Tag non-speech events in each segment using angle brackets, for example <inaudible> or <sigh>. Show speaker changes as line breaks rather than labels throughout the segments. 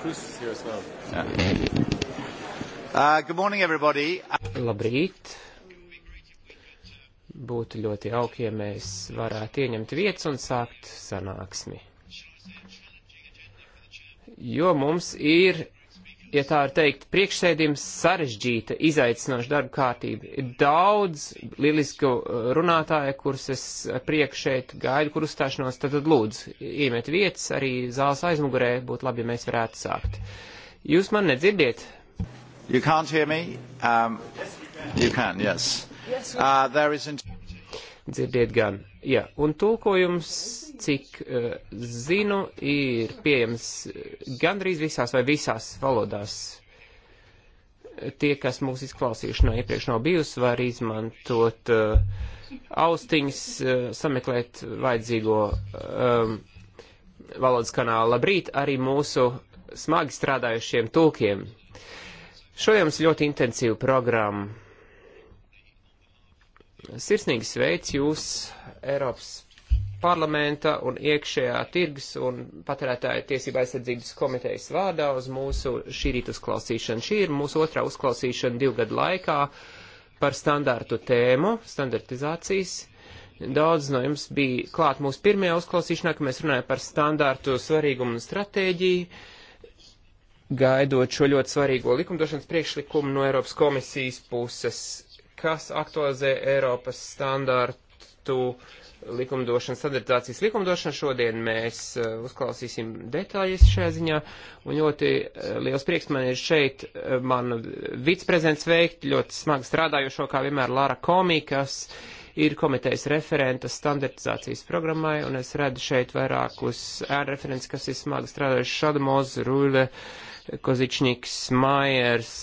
Chris is here as well. Uh, good morning, everybody. Labrīt. Būtu ļoti jauki, ja mēs varētu ieņemt vietas un sākt sanāksmi. Jo mums ir ja tā var teikt, priekšsēdījums sarežģīta, izaicinoša darba kārtība. Ir daudz lielisku uh, runātāju, kurus es priekš šeit gaidu, kur uzstāšanos, tad, tad lūdzu, iemet vietas arī zāles aizmugurē, būtu labi, ja mēs varētu sākt. Jūs man nedzirdiet? You can't hear me? Um, you can, yes. Uh, there is... Dzirdiet gan. Jā, un tulkojums, cik uh, zinu, ir pieejams eh, gandrīz visās vai visās valodās. Tie, kas mūs izklausījuši no iepriekš nav bijusi, var izmantot uh, austiņas, uh, sameklēt vajadzīgo um, valodas kanālu. Labrīt arī mūsu smagi strādājušiem tulkiem. Šo jums ļoti intensīvu programmu Sirsnīgi sveic jūs Eiropas parlamenta un iekšējā tirgus un patērētāja tiesība aizsardzības komitejas vārdā uz mūsu šī rīta uzklausīšanu. Šī ir mūsu otrā uzklausīšana divu gadu laikā par standārtu tēmu, standartizācijas. Daudz no jums bija klāt mūsu pirmajā uzklausīšanā, kad mēs runājam par standārtu svarīgumu un stratēģiju gaidot šo ļoti svarīgo likumdošanas priekšlikumu no Eiropas komisijas puses kas aktualizē Eiropas standartu likumdošanu, standartizācijas likumdošanu. Šodien mēs eh, uzklausīsim detaļas šajā ziņā, un ļoti eh, liels prieks man ir šeit eh, manu viceprezidents veikt, ļoti smagi strādājošo, kā vienmēr, Lara Komī, kas ir komitejas referenta standartizācijas programmai, un es redzu šeit vairākus ēnu referents, kas ir smagi strādājuši Šadamoz, Rūle, Kozičņiks, Maiers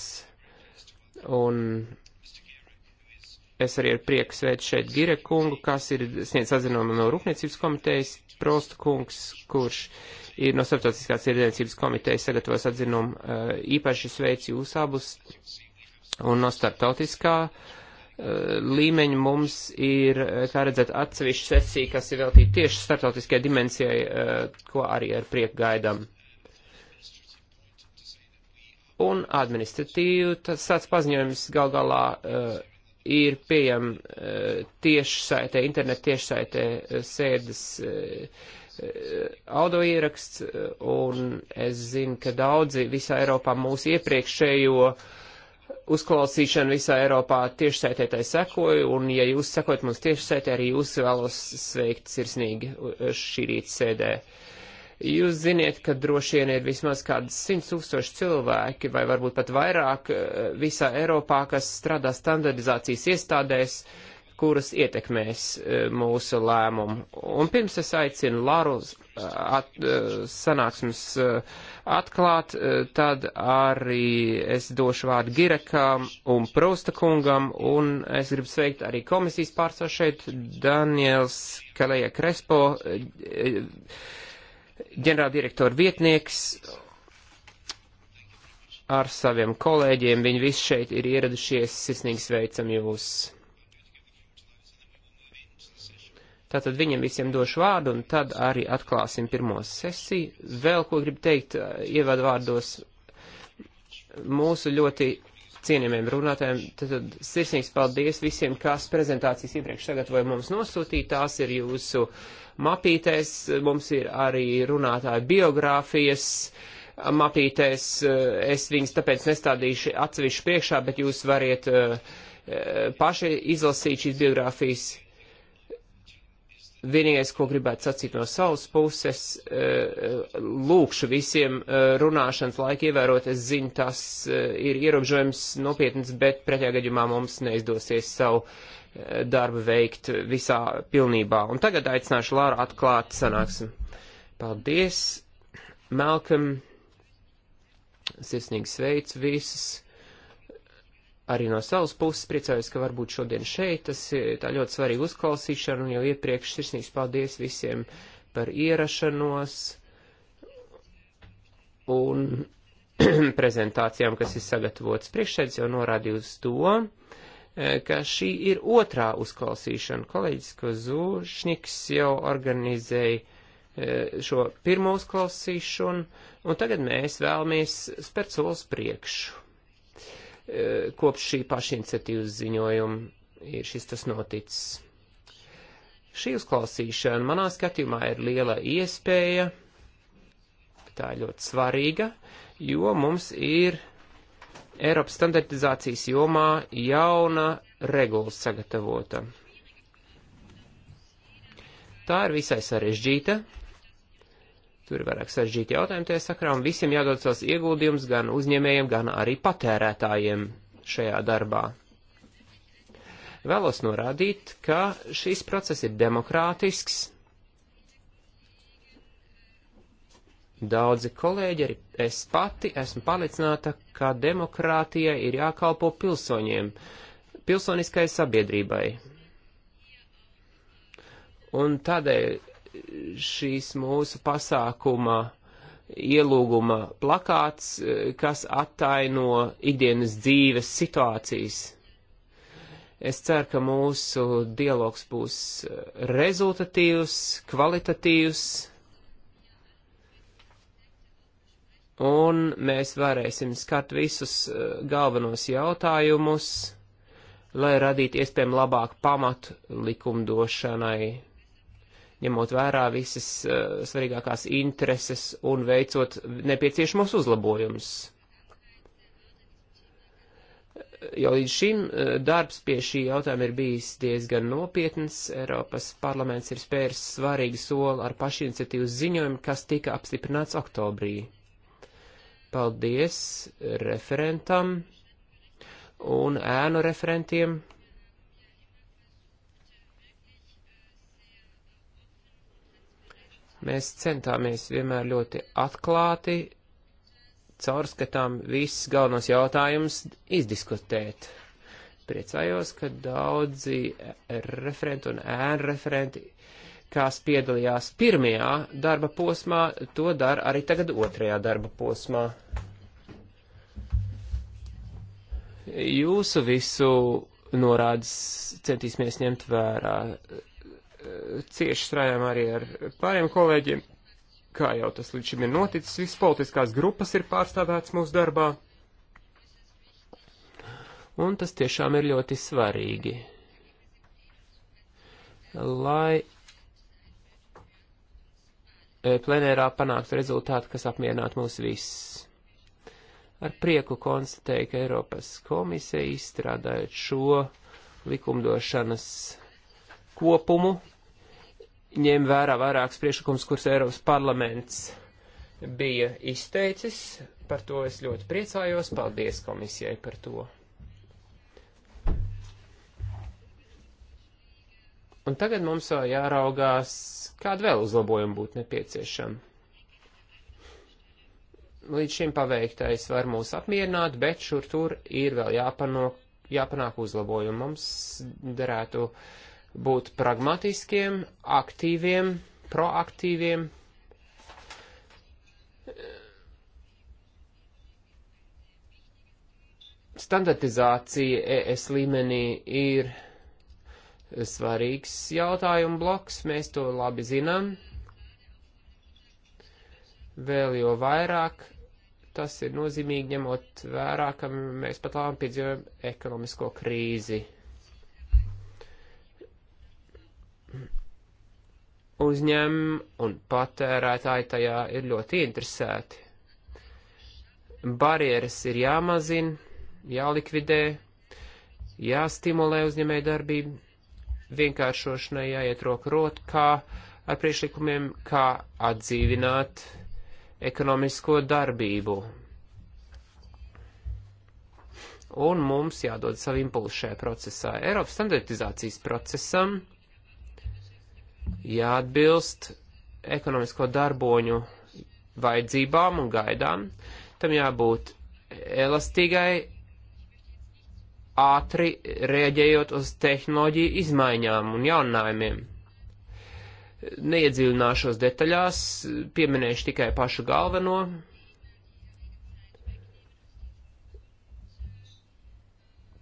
un Es arī ar prieku sveicu šeit Gire kungu, kas ir sniedz atzinumu no Rūpniecības komitejas, Prosta kungs, kurš ir no Starptautiskās tirdzniecības komitejas sagatavos atzinumu. Īpaši sveicu jūs abus un no starptautiskā līmeņa mums ir, kā redzat, atsevišķa sesija, kas ir veltīta tieši starptautiskajai dimensijai, ko arī ar prieku gaidām. Un administratīvi tas tāds paziņojums gal galā uh, ir pieejama uh, tiešsaitē, internetu tiešsaitē uh, sēdes uh, eh, audio ieraksts, un es zinu, ka daudzi visā Eiropā mūsu iepriekšējo uzklausīšanu visā Eiropā tiešsaitē tai sekoju, un ja jūs sekojat mums tiešsaitē, arī jūs vēlos sveikt sirsnīgi šī rīta sēdē. Uh, Jūs ziniet, ka droši vien ir vismaz kādas 100 tūkstoši cilvēki, vai varbūt pat vairāk eh, visā Eiropā, kas strādā standardizācijas iestādēs, kuras ietekmēs eh, mūsu lēmumu. Un pirms es aicinu Laru eh, at, sanāksmes atklāt, tad arī es došu vārdu Girekam un Prousta kungam, un es gribu sveikt arī komisijas pārstāvu šeit, Daniels Kalēja Krespo ģenerāldirektora vietnieks ar saviem kolēģiem. Viņi visi šeit ir ieradušies, sirsnīgi sveicam jūs. Tātad viņiem visiem došu vārdu un tad arī atklāsim pirmo sesiju. Vēl ko gribu teikt ievadu vārdos mūsu ļoti cienījumiem runātājiem. Tātad sirsnīgs paldies visiem, kas prezentācijas iepriekš sagatavoja mums nosūtīt. Tās ir jūsu uh, mapītēs, mums ir arī runātāju biogrāfijas mapītēs, eh, es viņas tāpēc nestādīšu atsevišķi priekšā, bet jūs variet eh, eh, paši izlasīt šīs biogrāfijas. Vienīgais, ko gribētu sacīt no savas puses, lūkšu visiem runāšanas laiku ievērot. Es zinu, tas ir ierobežojums nopietns, bet pretējā gadījumā mums neizdosies savu darbu veikt visā pilnībā. Un tagad aicināšu Lāru atklāt sanāksim. Paldies, Malcolm. Sirsnīgi sveicu visus. Arī no savas puses priecājos, ka varbūt šodien šeit. Tas ir tā ļoti svarīga uzklausīšana un jau iepriekš sirsnīgs paldies visiem par ierašanos un <clears throat> prezentācijām, kas ir sagatavotas priekšsēdz, jau norādīju uz to. Eh, ka šī ir otrā uzklausīšana. Kolēģis Kozūšņiks jau organizēja eh, šo pirmo uzklausīšanu, un tagad mēs vēlamies spērt solis priekšu. Eh, kopš šī paša iniciatīvas ziņojuma ir šis tas noticis. Šī uzklausīšana manā skatījumā ir liela iespēja, tā ir ļoti svarīga, jo mums ir Eiropas standartizācijas jomā jauna regula sagatavota. Tā ir visai sarežģīta. Tur ir vairāk sarežģīti jautājumi tajā sakrā, un visiem jādod savs ieguldījums gan uzņēmējiem, gan arī patērētājiem šajā darbā. Vēlos norādīt, ka šis process ir demokrātisks, Daudzi kolēģi, arī es pati esmu pārliecināta, ka demokrātija ir jākalpo pilsoņiem, pilsoniskai sabiedrībai. Un tādēļ šīs mūsu pasākuma ielūguma plakāts, eh, kas attaino ikdienas dzīves situācijas. Es ceru, ka mūsu dialogs būs eh, rezultatīvs, kvalitatīvs un mēs varēsim skart visus eh, galvenos jautājumus, lai radītu iespējami labāku pamatu likumdošanai, ņemot vērā visas uh, svarīgākās intereses un veicot nepieciešamos uzlabojumus. Jau līdz šim eh, darbs pie šī jautājuma ir bijis diezgan nopietns. Eiropas parlaments ir spēris svarīgu soli ar pašiniciatīvas ziņojumu, kas tika apstiprināts oktobrī. Paldies referentam un ēnu referentiem. Mēs centāmies vienmēr ļoti atklāti, caurskatām visus galvenos jautājumus izdiskutēt. Priecājos, ka daudzi referenti un ēnu referenti kas piedalījās pirmajā darba posmā, to dara arī tagad otrajā darba posmā. Jūsu visu norādes centīsimies ņemt vērā. Cieši strādājam arī ar pāriem kolēģiem, kā jau tas līdz šim ir noticis. Visas politiskās grupas ir pārstāvētas mūsu darbā. Un tas tiešām ir ļoti svarīgi lai E, plenērā panākt rezultātu, kas apmierinātu mūs visus. Ar prieku konstatēju, ka Eiropas komisija izstrādājot šo likumdošanas kopumu, ņem vērā vairākas priekšlikums, kuras Eiropas parlaments bija izteicis. Par to es ļoti priecājos. Paldies komisijai par to. Un tagad mums vēl jāraugās, kāda vēl uzlabojuma būtu nepieciešama. Līdz šim paveiktais var mūs apmierināt, bet šur tur ir vēl jāpanok, jāpanāk uzlabojumi. Mums derētu būt pragmatiskiem, aktīviem, proaktīviem. Standartizācija ES līmenī ir svarīgs jautājumu bloks, mēs to labi zinām. Vēl jo vairāk tas ir nozīmīgi ņemot vērā, ka mēs pat lēmām piedzīvojam ekonomisko krīzi. Uzņem un patērētāji tajā ir ļoti interesēti. Barjeras ir jāmazina, jālikvidē, jāstimulē uzņēmējdarbību, vienkāršošanai jāiet roku rokā ar priekšlikumiem, kā atdzīvināt ekonomisko darbību. Un mums jādod savu impulsu šajā procesā. Eiropas standartizācijas procesam jāatbilst ekonomisko darboņu vajadzībām un gaidām. Tam jābūt elastīgai ātri rēģējot uz tehnoloģiju izmaiņām un jauninājumiem. Neiedziļināšos detaļās, pieminēšu tikai pašu galveno.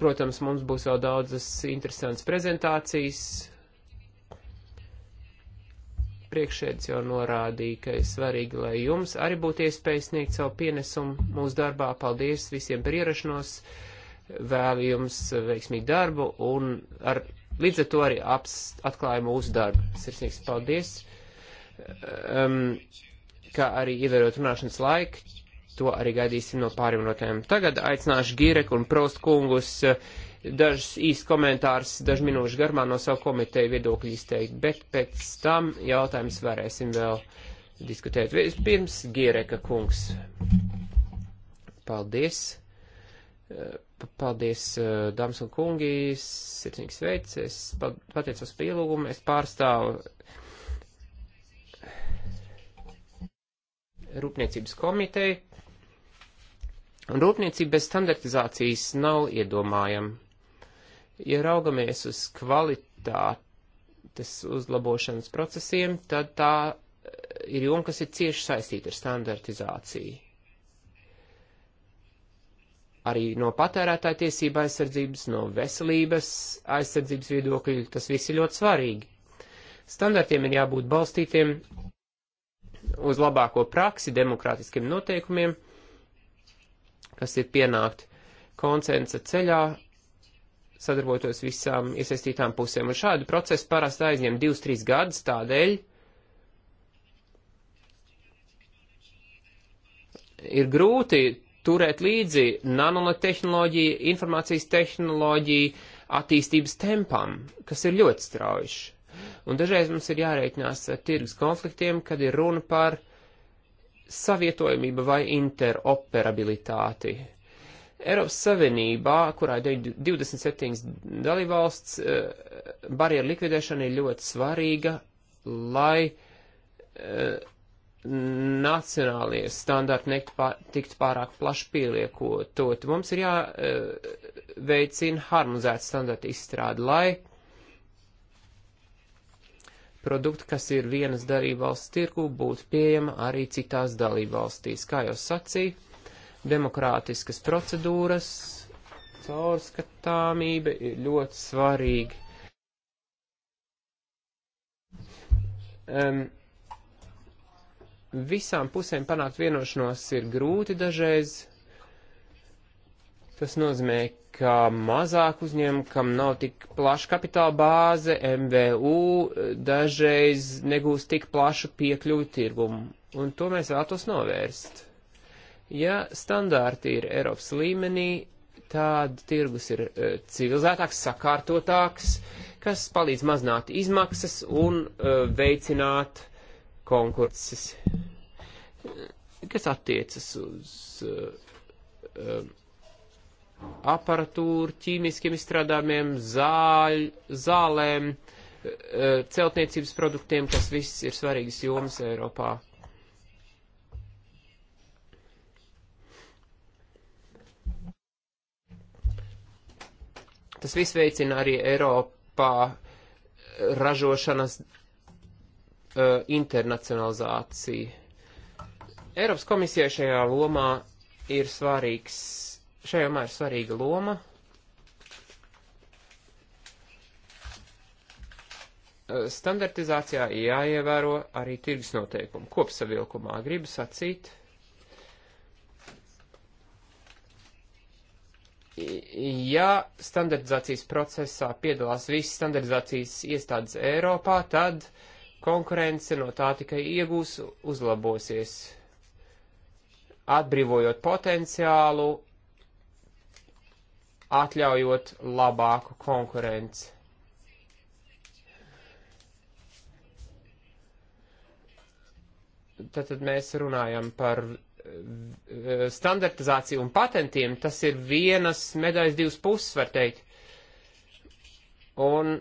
Protams, mums būs vēl daudzas interesantas prezentācijas. Priekšēdis jau norādīja, ka ir svarīgi, lai jums arī būtu iespēja sniegt savu pienesumu mūsu darbā. Paldies visiem par ierašanos! Vēlu jums veiksmīgu darbu un ar, līdz ar to arī aps, atklāju mūsu darbu. Sirsnīgs paldies, um, kā arī ievērot runāšanas laiku. To arī gaidīsim no pāriem minūtēm. Tagad aicināšu Gīreku un Prost kungus uh, dažus īsts komentārus, dažu minūšu garumā no savu komiteju viedokļu izteikt, bet pēc tam jautājums varēsim vēl diskutēt. Vispirms Giereka kungs. Paldies. Paldies, dāmas un kungi, sirsnīgs veids, es pateicos pielūgumu, es pārstāvu Rūpniecības komiteju, un rūpniecība bez standartizācijas nav iedomājama. Ja raugamies uz kvalitātes uzlabošanas procesiem, tad tā ir joma, kas ir cieši saistīta ar standartizāciju arī no patērētāja tiesība aizsardzības, no veselības aizsardzības viedokļa, tas viss ir ļoti svarīgi. Standartiem ir jābūt balstītiem uz labāko praksi, demokrātiskiem noteikumiem, kas ir pienākt konsensa ceļā, sadarbotos visām iesaistītām pusēm. Un šādu procesu parasti aizņem 2-3 gadus tādēļ, ir grūti turēt līdzi nanotehnoloģiju, informācijas tehnoloģiju attīstības tempam, kas ir ļoti strauji. Un dažreiz mums ir jārēķinās ar tirgus konfliktiem, kad ir runa par savietojamību vai interoperabilitāti. Eiropas Savienībā, kurā ir 27 dalībvalsts, eh, barjeru likvidēšana ir ļoti svarīga, lai eh, nacionālie standarti tiktu pārāk plaši pieliekotot. Mums ir jāveicina eh, harmonizēta standarta izstrāde, lai produkti, kas ir vienas dalībvalsts tirgu, būtu pieejama arī citās dalībvalstīs. Kā jau sacīja, demokrātiskas procedūras, caurskatāmība ir ļoti svarīga. Um, visām pusēm panākt vienošanos ir grūti dažreiz. Tas nozīmē, ka mazāk uzņēmumu, kam nav tik plaša kapitāla bāze, MVU eh, dažreiz negūs tik plašu piekļuvi tirgumu, un to mēs vēlētos novērst. Ja standārti ir Eiropas līmenī, tad tirgus ir eh, civilizētāks, sakārtotāks, kas palīdz mazināt izmaksas un uh, veicināt konkurses, kas attiecas uz uh, aparatūru, ķīmiskiem izstrādājumiem, zāļ, zālēm, uh, celtniecības produktiem, kas viss ir svarīgas jomas Eiropā. Tas viss veicina arī Eiropā ražošanas Uh, internacionalizāciju. Eiropas komisijai šajā lomā ir svarīgs, šajā jomā ir svarīga loma. Uh, standartizācijā jāievēro arī tirgus noteikumi. Kopsavilkumā gribu sacīt, ja standartizācijas procesā piedalās visas standartizācijas iestādes Eiropā, tad uh, konkurence no tā tikai iegūs, uzlabosies, atbrīvojot potenciālu, atļaujot labāku konkurenci. Tad, tad mēs runājam par eh, standartizāciju un patentiem. Tas ir vienas medaļas divas puses, var teikt. Un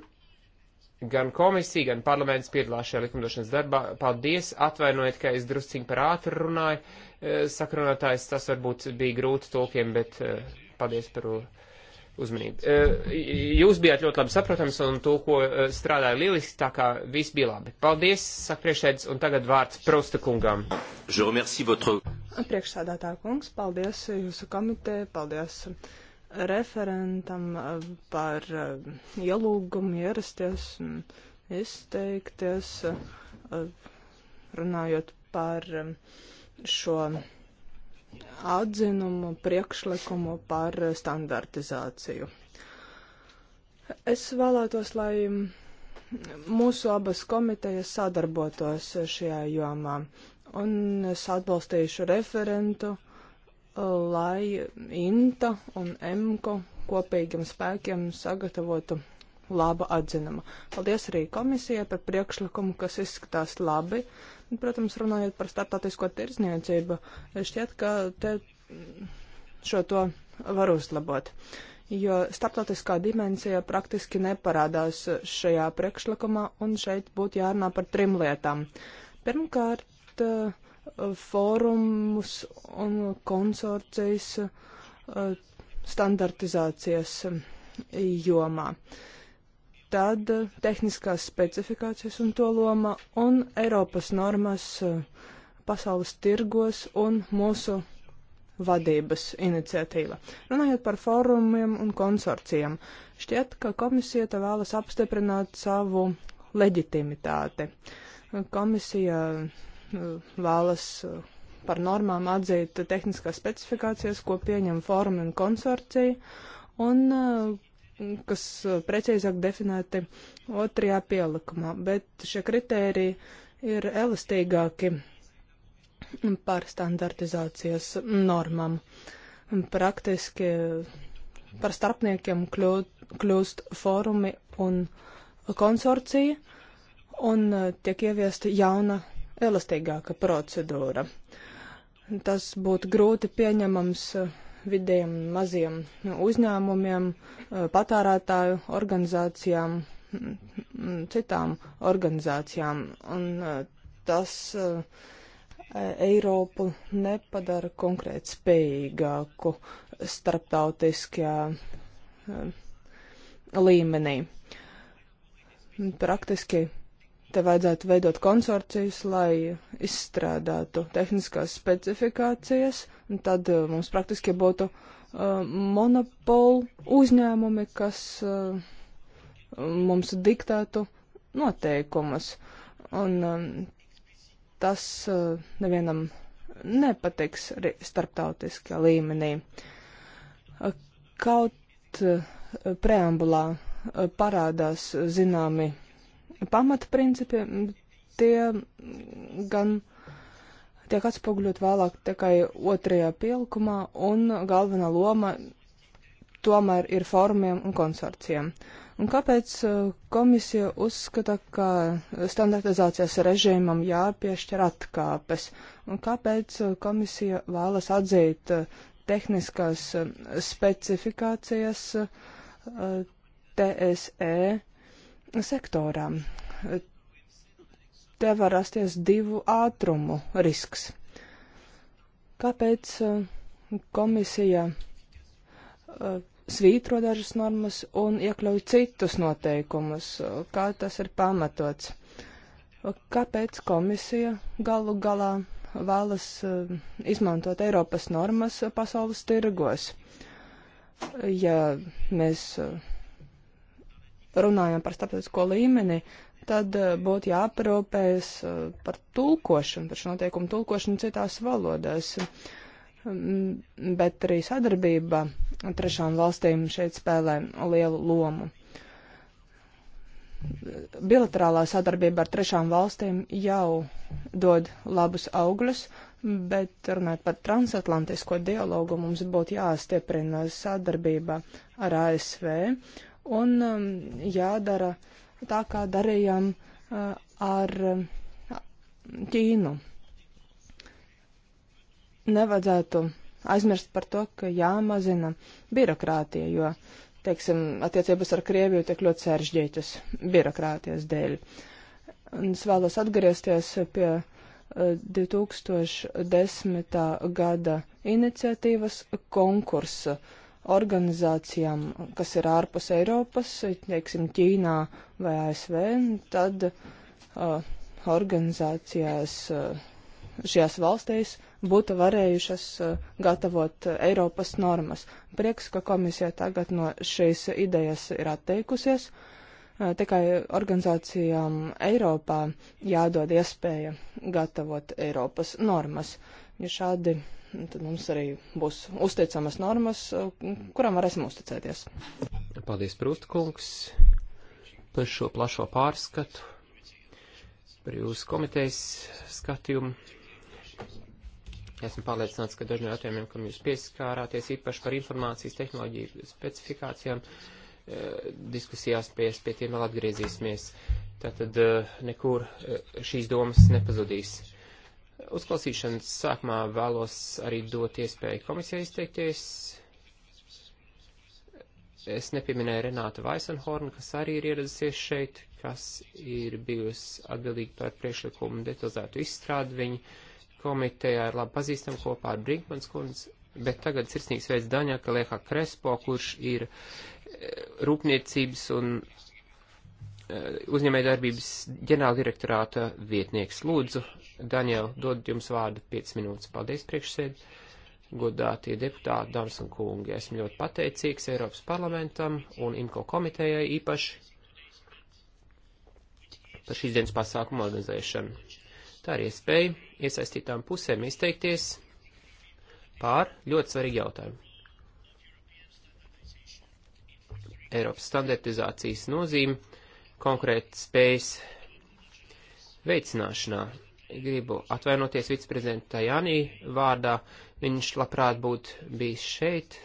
Gan komisija, gan parlaments piedalās šajā likumdošanas darbā. Paldies, atvainojiet, ka es drusciņi par ātru runāju. Eh, sakrunātājs tas varbūt bija grūti tulkiem, bet eh, paldies par uzmanību. Eh, jūs bijāt ļoti labi saprotams un tulko strādāja lieliski, tā kā viss bija labi. Paldies, saka priekšēdz, un tagad vārds Prusta kungam. Priekšsādātā
kungs, paldies jūsu komiteja, paldies referentam eh, par eh, ielūgumu ierasties un izteikties, eh, runājot par šo atzinumu, priekšlikumu par standartizāciju. Es vēlētos, lai mūsu abas komitejas sadarbotos šajā jomā, un es atbalstīšu referentu uh, lai INTA un EMKO kopīgiem spēkiem sagatavotu laba atzinuma. Paldies arī komisijai par priekšlikumu, kas izskatās labi. Protams, runājot par startautisko tirzniecību, šķiet, ka te šo to var uzlabot. Jo startautiskā dimensija praktiski neparādās šajā priekšlikumā, un šeit būtu jārunā par trim lietām. Pirmkārt, uh, fórumus un konsorcijas eh, standartizācijas jomā. Tad tehniskās specifikācijas un to loma un Eiropas normas eh, pasaules tirgos un mūsu vadības iniciatīva. Runājot par fórumiem un konsorcijiem, šķiet, ka komisija te vēlas apstiprināt savu leģitimitāti. Komisija Nu, vēlas eh, par normām atzīt tehniskās specifikācijas, ko pieņem fórumi un konsorcija, un eh, kas eh, precīzāk definēti otrajā pielikumā. Bet šie kritēriji ir elastīgāki par standartizācijas normām. Praktiski par starpniekiem kļūt, kļūst fórumi un konsorcija, un tiek ieviesta jauna elastīgāka procedūra. Tas būtu grūti pieņemams eh, vidējiem maziem uzņēmumiem, eh, patārētāju organizācijām, mm, citām organizācijām. Un eh, tas Eiropu nepadara konkrēt spējīgāku starptautiskajā līmenī. Praktiski Te vajadzētu veidot konsorcijus, lai izstrādātu tehniskās specifikācijas, un tad uh, mums praktiski būtu uh, monopolu uzņēmumi, kas uh, mums diktētu noteikumus. Un um, tas uh, nevienam nepatiks arī starptautiskā līmenī. Uh, kaut uh, preambulā parādās zināmi pamatprincipi, tie gan tiek atspoguļot vēlāk tikai otrajā pielikumā, un galvenā loma tomēr ir formiem un konsorcijiem. Un kāpēc uh, komisija uzskata, ka standartizācijas režīmam jāpiešķir atkāpes? Un kāpēc uh, komisija vēlas atzīt uh, tehniskās specifikācijas TSE sektorā. Te var rasties divu ātrumu risks. Kāpēc eh, komisija eh, svītro dažas normas un iekļauj citus noteikumus? Kā tas ir pamatots? Kāpēc komisija galu galā vēlas eh, izmantot Eiropas normas pasaules tirgos? Ja mēs runājam par starptautisko līmeni, tad eh, būtu jāparūpējas eh, par tulkošanu, par šo noteikumu tulkošanu citās valodās. Mm, bet arī sadarbība trešām valstīm šeit spēlē lielu lomu. Bilaterālā sadarbība ar trešām valstīm jau dod labus augļus, bet runājot par transatlantisko dialogu, mums būtu jāstieprina sadarbība ar ASV. Uh, un um, jādara tā, kā darījām uh, ar uh, Ķīnu. Nevajadzētu aizmirst par to, ka jāmazina birokrātija, jo, teiksim, attiecības ar Krieviju tiek ļoti sarežģītas birokrātijas dēļ. Un es vēlos atgriezties pie uh, 2010. gada iniciatīvas konkursa. Uh, organizācijām, kas ir ārpus Eiropas, teiksim, Ķīnā vai ASV, tad uh, organizācijās uh, šajās valstīs būtu varējušas uh, gatavot Eiropas normas. Prieks, ka komisija tagad no šīs idejas ir atteikusies. Uh, tikai organizācijām Eiropā jādod iespēja gatavot Eiropas normas. Ja šādi tad mums arī būs uzticamas normas, eh, kurām varēsim uzticēties.
Paldies, Prūstkungs, par šo plašo pārskatu, par jūsu komitejas skatījumu. Esmu pārliecināts, ka dažiem jautājumiem, kam jūs pieskārāties, īpaši par informācijas tehnoloģiju specifikācijām, eh, diskusijās pie, pie tiem vēl atgriezīsimies. Tātad eh, nekur šīs domas nepazudīs. Uzklausīšanas sākumā vēlos arī dot iespēju komisijai izteikties. Es nepieminēju Renātu Vaisenhornu, kas arī ir ieradusies šeit, kas ir bijusi atbildīga par priekšlikumu detalizētu izstrādi. Viņa komitejā ir labi pazīstama kopā ar Brinkmans kundz, bet tagad sirsnīgs veids Daņā, ka liekā Krespo, kurš ir eh, rūpniecības un Eh, uzņēmējdarbības ģenerāldirektorāta vietnieks. Lūdzu, Daniel, dod jums vārdu 5 minūtes. Paldies, priekšsēd. Godātie deputāti, dāmas un kungi, esmu ļoti pateicīgs Eiropas parlamentam un IMCO komitejai īpaši par šīs dienas pasākumu organizēšanu. Tā ir iespēja iesaistītām pusēm izteikties pār ļoti svarīgu jautājumu. Eiropas standartizācijas nozīme konkurēt spējas veicināšanā. Gribu atvainoties viceprezidenta Janī vārdā, viņš labprāt būtu bijis šeit,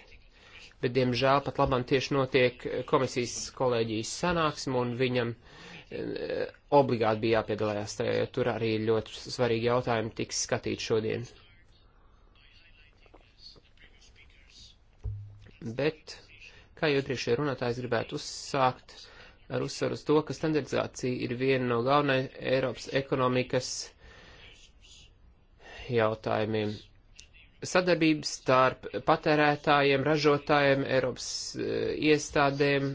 bet diemžēl pat labam tieši notiek komisijas kolēģijas sanāksme un viņam e, obligāti bija jāpiedalās tajā, jo tur arī ļoti svarīgi jautājumi tiks skatīt šodien. Bet, kā jau iepriekšējā runātājs gribētu uzsākt, uh, ar uzsvaru uz to, ka standardizācija ir viena no galvenajiem Eiropas ekonomikas jautājumiem. Sadarbības starp patērētājiem, ražotājiem, Eiropas uh, iestādēm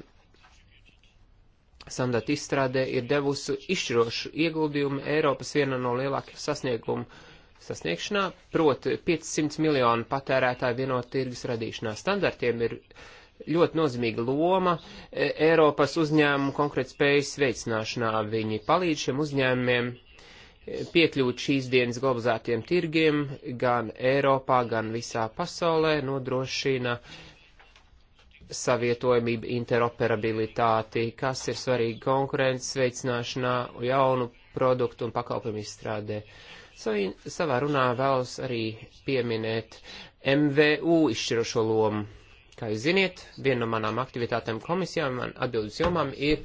standarta izstrādē ir devusi izšķirošu ieguldījumu Eiropas viena no lielākajiem sasniegumu sasniegšanā, proti 500 miljonu patērētāju vienot tirgus radīšanā. Standartiem ir uh, ļoti nozīmīga loma e, Eiropas uzņēmumu konkurētspējas veicināšanā. Viņi palīdz šiem uzņēmumiem e, piekļūt šīs dienas globalizētiem tirgiem gan Eiropā, gan visā pasaulē, nodrošina savietojamību, interoperabilitāti, kas ir svarīgi konkurences veicināšanā, jaunu produktu un pakalpojumu izstrādē. Savī, savā runā vēlos arī pieminēt MVU izšķirošo lomu Kā jūs ziniet, viena no manām aktivitātēm komisijām, man atbildes jomām ir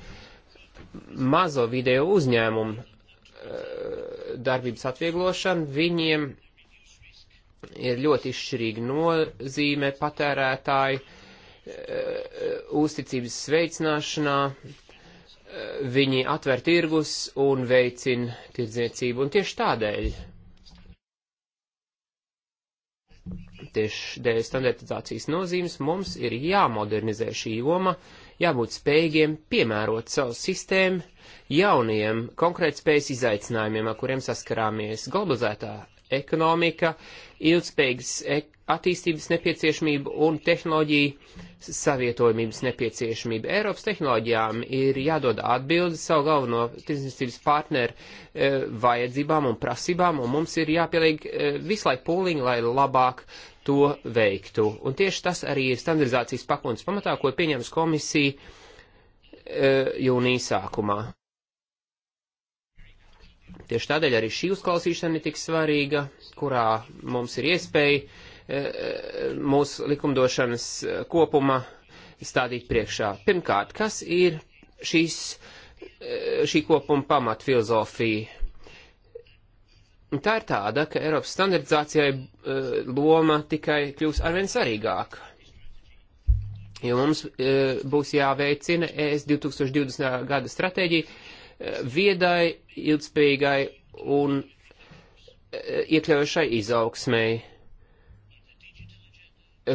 mazo video uzņēmumu eh, darbības atvieglošana. Viņiem ir ļoti izšķirīga nozīme patērētāji eh, uzticības veicināšanā. Eh, viņi atver tirgus un veicina tirdzniecību, un tieši tādēļ tieši dēļ standartizācijas nozīmes mums ir jāmodernizē šī joma, jābūt spējīgiem piemērot savu sistēmu jauniem konkrētspējas izaicinājumiem, ar kuriem saskarāmies globalizētā ekonomika, ilgspējīgas e- attīstības nepieciešamība un tehnoloģija savietojumības nepieciešamība. Eiropas tehnoloģijām ir jādod atbildi savu galveno tirdzniecības partneru e, vajadzībām un prasībām, un mums ir jāpieliek e, visu laiku pūliņu, lai labāk to veiktu. Un tieši tas arī ir standardizācijas pakotnes pamatā, ko pieņems komisija e, jūnija sākumā. Tieši tādēļ arī šī uzklausīšana ir tik svarīga, kurā mums ir iespēja e, mūsu likumdošanas kopuma stādīt priekšā. Pirmkārt, kas ir šīs, e, šī kopuma pamatfilozofija? tā ir tāda, ka Eiropas standartizācijai uh, e, loma tikai kļūs arvien svarīgāka. Jo mums uh, būs jāveicina e ES 2020. gada stratēģija uh, viedai, ilgspējīgai un iekļaujošai izaugsmēji.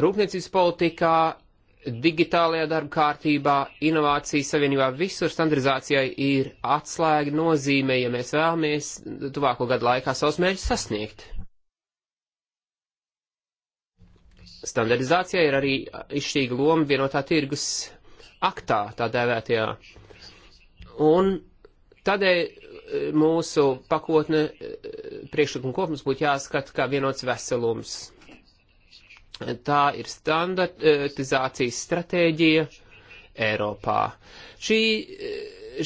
Rūpniecības politikā digitālajā darba kārtībā, inovāciju savienībā, visur standardizācijai ir atslēga nozīme, ja mēs vēlamies tuvāko gadu laikā savus mērķus sasniegt. Standardizācijai ir arī izšķīga loma vienotā tirgus aktā, tā dēvētajā. Un tādēļ e, mūsu pakotne e, priekšlikuma kopums būtu jāskata kā vienots veselums Tā ir standartizācijas stratēģija Eiropā. Šī,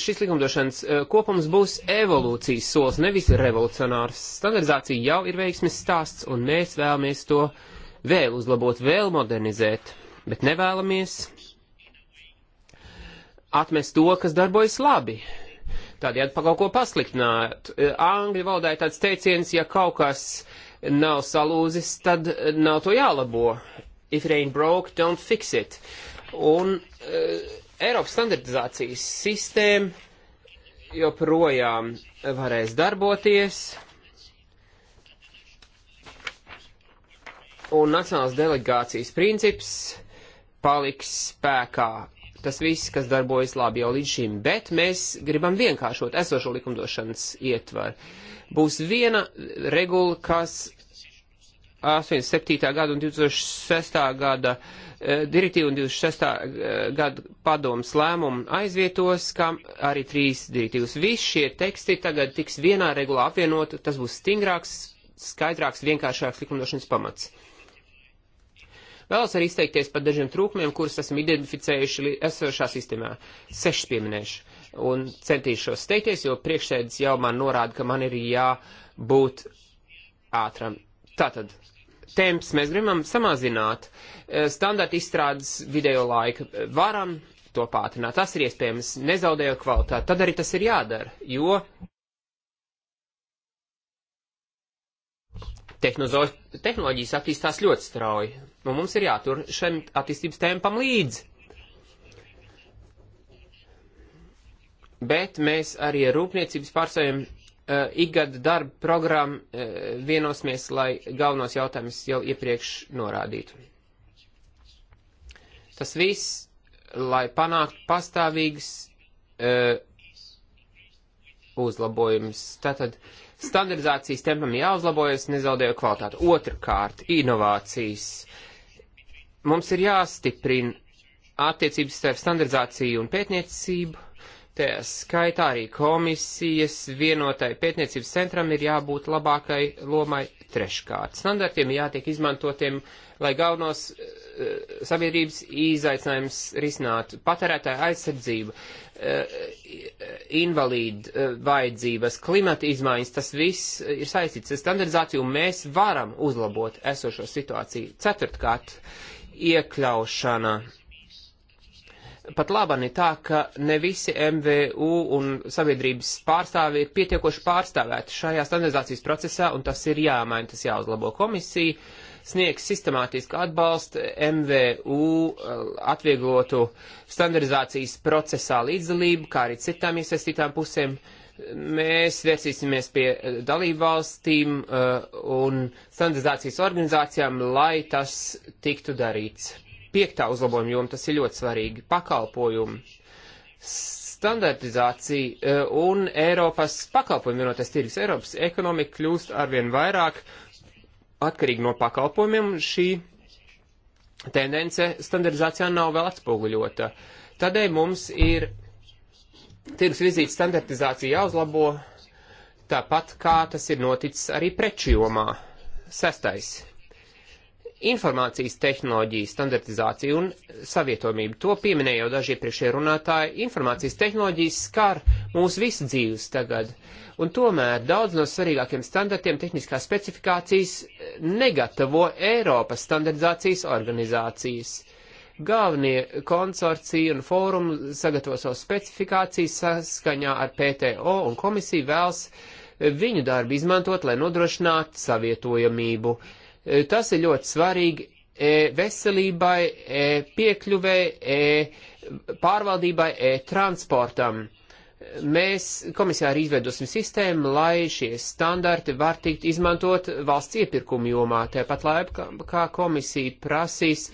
šis likumdošanas eh, kopums būs evolūcijas solis, nevis revolucionārs. Standartizācija jau ir veiksmes stāsts, un mēs vēlamies to vēl uzlabot, vēl modernizēt, bet nevēlamies atmest to, kas darbojas labi. Tādējādi pa kaut ko pasliktināt. Eh, Angļu valodā ir tāds teiciens, ja kaut kas uh, nav salūzis, tad nav to jālabo. If rain broke, don't fix it. Un uh, Eiropas standartizācijas sistēma joprojām varēs darboties. Un nacionālās delegācijas princips paliks spēkā. Tas viss, kas darbojas labi jau līdz šim, bet mēs gribam vienkāršot esošo likumdošanas ietvaru. Būs viena regula, kas 87. gada un 2006. gada e, direktīva un 26. gada padomas lēmumu aizvietos, kā arī trīs direktīvas. Visi šie teksti tagad tiks vienā regulā apvienot, tas būs stingrāks, skaidrāks, vienkāršāks likumdošanas pamats. Vēlos arī izteikties par dažiem trūkumiem, kurus esam identificējuši esošā sistēmā. Sešas pieminēšu un centīšos steigties, jo priekšsēdis jau man norāda, ka man ir jābūt ātram. Tātad temps mēs gribam samazināt eh, standarta izstrādes video laiku. Varam to pātrināt. Tas ir iespējams, nezaudējot kvalitāti. Tad arī tas ir jādara, jo Tehnozo tehnoloģijas attīstās ļoti strauji, un nu, mums ir jātur šiem attīstības tempam līdzi. Bet mēs arī ar rūpniecības pārstāvjiem Eh, ikgada darba programmu eh, vienosimies, lai galvenos jautājumus jau iepriekš norādītu. Tas viss, lai panāktu pastāvīgas eh, uzlabojumus. Tātad standardizācijas tempam jāuzlabojas, nezaudējot kvalitāti. Otrakārt, inovācijas. Mums ir jāstiprina attiecības starp standardizāciju un pētniecību, Te skaitā arī komisijas vienotai pētniecības centram ir jābūt labākai lomai treškārt. Standartiem jātiek izmantotiem, lai galvenos uh, sabiedrības izaicinājums risinātu. Patērētāja aizsardzība, uh, eh, invalīdu uh, eh, vajadzības, klimata izmaiņas, tas viss ir saistīts ar standardizāciju un mēs varam uzlabot esošo situāciju. Ceturtkārt, iekļaušana. Uh, pat labam ir tā, ka ne visi MVU un sabiedrības pārstāvi ir pietiekoši pārstāvēti šajā standardizācijas procesā, un tas ir jāmaina, tas jāuzlabo komisija, sniegs sistemātisku atbalstu MVU eh, atvieglotu standardizācijas procesā līdzdalību, kā arī citām iesaistītām pusēm. Mēs vērsīsimies pie eh, dalību valstīm eh, un standardizācijas organizācijām, lai tas tiktu darīts piektā uzlabojuma joma, tas ir ļoti svarīgi - pakalpojumi, standartizācija e, un Eiropas pakalpojumu vienotais tirgus. Eiropas ekonomika kļūst arvien vairāk atkarīgi no pakalpojumiem, šī tendence standartizācijā nav vēl atspoguļota. Tādēļ mums ir tirgus vizītes standartizācija jāuzlabo, tāpat kā tas ir noticis arī preču jomā. Sestais informācijas tehnoloģiju standartizāciju un savietojamību. To pieminēja jau daži iepriekšējie runātāji. Informācijas tehnoloģijas skar mūsu visu dzīves tagad. Un tomēr daudz no svarīgākiem standartiem tehniskās specifikācijas negatavo Eiropas standartizācijas organizācijas. Galvenie konsorcija un fórumi sagatavo savu specifikāciju saskaņā ar PTO un komisiju vēlas viņu darbu izmantot, lai nodrošinātu savietojamību. Uh, E, tas ir ļoti svarīgi e, veselībai, e, piekļuvai, e, pārvaldībai, e, transportam. Mēs komisijā arī izveidosim sistēmu, lai šie standarti var tikt izmantot valsts iepirkumu jomā. Tāpat laikā, kā komisija prasīs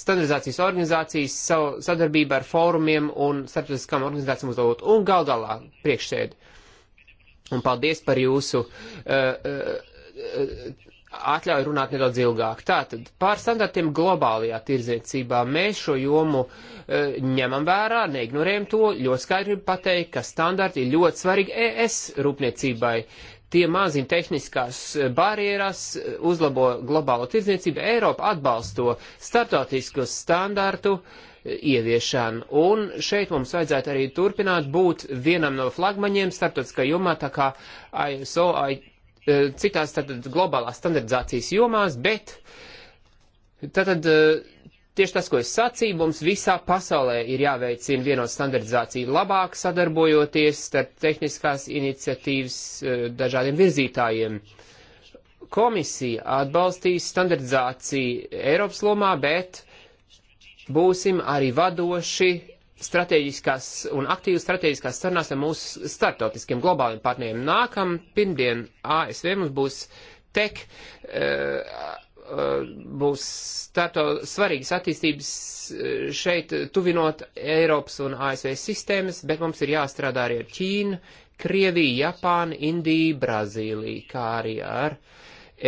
standardizācijas organizācijas savu sadarbību ar fórumiem un starptautiskām organizācijām uzdevot un gal galā priekšsēdi. Un paldies par jūsu uh, uh, uh, atļauj runāt nedaudz ilgāk. Tātad par standartiem globālajā tirdzniecībā mēs šo jomu e, ņemam vērā, neignorējam to, ļoti skaidri pateikt, ka standarti ir ļoti svarīgi ES rūpniecībai. Tie mazina tehniskās barjeras, uzlabo globālo tirdzniecību, Eiropa atbalsto starptautisko standartu e, ieviešanu. Un šeit mums vajadzētu arī turpināt būt vienam no flagmaņiem starptautiskā jomā, tā kā ISO, I E, citās tātad globālās standardizācijas jomās, bet tātad e, tieši tas, ko es sacīju, mums visā pasaulē ir jāveicina vienot standardizāciju labāk sadarbojoties starp tehniskās iniciatīvas e, dažādiem virzītājiem komisija atbalstīs standardizāciju Eiropas lomā, bet būsim arī vadoši strateģiskās un aktīvas strateģiskās sarunās ar mūsu startautiskiem globāliem partneriem. Nākam pirmdien ASV mums būs tek, eh, eh, būs starto svarīgas attīstības eh, šeit, tuvinot Eiropas un ASV sistēmas, bet mums ir jāstrādā arī ar Ķīnu, Krieviju, Japānu, Indiju, Brazīliju, kā arī ar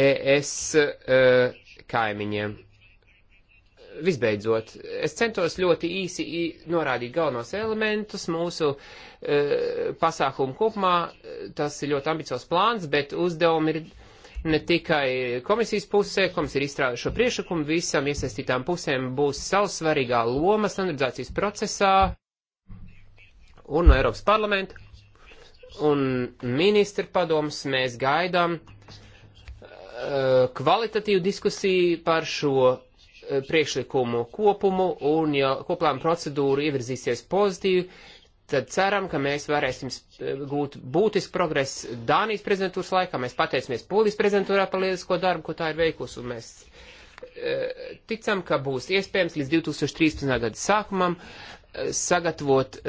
ES kaimiņiem visbeidzot, es centos ļoti īsi norādīt galvenos elementus mūsu e, pasākumu kopumā. Tas ir ļoti ambiciozs plāns, bet uzdevumi ir ne tikai komisijas pusē, komisija ir izstrādājuši šo priešakumu, visam iesaistītām pusēm būs savs svarīgā loma standardizācijas procesā un no Eiropas parlamenta un ministra padomus mēs gaidām e, kvalitatīvu diskusiju par šo priekšlikumu kopumu un, ja koplām procedūra ievirzīsies pozitīvi, tad ceram, ka mēs varēsim eh, gūt būtisku progresu Dānijas prezidentūras laikā. Mēs pateicamies Polijas prezidentūrā par lielisko darbu, ko tā ir veikusi, un mēs eh, ticam, ka būs iespējams līdz 2013. gada sākumam eh, sagatavot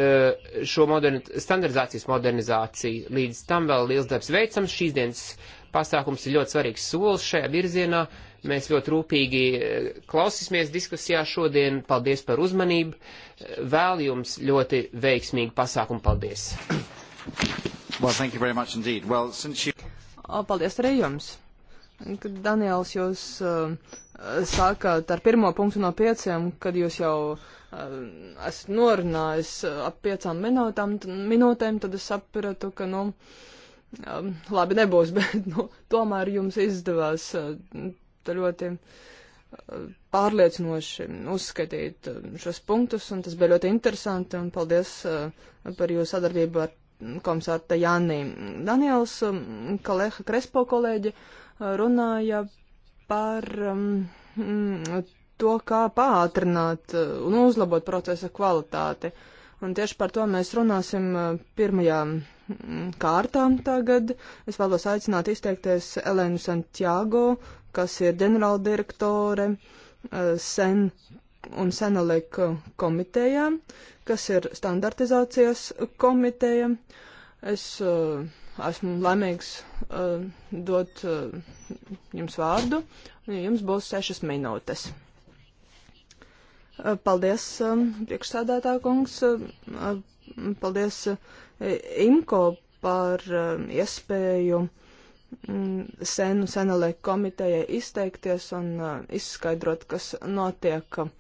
šo moderni standardizācijas modernizāciju. Līdz tam vēl liels darbs veicams. Šīs dienas pasākums ir ļoti svarīgs solis šajā virzienā. Uh, Mēs ļoti rūpīgi eh, klausīsimies diskusijā šodien. Paldies par uzmanību. Vēl jums ļoti veiksmīgu pasākumu.
Paldies! Well, thank you very much indeed. Well, since you...
O, paldies arī jums. Kad Daniels jūs uh, sākāt ar pirmo punktu no pieciem, kad jūs jau uh, esat norunājis uh, ap piecām minūtām, minūtēm, tad es sapratu, ka, nu, um, labi nebūs, <laughs> bet, nu, tomēr jums izdevās uh, ļoti eh, pārliecinoši uzskatīt eh, šos punktus, un tas bija ļoti interesanti, un paldies eh, par jūsu sadarbību ar komisāru Tajānī. Daniels um, Kaleha Krespo kolēģi runāja par um, mm, to, kā pātrināt un uzlabot procesa kvalitāti. Un tieši par to mēs runāsim pirmajā kārtām tagad. Es vēlos aicināt izteikties Elēnu Santiago, kas ir ģenerāldirektore eh, sen un senalika komitejā, kas ir standartizācijas komiteja. Es uh, esmu laimīgs uh, dot uh, jums vārdu. Jums būs sešas minūtes. Paldies, priekšsādātā kungs. Paldies IMCO par um, iespēju senu mm, senelē komitejai izteikties un uh, izskaidrot, kas notiek um,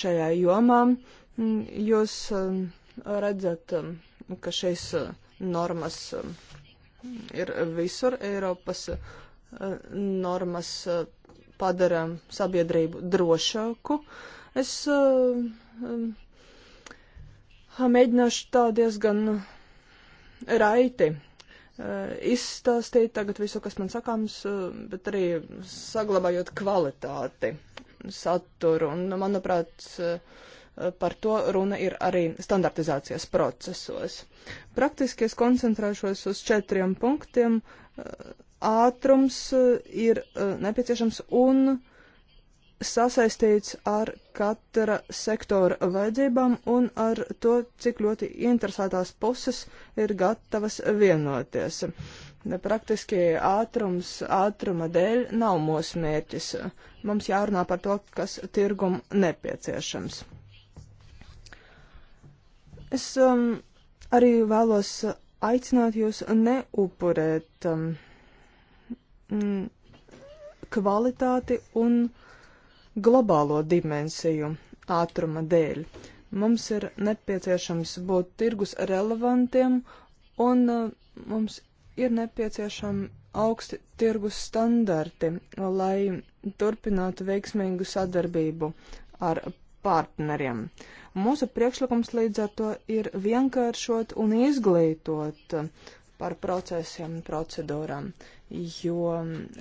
šajā jomā. Mm, jūs um, redzat, ka šīs uh, normas ir visur Eiropas uh, normas padara sabiedrību drošāku. Es uh, Mēģināšu tā diezgan uh, raiti uh, izstāstīt tagad visu, kas man sakāms, uh, bet arī saglabājot kvalitāti, saturu. Un, manuprāt, par to runa ir arī standartizācijas procesos. Praktiski es koncentrēšos uz četriem punktiem. Ātrums ir nepieciešams un uh, sasaistīts ar katra sektora vajadzībām un ar to, cik ļoti interesētās puses ir gatavas vienoties. Praktiski ātrums ātruma dēļ nav mūsu mērķis. Mums jārunā par to, kas tirgum nepieciešams. Es um, arī vēlos aicināt jūs neupurēt um, mm, kvalitāti un uh, globālo dimensiju ātruma dēļ. Mums ir nepieciešams būt tirgus relevantiem un uh, mums ir nepieciešami augsti tirgus standarti, lai turpinātu veiksmīgu sadarbību ar partneriem. Mūsu priekšlikums līdz ar to ir vienkāršot un izglītot par procesiem un procedūrām, jo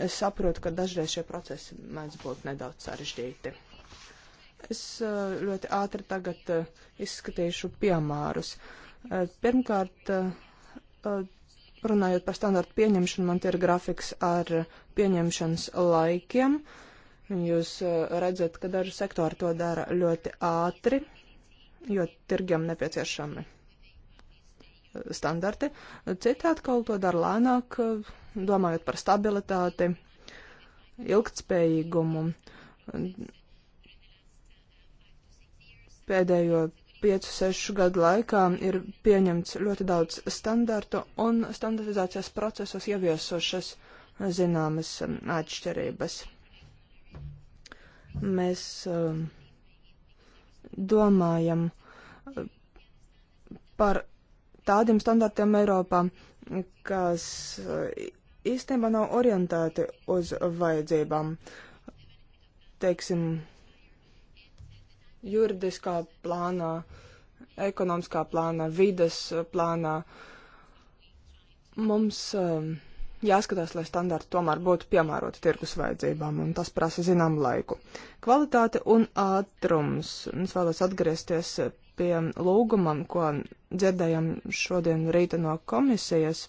es saprotu, ka dažreiz šie procesi mēdz būt nedaudz sarežģīti. Es eh, ļoti ātri tagad eh, izskatīšu piemērus. Eh, pirmkārt, runājot par standartu pieņemšanu, man te ir grafiks ar pieņemšanas laikiem. Jūs redzat, ka daži sektori to dara ļoti ātri, jo tirgiem nepieciešami standarti, citi atkal to dara lēnāk, domājot par stabilitāti, ilgtspējīgumu. Pēdējo 5-6 gadu laikā ir pieņemts ļoti daudz standartu un standartizācijas procesos ieviesošas zināmas um, atšķirības. Mēs um, domājam uh, par tādiem standartiem Eiropā, kas e, īstenībā nav orientēti uz vajadzībām. Teiksim, juridiskā plānā, ekonomiskā plānā, vides plānā. Mums e, jāskatās, lai standarti tomēr būtu piemēroti tirgus vajadzībām, un tas prasa zinām laiku. Kvalitāte un ātrums. Es vēlos atgriezties pie lūgumam, ko dzirdējam šodien rīta no komisijas.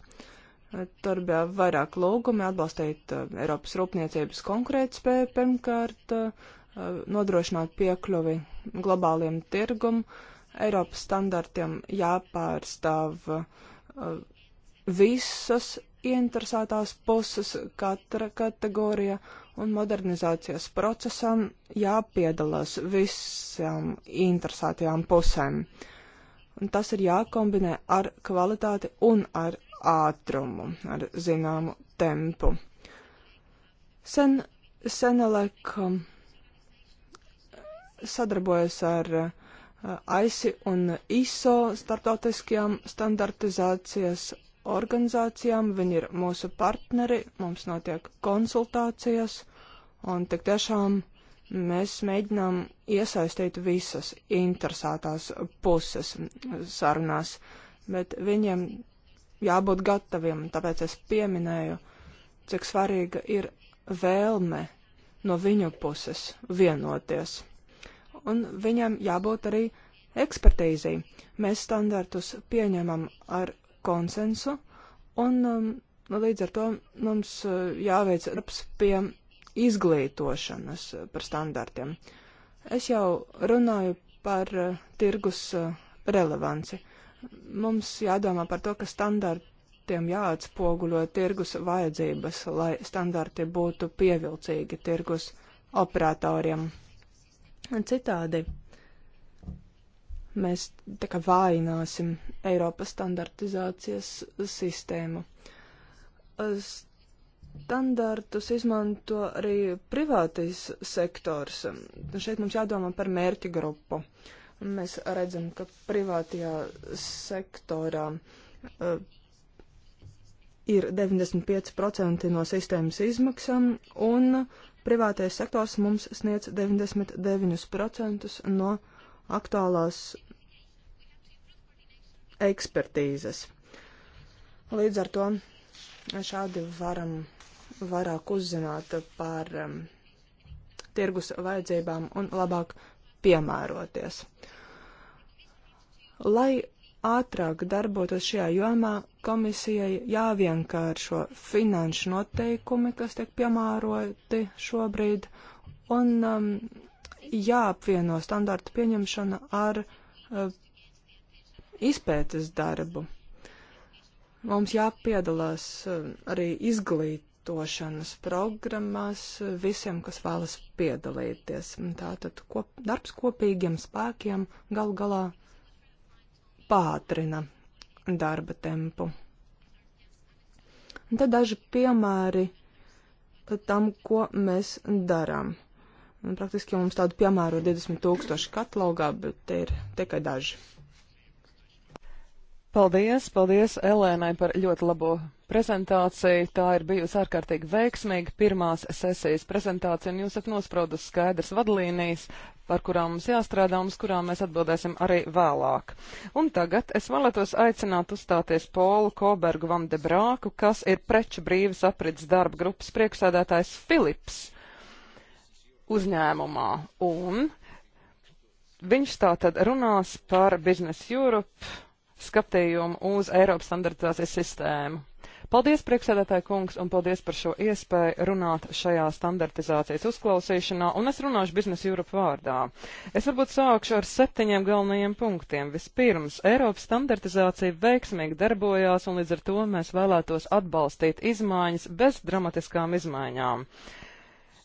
Tur bija vairāk lūgumi atbalstīt uh, Eiropas rūpniecības konkurētspēju pirmkārt, uh, nodrošināt piekļuvi globāliem tirgum, Eiropas standartiem jāpārstāv uh, visas ieinteresētās puses, katra kategorija. Uh, un modernizācijas procesam jāpiedalās visām interesētajām pusēm. Un tas ir jākombinē ar kvalitāti un ar ātrumu, ar zināmu tempu. Sen, Senelek um, sadarbojas ar uh, AISI un ISO starptautiskajām standartizācijas organizācijām, viņi ir mūsu partneri, mums notiek konsultācijas, un tik tiešām mēs mēģinām iesaistīt visas interesētās puses sarunās, bet viņiem jābūt gataviem, tāpēc es pieminēju, cik svarīga ir vēlme no viņu puses vienoties. Un viņam jābūt arī ekspertīzī. Mēs standartus pieņemam ar konsensu, un um, līdz ar to mums uh, jāveic darbs pie izglītošanas uh, par standartiem. Es jau runāju par uh, tirgus uh, relevanci. Mums jādomā par to, ka standartiem jāatspoguļo tirgus vajadzības, lai standarti būtu pievilcīgi tirgus operatoriem. Citādi mēs tā kā vājināsim Eiropas standartizācijas sistēmu. Standartus izmanto arī privātais sektors. Šeit mums jādomā par mērķi grupu. Mēs redzam, ka privātajā sektorā uh, ir 95% no sistēmas izmaksām, un privātais sektors mums sniedz 99% no izmaksām aktuālās ekspertīzes. Līdz ar to šādi varam vairāk uzzināt par um, tirgus vajadzībām un labāk piemēroties. Lai ātrāk darbotos šajā jomā, komisijai jāvienkāršo finanšu noteikumi, kas tiek piemēroti šobrīd, un um, jāapvieno standārtu pieņemšana ar uh, izpētes darbu. Mums jāpiedalās uh, arī izglītošanas programmās visiem, kas vēlas piedalīties. Tātad kop, darbs kopīgiem spēkiem gal galā pātrina darba tempu. Un tad daži piemēri tam, ko mēs darām. Un praktiski mums tādu piemēru ir 20
tūkstoši katalogā, bet te ir tikai daži. Paldies, paldies Elēnai par ļoti labo prezentāciju. Tā ir bijusi ārkārtīgi veiksmīga pirmās sesijas prezentācija, un jūs esat nospraudus skaidrs vadlīnijas, par kurām mums jāstrādā un uz kurām mēs atbildēsim arī vēlāk. Un tagad es vēlētos aicināt uzstāties Polu Kobergu Vamdebrāku, kas ir preču brīvas aprits darba grupas priekšsēdētājs Filips uzņēmumā. Un viņš tā tad runās par Business Europe skatījumu uz Eiropas standartizācijas sistēmu. Paldies, priekšsēdētāji kungs, un paldies par šo iespēju runāt šajā standartizācijas uzklausīšanā, un es runāšu biznesa Europe vārdā. Es varbūt sākšu ar septiņiem galvenajiem punktiem. Vispirms, Eiropas standartizācija veiksmīgi darbojās, un līdz ar to mēs vēlētos atbalstīt izmaiņas bez dramatiskām izmaiņām.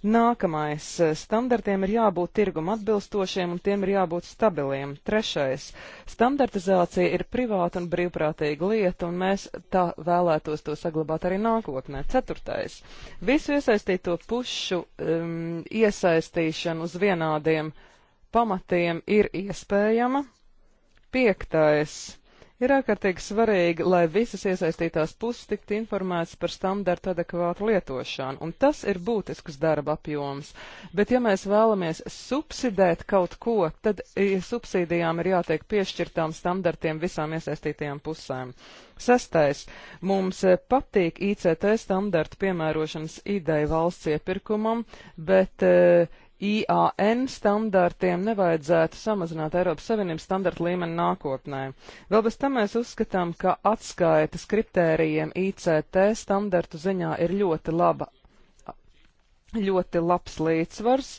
Nākamais. Eh, standartiem ir jābūt tirgum atbilstošiem un tiem ir jābūt stabiliem. Trešais. Standartizācija ir privāta un brīvprātīga lieta, un mēs tā vēlētos to saglabāt arī nākotnē. Ceturtais. Visu iesaistīto pušu um, iesaistīšanu uz vienādiem pamatiem ir iespējama. Piektais Ir ārkārtīgi svarīgi, lai visas iesaistītās puses tiktu informētas par standartu adekvātu lietošanu, un tas ir būtisks darba apjoms. Bet, ja mēs vēlamies subsidēt kaut ko, tad subsīdijām ir jātiek piešķirtām standartiem visām iesaistītajām pusēm. Sestais. Mums eh, patīk ICT standartu piemērošanas ideja valsts iepirkumam, bet e, IAN standartiem nevajadzētu samazināt Eiropas Savienības standartu līmeni nākotnē. Vēl bez tam mēs uzskatām, ka atskaitas kritērijiem ICT standartu ziņā ir ļoti laba, ļoti labs līdzsvars.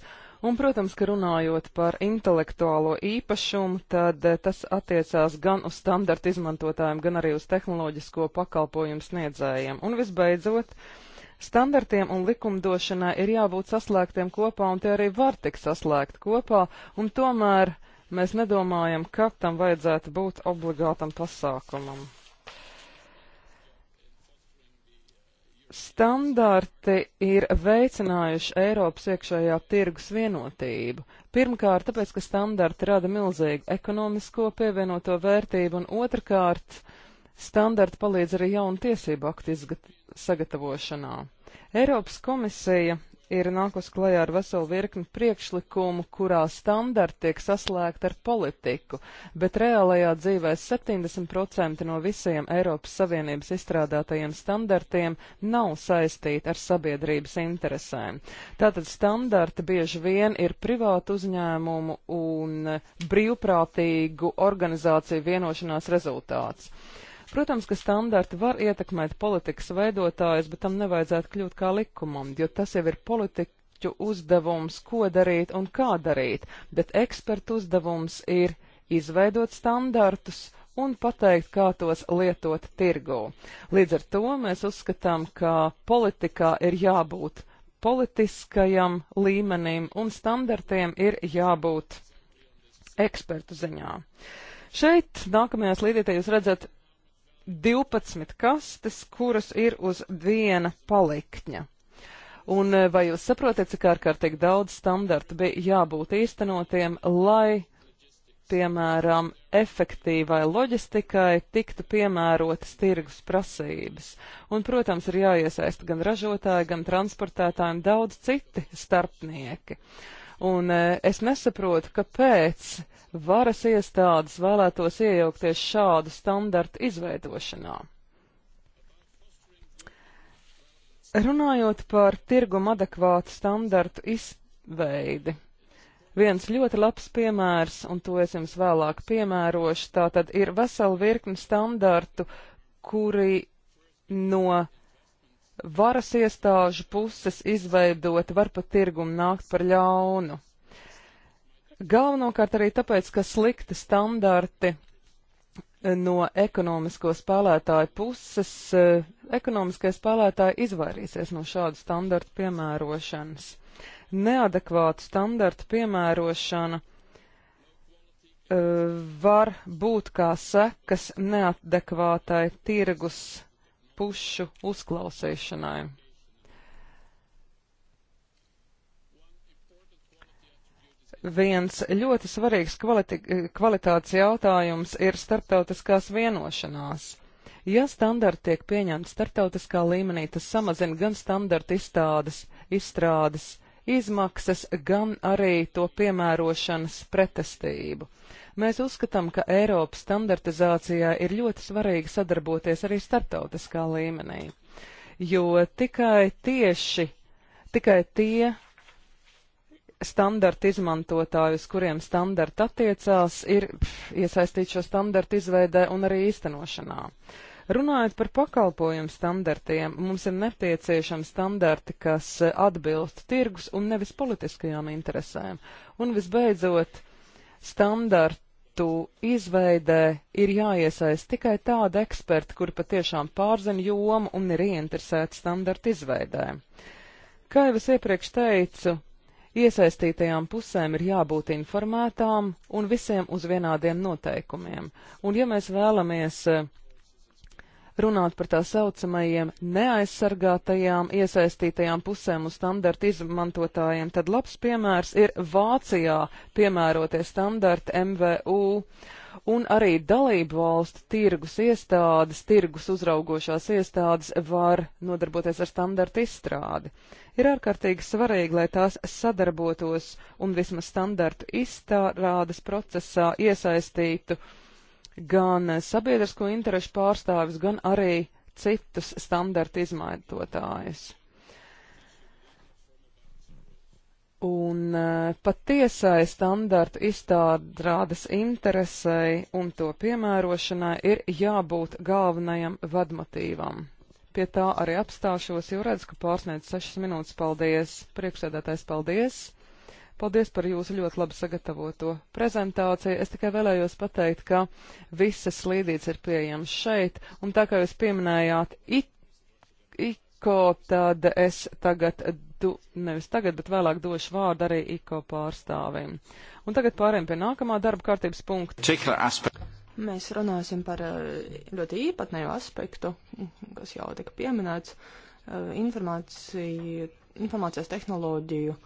Un, protams, ka runājot par intelektuālo īpašumu, tad eh, tas attiecās gan uz standartu izmantotājiem, gan arī uz tehnoloģisko pakalpojumu sniedzējiem. Un visbeidzot, uh, Standartiem un likumdošanai ir jābūt saslēgtiem kopā, un tie arī var tikt saslēgt kopā, un tomēr mēs nedomājam, ka tam vajadzētu būt obligātam pasākumam. standarti ir veicinājuši Eiropas iekšējā tirgus vienotību. Pirmkārt, tāpēc, ka standarti rada milzīgu ekonomisko pievienoto vērtību, un otrkārt, uh, Standarti palīdz arī jaunu tiesību aktu sagatavošanā. Eiropas komisija ir nākus klajā ar veselu virkni priekšlikumu, kurā standarti tiek saslēgti ar politiku, bet reālajā dzīvē 70% no visiem Eiropas Savienības izstrādātajiem standartiem nav saistīti ar sabiedrības interesēm. Tātad standarti bieži vien ir privātu uzņēmumu un brīvprātīgu organizāciju vienošanās rezultāts. Protams, ka standarti var ietekmēt politikas veidotājus, bet tam nevajadzētu kļūt kā likumam, jo tas jau ir politiķu uzdevums, ko darīt un kā darīt, bet ekspertu uzdevums ir izveidot standartus un pateikt, kā tos lietot tirgū. Līdz ar to mēs uzskatām, ka politikā ir jābūt politiskajam līmenim un standartiem ir jābūt ekspertu ziņā. Šeit nākamajā slīdītē jūs redzat 12 kastes, kuras ir uz viena paliktņa. Un eh, vai jūs saprotat, cik ārkārtīgi daudz standartu bija jābūt īstenotiem, lai, piemēram, efektīvai loģistikai tiktu piemērotas tirgus prasības? Un, protams, ir jāiesaista gan ražotāji, gan transportētāji un daudz citi starpnieki. Uh, Un e, es nesaprotu, kāpēc varas iestādes vēlētos iejaukties šādu standartu izveidošanā. Runājot par tirgumu adekvātu standartu izveidi, viens ļoti labs piemērs, un to es jums vēlāk piemērošu, tā tad ir vesela virkni standartu, kuri no varas iestāžu puses izveidoti var pat tirgumu nākt par ļaunu. Galvenokārt arī tāpēc, ka slikti standarti eh, no ekonomisko spēlētāju puses, eh, ekonomiskie spēlētāji izvairīsies no šādu standartu piemērošanas. Neadekvātu standartu piemērošana eh, var būt kā sekas neadekvātai tirgus pušu uzklausīšanai. Viens ļoti svarīgs kvaliti kvalitātes jautājums ir starptautiskās vienošanās. Ja standarti tiek pieņemti starptautiskā līmenī, tas samazina gan standarta izstādes, izstrādes izmaksas, gan arī to piemērošanas pretestību. Mēs uzskatām, ka Eiropas standartizācijā ir ļoti svarīgi sadarboties arī starptautiskā līmenī, jo tikai tieši, tikai tie standarta izmantotāji, uz kuriem standarta attiecās, ir pff, iesaistīti šo standartu izveidē un arī īstenošanā. Runājot par pakalpojumu standartiem, mums ir nepieciešami standarti, kas atbilst tirgus un nevis politiskajām interesēm. Un visbeidzot, standartu izveidē ir jāiesaist tikai tāda eksperta, kur patiešām pārzina jomu un ir ieinteresēta standartu izveidē. Kā jau es iepriekš teicu, Iesaistītajām pusēm ir jābūt informētām un visiem uz vienādiem noteikumiem. Un ja mēs vēlamies eh, runāt par tā saucamajiem neaizsargātajām iesaistītajām pusēm un standartu izmantotājiem, tad labs piemērs ir Vācijā piemērotie standarti MVU. Un arī dalību valstu tirgus iestādes, tirgus uzraugošās iestādes var nodarboties ar standartu izstrādi. Ir ārkārtīgi svarīgi, lai tās sadarbotos un vismaz standartu izstrādes procesā iesaistītu uh, gan sabiedrisko interešu pārstāvis, gan arī citus standartu izmaitotājus. Un eh, pat tiesai standartu izstrādes interesei un to piemērošanai ir jābūt galvenajam vadmotīvam. Pie tā arī apstāšos, jo redzu, ka pārsniedz sešas minūtes. Paldies! Priekšsēdētājs, paldies! Paldies par jūsu ļoti labi sagatavoto prezentāciju. Es tikai vēlējos pateikt, ka visas slīdītes ir pieejamas šeit, un tā kā jūs pieminējāt IKO, tad es tagad tu nevis tagad, bet vēlāk došu vārdu arī IKO pārstāvim. Un tagad pārējiem pie nākamā darba kārtības punkta. Mēs runāsim par eh, ļoti
īpatnēju aspektu, kas jau tika pieminēts, eh, informācijas tehnoloģiju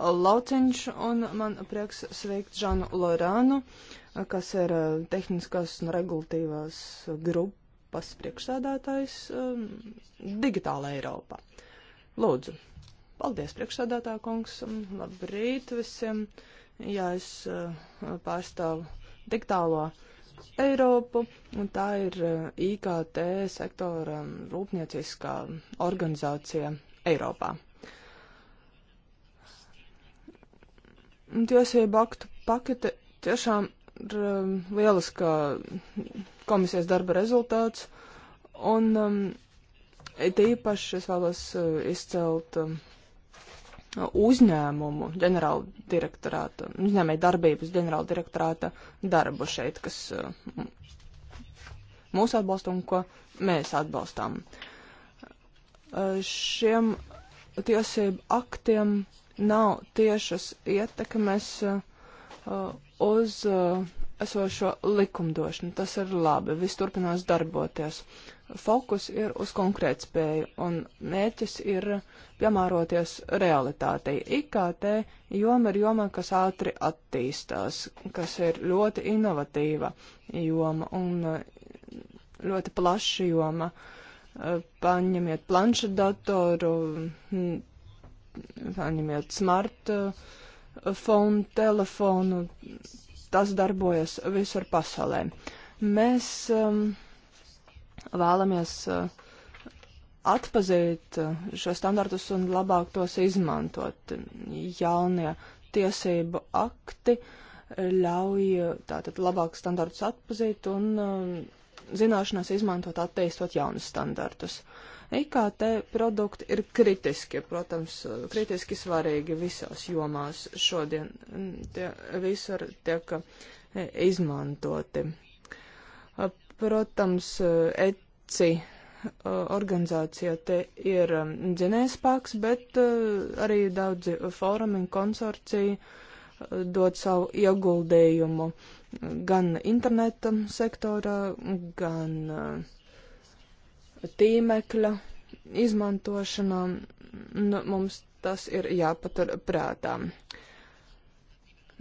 Lauciņš, un man prieks sveikt Žanu Lorānu, kas ir eh, tehniskās un regulatīvās grupas priekšsādātājs eh, Digitāla Eiropa. Lūdzu. Paldies, priekšsādātā kungs. Labrīt visiem. Jā, es eh, pārstāvu digitālo Eiropu, un tā ir IKT sektora mm, rūpnieciskā organizācija Eiropā. tiesību aktu pakete tiešām ir um, lieliska komisijas darba rezultāts. Un um, tīpaši es vēlos uh, izcelt um, uzņēmumu ģenerāla direktorāta, uzņēmēja darbības ģenerāla direktorāta darbu šeit, kas uh, mūs atbalsta un ko mēs atbalstām. Uh, šiem tiesību aktiem uh, nav tiešas ietekmes uh, uz uh, esošo likumdošanu. Tas ir labi, viss turpinās darboties. Fokus ir uz konkrētspēju un mērķis ir piemēroties realitātei. IKT joma ir joma, kas ātri attīstās, kas ir ļoti inovatīva joma un uh, ļoti plaša joma. Paņemiet planšetdatoru, saņemiet smartphone, uh, telefonu, tas darbojas visur pasaulē. Mēs um, vēlamies uh, atpazīt uh, šo standartus un labāk tos izmantot. Jaunie tiesību akti ļauj uh, tātad labāk standartus atpazīt un um, zināšanās izmantot attīstot jaunus standartus. Uh, IKT e produkti ir kritiski, protams, kritiski svarīgi visās jomās šodien. Mm, tie visur tiek e, izmantoti. Protams, ECI e organizācija te ir dzinējspēks, bet arī daudzi fórumi un konsorcija dod savu ieguldījumu gan interneta sektorā, gan uh, tīmekļa izmantošanā. Nu, mums tas ir jāpatur prātā.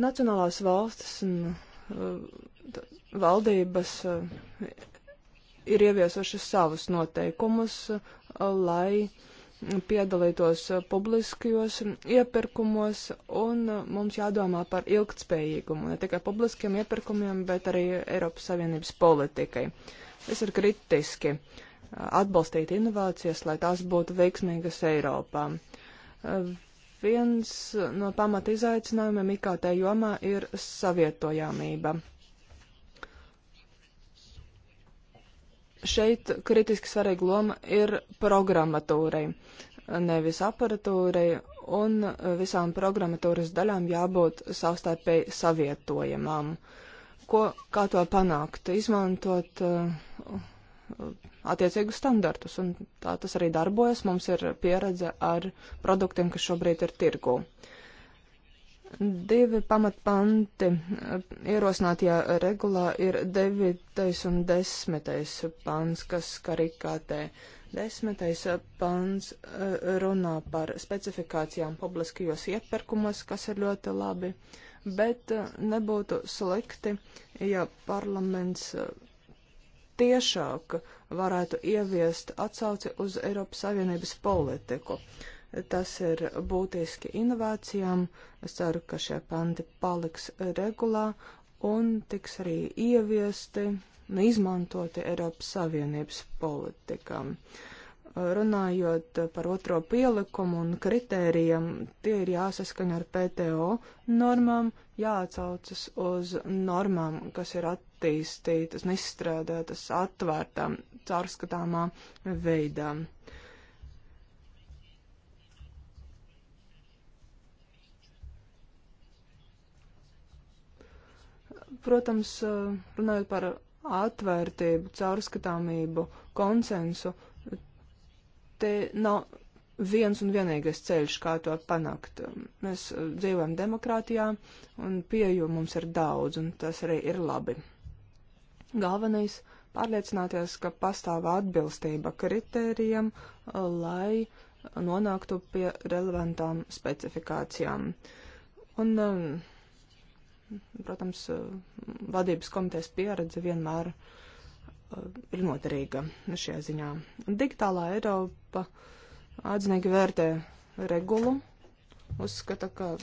Nacionālās valstis un uh, valdības uh, ir ieviesuši savus noteikumus, uh, lai piedalītos uh, publiskajos iepirkumos, un uh, mums jādomā par ilgtspējīgumu ne tikai publiskiem iepirkumiem, bet arī Eiropas Savienības politikai. Tas ir kritiski. Uh, atbalstīt inovācijas, lai tās būtu veiksmīgas Eiropā. Eh, viens no pamata izaicinājumiem IKT jomā ir savietojamība. Šeit kritiski svarīga loma ir programmatūrai, nevis aparatūrai, un visām programmatūras daļām jābūt savstarpēji savietojamām. Ko, kā to panākt? Izmantot uh, attiecīgus standartus, un tā tas arī darbojas. Mums ir pieredze ar produktiem, kas šobrīd ir tirgū. Divi pamatpanti eh, ierosinātajā regulā ir 9. un 10. pants, kas karikātē. 10. pants eh, runā par specifikācijām publiskajos iepirkumos, kas ir ļoti labi, bet eh, nebūtu slikti, ja parlaments tiešāk varētu ieviest atsauci uz Eiropas Savienības politiku. Tas ir būtiski inovācijām. Es ceru, ka šie panti paliks regulā un tiks arī ieviesti un izmantoti Eiropas Savienības politikam. Runājot par otro pielikumu un kritērijiem, tie ir jāsaskaņa ar PTO normām, jāatsaucas uz normām, kas ir at attīstītas un izstrādātas atvērtā, caurskatāmā veidā. Protams, runājot par atvērtību, caurskatāmību, konsensu, te nav viens un vienīgais ceļš, kā to panākt. Mēs dzīvojam demokrātijā, un pieeju mums ir daudz, un tas arī ir labi. Galvenais - pārliecināties, ka pastāv atbilstība kritērijam, lai nonāktu pie relevantām specifikācijām. Un, um, protams, vadības komitejas pieredze vienmēr uh, ir noderīga šajā ziņā. Digitālā Eiropa atzinīgi vērtē regulu, uzskata, ka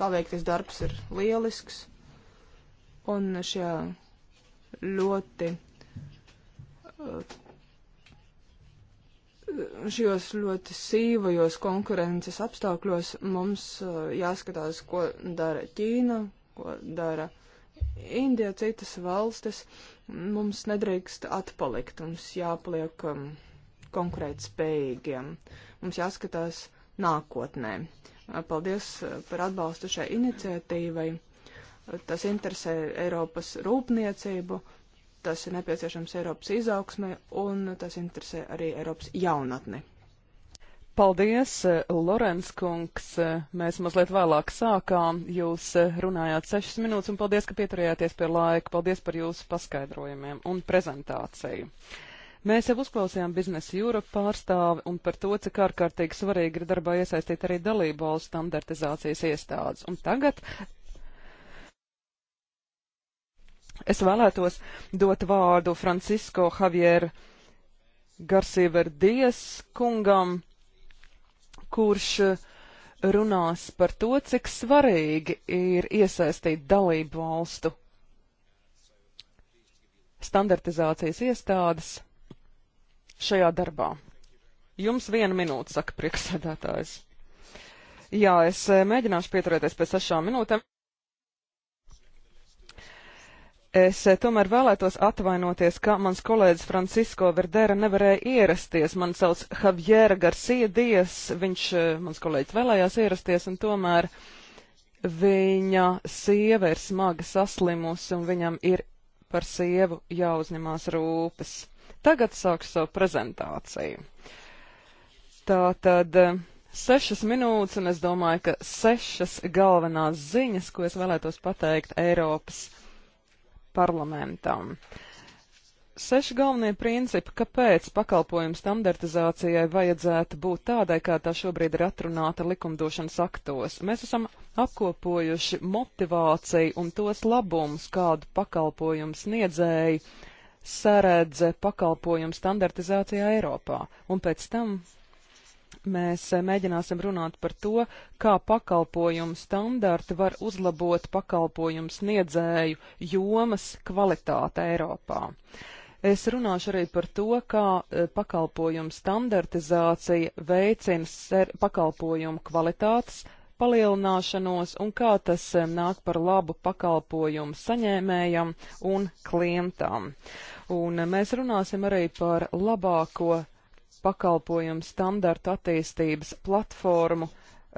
paveiktais darbs ir lielisks, un šajā ļoti eh, šajos ļoti sīvajos konkurences apstākļos mums eh, jāskatās, ko dara Ķīna, ko dara Indija, citas valstis. Mums nedrīkst atpalikt, mums jāpaliek um, konkrēt spējīgiem. Mums jāskatās nākotnē. Paldies eh, par atbalstu šai iniciatīvai tas interesē Eiropas rūpniecību, tas ir nepieciešams Eiropas izaugsmai un tas interesē arī Eiropas
jaunatni. Paldies, Lorenz kungs. Mēs mazliet vēlāk sākām. Jūs runājāt 6 minūtes un paldies, ka pieturējāties pie laika. Paldies par jūsu paskaidrojumiem un prezentāciju. Mēs jau uzklausījām biznesa jūra pārstāvi un par to, cik ārkārtīgi svarīgi ir darbā iesaistīt arī dalību valstu standartizācijas iestādes. Un tagad Es vēlētos dot vārdu Francisko Javieru Garsīverdies kungam, kurš eh, runās par to, cik svarīgi ir iesaistīt dalību valstu standartizācijas iestādes šajā darbā. Jums viena minūte, saka priekšsēdētājs. Jā, es eh, mēģināšu pieturēties pie sešām minūtēm. Es eh, tomēr vēlētos atvainoties, ka mans kolēģis Francisko Verdera nevarēja ierasties. Man sauc Javiera Garcia Dies, viņš, eh, mans kolēģis, vēlējās ierasties, un tomēr viņa sieva ir smagi saslimusi, un viņam ir par sievu jāuzņemās rūpes. Tagad sākšu savu prezentāciju. Tā tad eh, sešas minūtes, un es domāju, ka sešas galvenās ziņas, ko es vēlētos pateikt Eiropas parlamentam. Seši galvenie principi, kāpēc pakalpojumu standartizācijai vajadzētu būt tādai, kā tā šobrīd ir atrunāta likumdošanas aktos. Mēs esam apkopojuši motivāciju un tos labumus, kādu pakalpojumu sniedzēji sēredz pakalpojumu standartizācijā Eiropā. Un pēc tam mēs eh, mēģināsim runāt par to, kā pakalpojumu standarti var uzlabot pakalpojumu sniedzēju jomas kvalitāti Eiropā. Es runāšu arī par to, kā eh, pakalpojumu standartizācija veicina ser, pakalpojumu kvalitātes palielināšanos un kā tas eh, nāk par labu pakalpojumu saņēmējam un klientam. Un mēs runāsim arī par labāko pakalpojumu standartu attīstības platformu,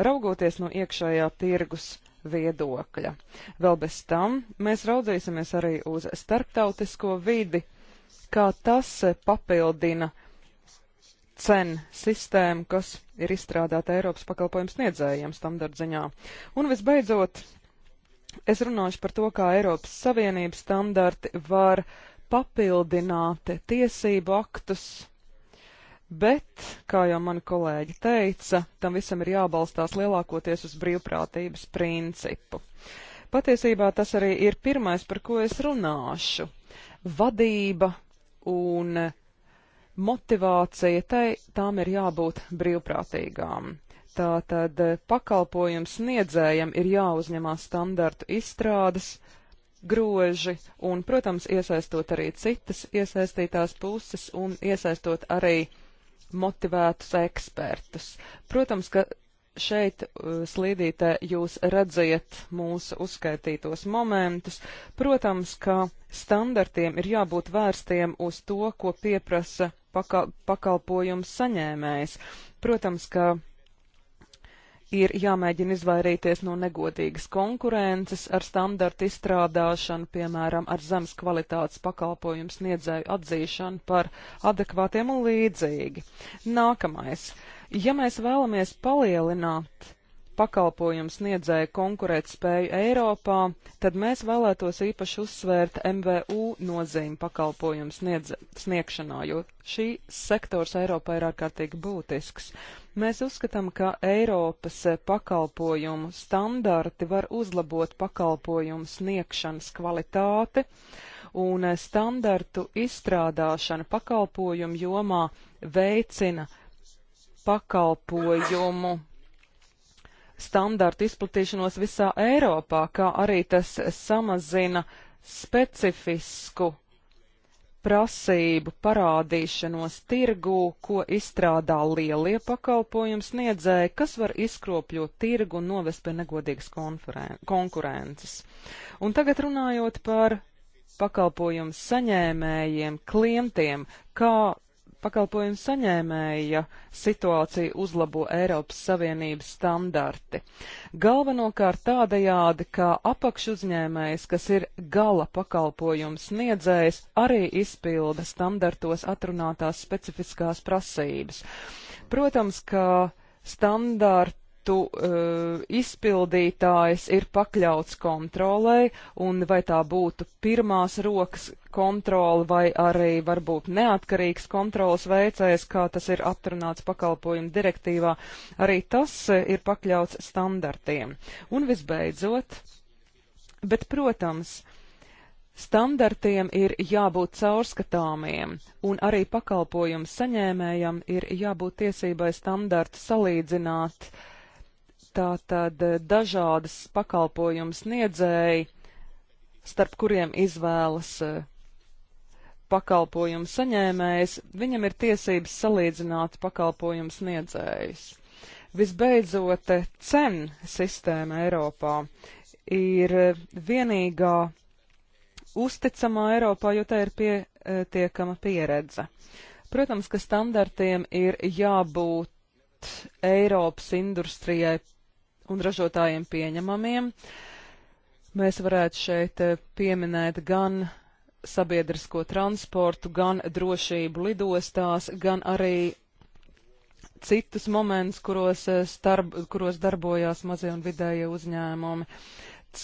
raugoties no iekšējā tirgus viedokļa. Vēl bez tam mēs raudzīsimies arī uz starptautisko vidi, kā tas papildina cenu sistēmu, kas ir izstrādāta Eiropas pakalpojumu sniedzējiem standartziņā. Un visbeidzot, es runāšu par to, kā Eiropas Savienības standarti var papildināt tiesību aktus Bet, kā jau mani kolēģi teica, tam visam ir jābalstās lielākoties uz brīvprātības principu. Patiesībā tas arī ir pirmais, par ko es runāšu. Vadība un motivācija, tai, tām ir jābūt brīvprātīgām. Tātad pakalpojums sniedzējam ir jāuzņemās standartu izstrādes groži un, protams, iesaistot arī citas iesaistītās puses un iesaistot arī uh, motivētus ekspertus. Protams, ka šeit uh, slīdītē jūs redziet mūsu uzskaitītos momentus. Protams, ka standartiem ir jābūt vērstiem uz to, ko pieprasa pakal pakalpojums saņēmējs. Protams, ka ir jāmēģina izvairīties no negodīgas konkurences ar standartu izstrādāšanu, piemēram, ar zemes kvalitātes pakalpojumu sniedzēju atzīšanu par adekvātiem un līdzīgi. Nākamais. Ja mēs vēlamies palielināt pakalpojumu sniedzēju konkurētspēju Eiropā, tad mēs vēlētos īpaši uzsvērt MVU nozīmi pakalpojumu sniedz, sniegšanā, jo šī sektors Eiropā ir ārkārtīgi būtisks. Mēs uzskatām, ka Eiropas pakalpojumu standarti var uzlabot pakalpojumu sniegšanas kvalitāti un standartu izstrādāšana pakalpojumu jomā veicina pakalpojumu standartu izplatīšanos visā Eiropā, kā arī tas samazina specifisku prasību parādīšanos tirgū, ko izstrādā lielie pakalpojumu sniedzēji, kas var izkropļot tirgu un novest pie negodīgas konkurences. Un tagad runājot par pakalpojumu saņēmējiem, klientiem, kā pakalpojumu saņēmēja situāciju uzlabo Eiropas Savienības standarti. Galvenokārt tādajādi, ka apakšuzņēmējs, kas ir gala pakalpojums sniedzējs, arī izpilda standartos atrunātās specifiskās prasības. Protams, ka standart aktu uh, eh, izpildītājs ir pakļauts kontrolei, un vai tā būtu pirmās rokas kontrole, vai arī varbūt neatkarīgs kontrolas veicējs, kā tas ir atrunāts pakalpojumu direktīvā, arī tas ir pakļauts standartiem. Un visbeidzot, bet, protams, Standartiem ir jābūt caurskatāmiem, un arī pakalpojumu saņēmējam ir jābūt tiesībai standartu salīdzināt tātad eh, dažādas pakalpojumu sniedzēji, starp kuriem izvēlas eh, pakalpojumu saņēmējs, viņam ir tiesības salīdzināt pakalpojumu sniedzējus. Visbeidzot, eh, cenu sistēma Eiropā ir vienīgā uzticamā Eiropā, jo tā ir pietiekama pieredze. Protams, ka standartiem ir jābūt Eiropas industrijai un ražotājiem pieņemamiem. Mēs varētu šeit eh, pieminēt gan sabiedrisko transportu, gan drošību lidostās, gan arī citus momentus, kuros, eh, starb, kuros darbojās mazie un vidējie uzņēmumi.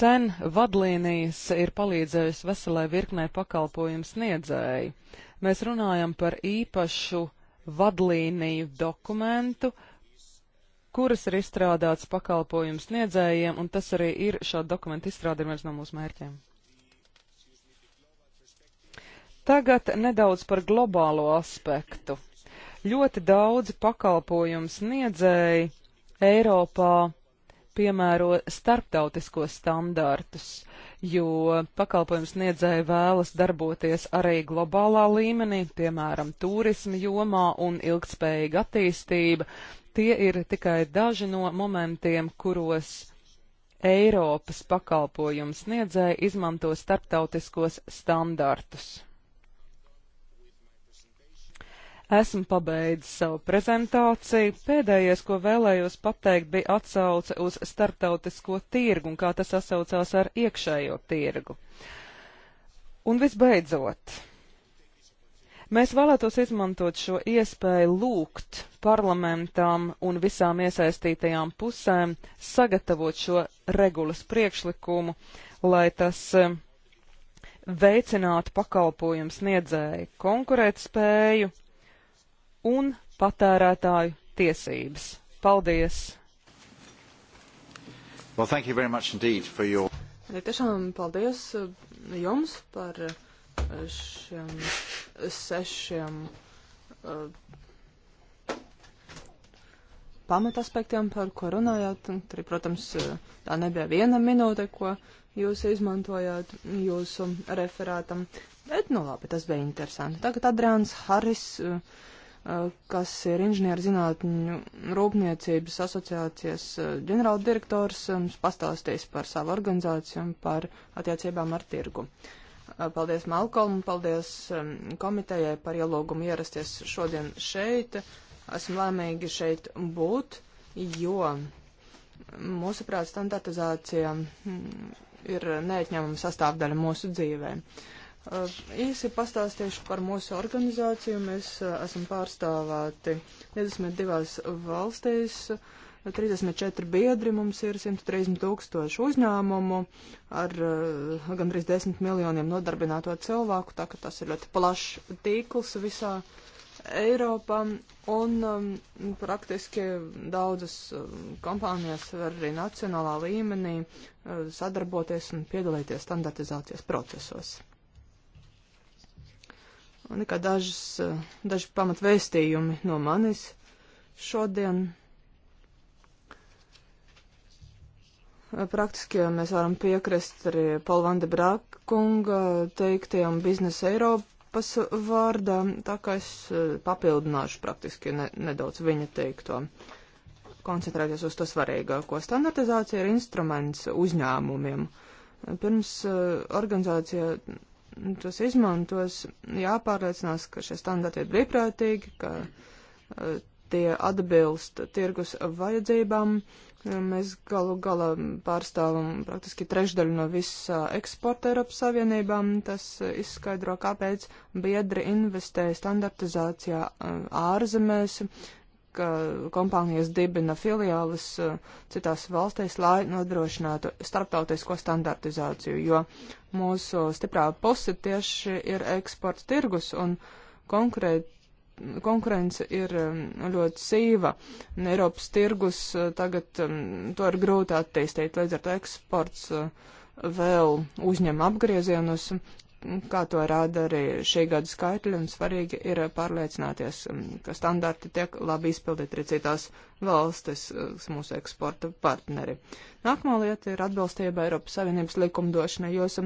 Cen vadlīnijas ir palīdzējusi veselai virknē pakalpojumu sniedzēji. Mēs runājam par īpašu vadlīniju dokumentu, kuras ir izstrādāts pakalpojumu sniedzējiem, un tas arī ir šāda dokumenta izstrāde viens no mūsu mērķiem. Tagad nedaudz par globālo aspektu. Ļoti daudzi pakalpojumu sniedzēji Eiropā piemēro starptautiskos standartus, jo pakalpojums sniedzēji vēlas darboties arī globālā līmenī, piemēram, turisma jomā un ilgtspējīga attīstība, Tie ir tikai daži no momentiem, kuros Eiropas pakalpojumu sniedzēji izmanto starptautiskos standartus. Esmu pabeidzis savu prezentāciju. Pēdējais, ko vēlējos pateikt, bija atsauce uz starptautisko tirgu un kā tas sasaucās ar iekšējo tirgu. Un visbeidzot, Mēs vēlētos izmantot šo iespēju lūgt parlamentam un visām iesaistītajām pusēm sagatavot šo regulas priekšlikumu, lai tas eh, veicinātu pakalpojumu sniedzēju konkurētspēju un patērētāju tiesības. Paldies! Well, thank you very much indeed for your... Ja tiešām
paldies jums par šiem sešiem uh, pamataspektiem, par ko runājāt. Tur, protams, tā nebija viena minūte, ko jūs izmantojāt jūsu referātam. Bet, nu labi, tas bija interesanti. Tagad Adrians Haris, uh, eh, kas ir inženierzinātņu rūpniecības asociācijas eh, ģenerāldirektors, mums pastāstīs par savu organizāciju un par attiecībām ar tirgu. Uh, Paldies Malkolmu, paldies um, komitejai par ielūgumu ierasties šodien šeit. Esmu lēmīgi šeit būt, jo mūsuprāt standartizācija mm, ir neatņemama sastāvdaļa mūsu dzīvē. Uh, īsi pastāstīšu par mūsu organizāciju. Mēs uh, esam pārstāvēti 22 valstīs. 34 biedri, mums ir 130 tūkstoši uzņēmumu ar uh, gandrīz 10 miljoniem nodarbināto cilvēku, tā ka tas ir ļoti plašs tīkls visā Eiropā. Un um, praktiski daudzas um, kompānijas var arī nacionālā līmenī uh, sadarboties un piedalīties standartizācijas procesos. Un kā dažas, uh, daži pamatvēstījumi no manis šodien. praktiski mēs varam piekrist arī Palvanda Brākunga teiktajam biznesa Eiropas vārdā, tā kā es eh, papildināšu praktiski ne, nedaudz viņa teikto. Koncentrēties uz to svarīgāko. Standartizācija ir instruments uzņēmumiem. Pirms eh, organizācija tos izmantos, jāpārliecinās, ka šie standarti ir brīvprātīgi, ka eh, tie atbilst tirgus vajadzībām, Mēs galu galā pārstāvam praktiski trešdaļu no visa eksporta Eiropas Savienībām. Tas izskaidro, kāpēc biedri investē standartizācijā ārzemēs, ka kompānijas dibina filiālis citās valstīs, lai nodrošinātu starptautisko standartizāciju, jo mūsu stiprā puse tieši ir eksporta tirgus un konkrēti konkurence ir um, ļoti sīva, un Eiropas tirgus uh, tagad um, to ir grūti attīstīt, līdz ar to eksports uh, vēl uzņem apgriezienus, kā to rāda arī šī gada skaitļi, un svarīgi ir pārliecināties, um, ka standarti tiek labi izpildīti arī citās valstis, kas uh, mūsu eksporta partneri. Nākamā lieta ir atbilstība Eiropas Savienības likumdošanai. Jūs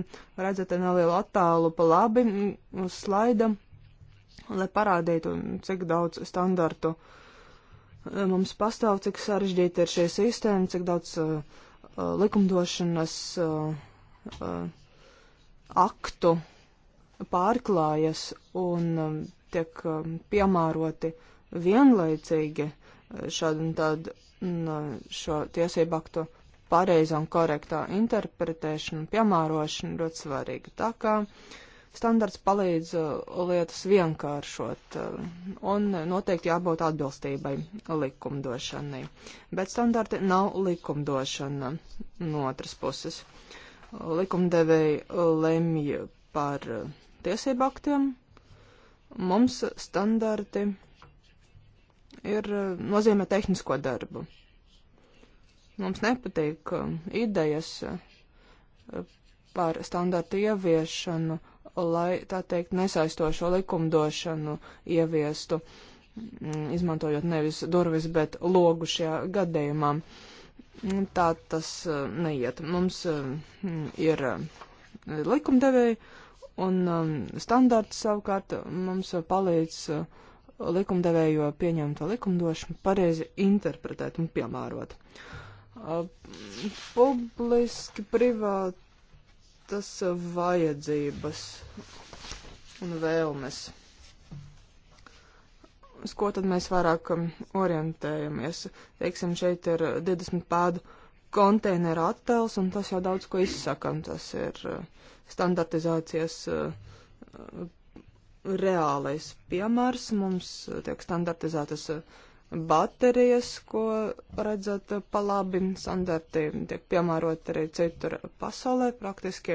redzat nelielu attālu pa labi uz mm, slaida lai parādītu, cik daudz standartu eh, mums pastāv, cik sarežģīta ir šī sistēma, cik daudz uh, likumdošanas uh, uh, aktu pārklājas un um, tiek um, piemēroti vienlaicīgi šādu un tādu un, mm, šo tiesību aktu pareizā un korektā interpretēšana un piemērošana ļoti svarīga. Tā kā uh, Standarts palīdz uh, lietas vienkāršot uh, un noteikti jābūt atbilstībai likumdošanai. Bet standarti nav likumdošana no otras puses. Likumdevēji lemj par uh, tiesību aktiem. Mums standarti ir nozīmē tehnisko darbu. Mums nepatīk idejas par standartu ieviešanu lai tā teikt nesaistošo likumdošanu ieviestu, mm, izmantojot nevis durvis, bet logu šajā gadījumā. Tā tas e, neiet. Mums e, ir e, likumdevēji un standarts savukārt mums palīdz likumdevējo pieņemto likumdošanu pareizi interpretēt un piemērot. Publiski privāti tas vajadzības un vēlmes. Uz ko tad mēs vairāk um, orientējamies? Teiksim, šeit ir 20 pādu konteineru attēls, un tas jau daudz ko izsakam. Tas ir uh, standartizācijas uh, reālais piemērs. Mums uh, tiek standartizētas uh, baterijas, ko redzat pa labi. Standarti tiek piemēroti arī citur pasaulē. Praktiski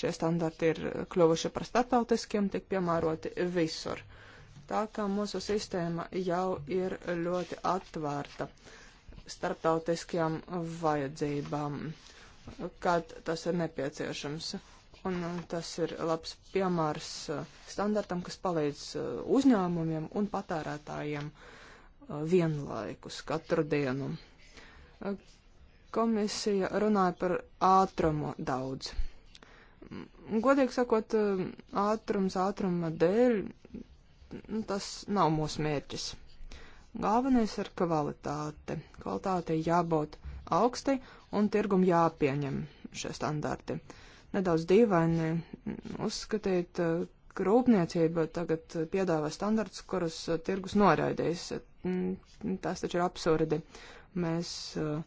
šie standarti ir kļuvuši par starptautiskiem, tiek piemēroti visur. Tā kā mūsu sistēma jau ir ļoti atvērta starptautiskajām vajadzībām, kad tas ir nepieciešams. Un tas ir labs piemērs standartam, kas palīdz uzņēmumiem un patērētājiem uh, vienlaikus katru dienu. Komisija runāja par ātrumu daudz. Godīgi sakot, ātrums ātruma dēļ nu, tas nav mūsu mērķis. Galvenais ir kvalitāte. Kvalitātei jābūt augstai un tirgum jāpieņem šie standarti. Nedaudz dīvaini uzskatīt, ka rūpniecība tagad piedāvā standarts, kurus tirgus noraidīs. Mm, tas taču ir absurdi. Mēs uh,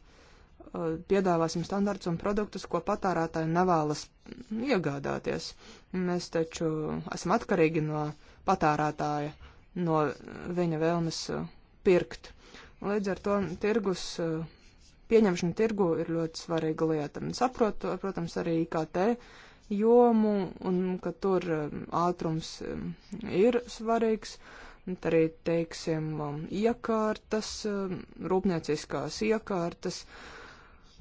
uh, piedāvāsim standarts un produktus, ko patērētāji nevēlas iegādāties. Mēs taču esam atkarīgi no patērētāja, no viņa vēlmes uh, pirkt. Līdz ar to tirgus, pieņemšana tirgu ir ļoti svarīga lieta. Saprotu, protams, arī IKT jomu un ka tur ātrums um, ir svarīgs. Uh, arī, teiksim, um, iekārtas, um, rūpnieciskās iekārtas.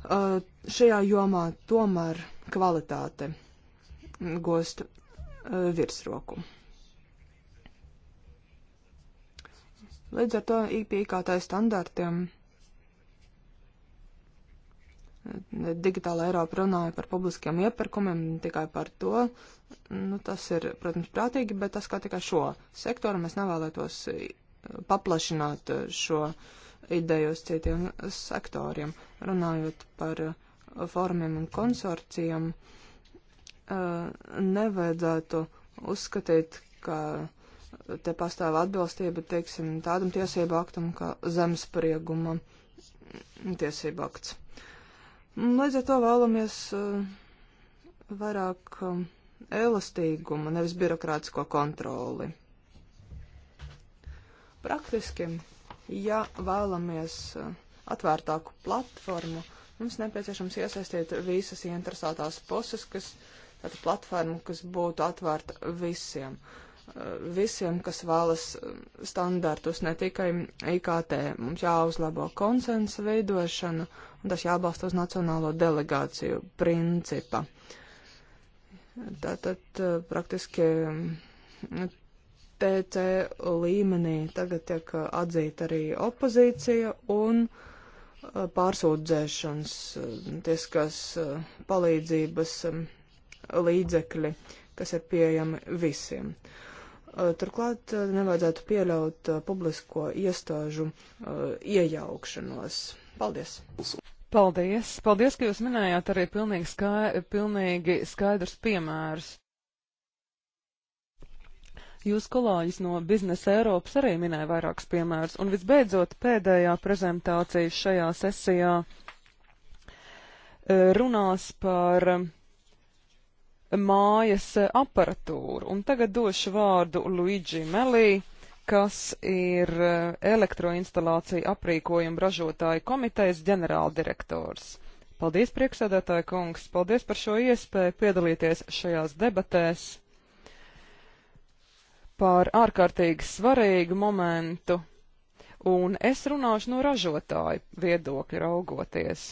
Uh, šajā jomā tomēr kvalitāte gost uh, virsroku. Līdz ar to IPI kā tā standartiem. Ja Digitāla Eiropa runāja par publiskiem iepirkumiem, tikai par to. Nu, tas ir, protams, prātīgi, bet tas kā tikai šo sektoru mēs nevēlētos eh, paplašināt eh, šo ideju uz citiem sektoriem. Runājot par eh, formiem un konsorcijiem, nevajadzētu uzskatīt, ka te pastāv atbilstība, teiksim, tādam tiesību aktam kā zemesprieguma tiesību akts. Līdz ar to vēlamies eh, vairāk eh, elastīguma, nevis birokrātisko kontroli. Praktiski, ja vēlamies eh, atvērtāku platformu, mums nepieciešams iesaistīt visas interesētās puses, kas tāda platforma, kas būtu atvērta visiem. Uh, visiem, kas vēlas um, standartus, ne tikai IKT. Mums jāuzlabo konsensa veidošana, un tas jābalsta uz nacionālo delegāciju principa. Tātad uh, praktiski um, TC līmenī tagad tiek uh, atzīta arī opozīcija un uh, pārsūdzēšanas tieskās palīdzības um, līdzekļi, kas ir pieejami visiem. Uh, Eh, turklāt eh, nevajadzētu pieļaut eh, publisko iestāžu iejaukšanos. Paldies!
Paldies! Paldies, ka jūs minējāt arī pilnīgi, skai, pilnīgi skaidrs piemērs. Jūs kolāģis no Biznesa Eiropas arī minēja vairākus piemērus, un visbeidzot pēdējā prezentācija šajā sesijā runās par mājas eh, aparatūru. Un tagad došu vārdu Luigi Melī, kas ir eh, elektroinstalāciju aprīkojumu ražotāju komitejas ģenerāldirektors. Paldies, priekšsēdētāja kungs, paldies par šo iespēju piedalīties šajās debatēs par ārkārtīgi svarīgu momentu, un es runāšu no ražotāju viedokļa raugoties.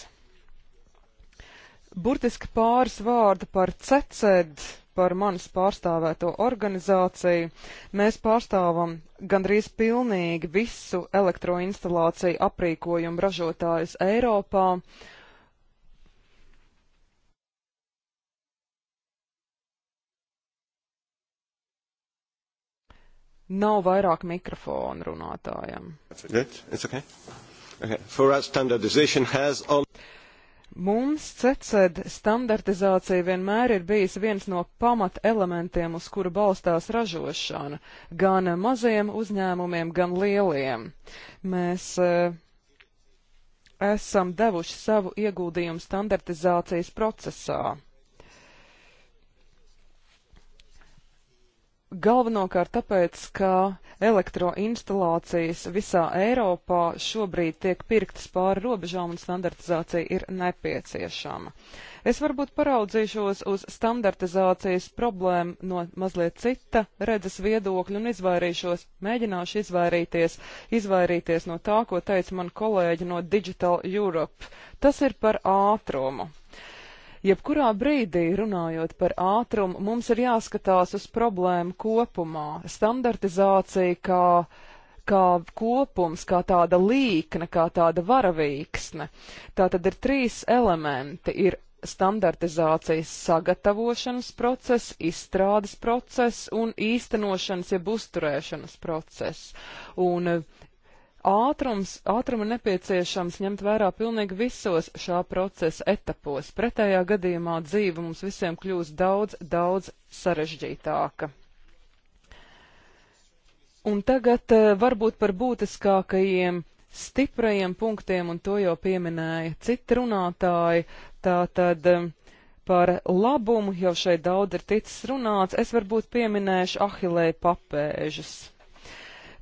Burtiski pāris vārdu par CECED, par manas pārstāvēto organizāciju. Mēs pārstāvam gandrīz pilnīgi visu elektroinstalāciju aprīkojumu ražotājus Eiropā. Nav vairāk mikrofonu runātājam. Good. It's okay. Okay. For us, standardization has all... Mums CECED standartizācija vienmēr ir bijis viens no pamatelementiem, uz kura balstās ražošana, gan maziem uzņēmumiem, gan lieliem. Mēs e, esam devuši savu ieguldījumu standartizācijas procesā. Galvenokārt tāpēc, ka elektroinstalācijas visā Eiropā šobrīd tiek pirktas pāri robežām un standartizācija ir nepieciešama. Es varbūt paraudzīšos uz standartizācijas problēmu no mazliet cita redzes viedokļa un izvairīšos, mēģināšu izvairīties, izvairīties no tā, ko teica man kolēģi no Digital Europe. Tas ir par ātrumu. Uh, Jebkurā brīdī runājot par ātrumu, mums ir jāskatās uz problēmu kopumā. Standartizācija kā, kā kopums, kā tāda līkne, kā tāda varavīksne. Tā tad ir trīs elementi. Ir standartizācijas sagatavošanas process, izstrādes process un īstenošanas jeb uzturēšanas process. Un Ātrums, ātrumu nepieciešams ņemt vērā pilnīgi visos šā procesa etapos. Pretējā gadījumā dzīve mums visiem kļūs daudz, daudz sarežģītāka. Un tagad eh, varbūt par būtiskākajiem stiprajiem punktiem, un to jau pieminēja citi runātāji, tātad eh, par labumu jau šeit daudz ir ticis runāts, es varbūt pieminēšu ahilēju papēžas.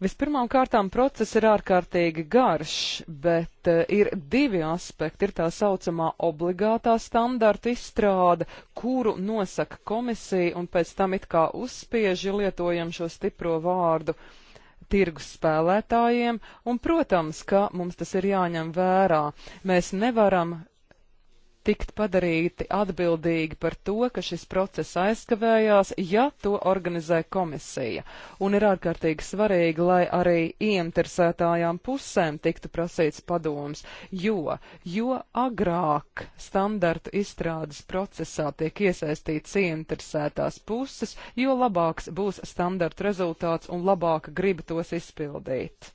Vispirmām kārtām process ir ārkārtīgi garš, bet eh, ir divi aspekti. Ir tā saucamā obligātā standarta izstrāde, kuru nosaka komisija un pēc tam it kā uzspiež, ja lietojam šo stipro vārdu tirgus spēlētājiem, un, protams, ka mums tas ir jāņem vērā. Mēs nevaram tikt padarīti atbildīgi par to, ka šis process aizkavējās, ja to organizē komisija. Un ir ārkārtīgi svarīgi, lai arī ieinteresētājām pusēm tiktu prasīts padoms, jo, jo agrāk standartu izstrādes procesā tiek iesaistīts ieinteresētās puses, jo labāks būs standartu rezultāts un labāka griba tos izpildīt.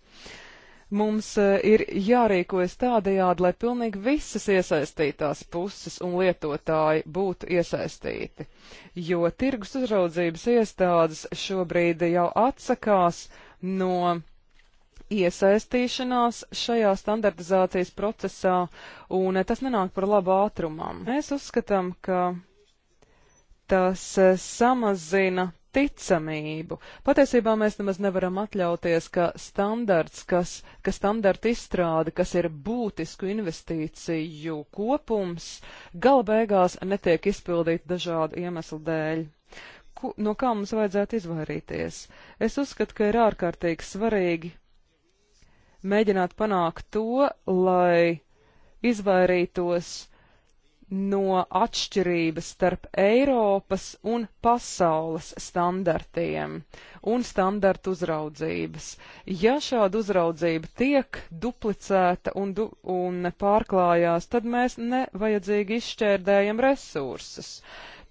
Mums e, ir jārīkojas tādajādi, lai pilnīgi visas iesaistītās puses un lietotāji būtu iesaistīti, jo tirgus uzraudzības iestādes šobrīd jau atsakās no iesaistīšanās šajā standartizācijas procesā, un e, tas nenāk par labu ātrumam. Mēs uzskatām, ka tas e, samazina ticamību. Patiesībā mēs nemaz nevaram atļauties, ka standarts, kas, ka standarta izstrāde, kas ir būtisku investīciju kopums, gala beigās netiek izpildīta dažādu iemeslu dēļ. Ku, no kā mums vajadzētu izvairīties? Es uzskatu, ka ir ārkārtīgi svarīgi mēģināt panākt to, lai izvairītos no atšķirības starp Eiropas un pasaules standartiem un standartu uzraudzības. Ja šāda uzraudzība tiek duplicēta un, du un pārklājās, tad mēs nevajadzīgi izšķērdējam resursus.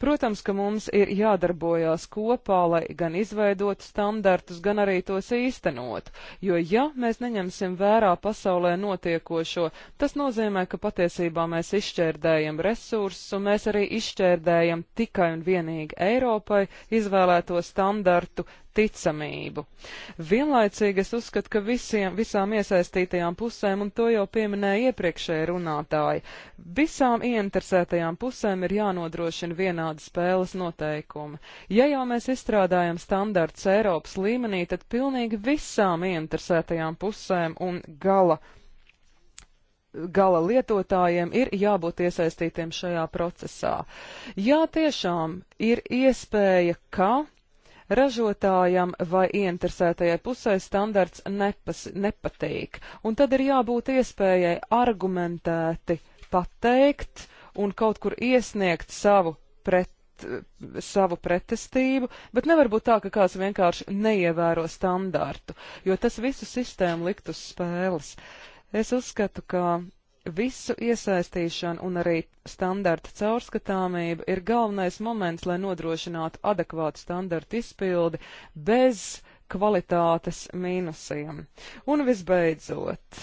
Protams, ka mums ir jādarbojās kopā, lai gan izveidotu standartus, gan arī tos īstenot, jo ja mēs neņemsim vērā pasaulē notiekošo, tas nozīmē, ka patiesībā mēs izšķērdējam resursus un mēs arī izšķērdējam tikai un vienīgi Eiropai izvēlēto standartu ticamību. Vienlaicīgi es uzskatu, ka visiem, visām iesaistītajām pusēm, un to jau pieminēja iepriekšēja runātāji, visām ieinteresētajām pusēm ir jānodrošina vienādi spēles noteikumi. Ja jau mēs izstrādājam standarts Eiropas līmenī, tad pilnīgi visām ieinteresētajām pusēm un gala gala lietotājiem ir jābūt iesaistītiem šajā procesā. Jā, tiešām ir iespēja, ka Ražotājam vai ieinteresētajai pusē standarts nepas, nepatīk, un tad ir jābūt iespējai argumentēti pateikt un kaut kur iesniegt savu pret savu pretestību, bet nevar būt tā, ka kāds vienkārši neievēro standārtu, jo tas visu sistēmu likt uz spēles. Es uzskatu, ka visu iesaistīšana un arī standarta caurskatāmība ir galvenais moments, lai nodrošinātu adekvātu standartu izpildi bez kvalitātes mīnusiem. Un visbeidzot,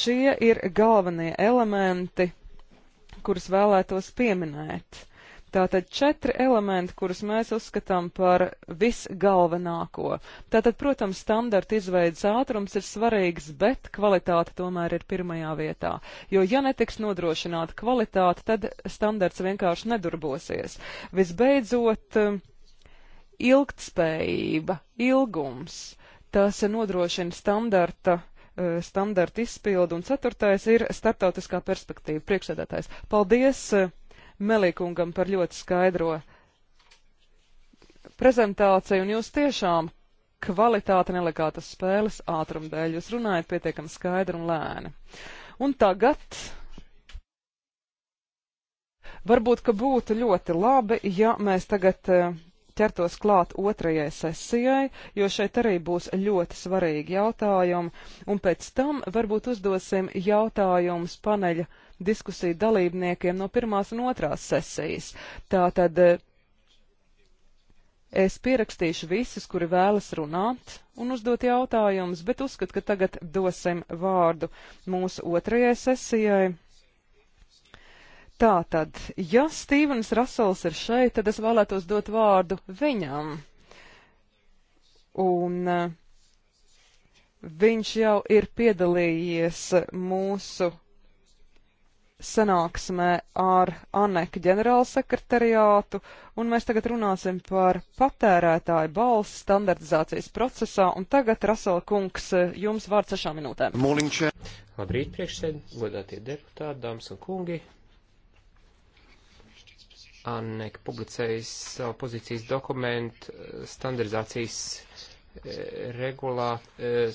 šie ir galvenie elementi, kurus vēlētos pieminēt. Tātad četri elementi, kurus mēs uzskatām par visgalvenāko. Tātad, protams, standarta izveidas ātrums ir svarīgs, bet kvalitāte tomēr ir pirmajā vietā. Jo, ja netiks nodrošināta kvalitāte, tad standarts vienkārši nedarbosies. Visbeidzot, ilgtspējība, ilgums, tas nodrošina standarta eh, standarta izpildu, un ceturtais ir startautiskā perspektīva priekšsēdētājs. Paldies eh, Melīkungam par ļoti skaidro prezentāciju, un jūs tiešām kvalitāte nelegātas spēles ātruma dēļ. Jūs runājat pietiekami skaidri un lēni. Un tagad varbūt, ka būtu ļoti labi, ja mēs tagad eh, ķertos klāt otrajai sesijai, jo šeit arī būs ļoti svarīgi jautājumi, un pēc tam varbūt uzdosim jautājumus paneļa diskusiju dalībniekiem no pirmās un otrās sesijas. Tātad eh, es pierakstīšu visus, kuri vēlas runāt un uzdot jautājumus, bet uzskatu, ka tagad dosim vārdu mūsu otrajai sesijai. Tātad, ja Stīvens Rasels ir šeit, tad es vēlētos dot vārdu viņam. Un eh, viņš jau ir piedalījies mūsu sanāksmē ar Anneku ģenerālsekretariātu, un mēs tagad runāsim par patērētāju balsu standartizācijas procesā, un tagad, Rasela kungs, jums vārds sešām minūtēm.
Mūliņšē. Labrīt, priekšsēd, godātie deputāti, dāmas un kungi. Anneka publicējas savu pozīcijas dokumentu eh, standartizācijas eh, regulā eh,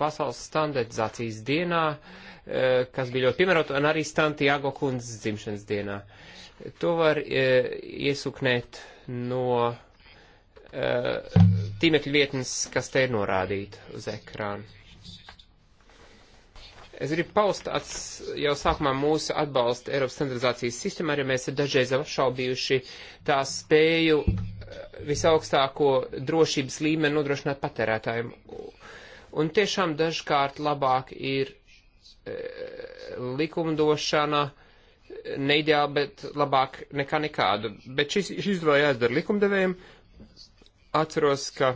pasaules standartizācijas dienā, eh, kas bija ļoti piemērota, un arī Santiago kundzes dzimšanas dienā. To var eh, iesuknēt no eh, tīmekļa vietnes, kas te ir norādīta uz ekrāna. Es gribu paust ats, jau sākumā mūsu atbalstu Eiropas standardizācijas sistēmā, arī mēs ir dažreiz apšaubījuši tā spēju visaugstāko drošības līmeni nodrošināt patērētājiem. Un tiešām dažkārt labāk ir e, likumdošana neideāli, bet labāk nekā nekāda. Bet šis, šis vēl jāizdara likumdevējiem. Atceros, ka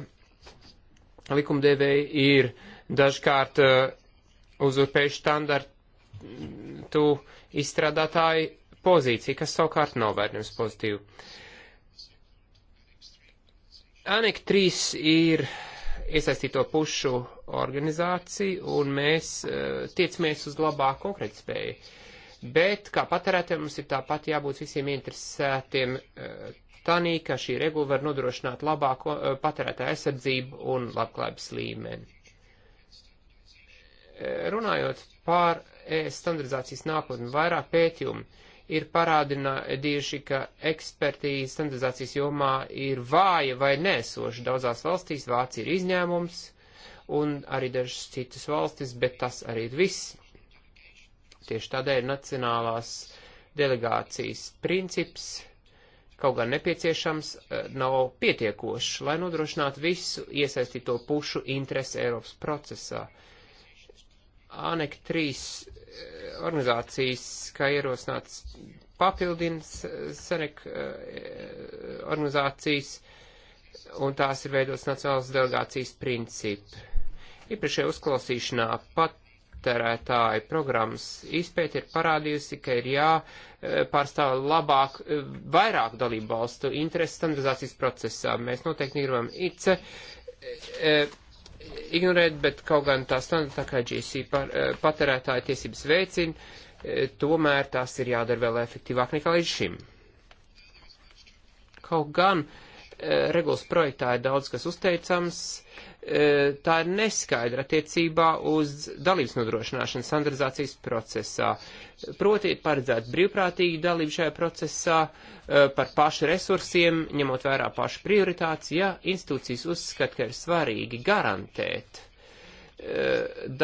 likumdevēji ir dažkārt e, uzurpējuši standartu izstrādātāju pozīciju, kas savukārt nav vērtējums pozitīvi. Anek 3 ir iesaistīto pušu organizāciju, un mēs eh, tiecamies uz labāku konkrētspēju. Bet, kā patērētājiem, mums ir tāpat jābūt visiem interesētiem eh, tanī, ka šī regula var nodrošināt labāku eh, patērētāju aizsardzību un labklājības līmeni. Runājot par standardizācijas nākotni, vairāk pētījumu ir parādījuši, ka ekspertīze standardizācijas jomā ir vāja vai nesoša. Daudzās valstīs Vācija ir izņēmums, un arī dažas citas valstis, bet tas arī ir viss. Tieši tādēļ nacionālās delegācijas princips kaut gan nepieciešams, eh, nav pietiekošs, lai nodrošinātu visu iesaistīto pušu interesi Eiropas procesā. ANEK 3 eh, organizācijas, kā ierosināts, papildina SENEK eh, organizācijas, un tās ir veidots Nacionālas delegācijas principi. Iepriekšējā uzklausīšanā patērētāju programmas izpēta ir parādījusi, ka ir jāpārstāv e, labāk e, vairāk dalību valstu interesu standardizācijas procesā. Mēs noteikti gribam ICE e, ignorēt, bet kaut gan tā standarta, kā GC patērētāja tiesības veicina, tomēr tās ir jādara vēl efektīvāk nekā līdz šim. Kaut gan regulas projektā ir daudz kas uzteicams, E, tā ir neskaidra attiecībā uz dalības nodrošināšanu standardizācijas procesā. Proti ir paredzēta brīvprātīga dalība šajā procesā e, par pašu resursiem, ņemot vērā pašu prioritātes, ja institūcijas uzskata, ka ir svarīgi garantēt e,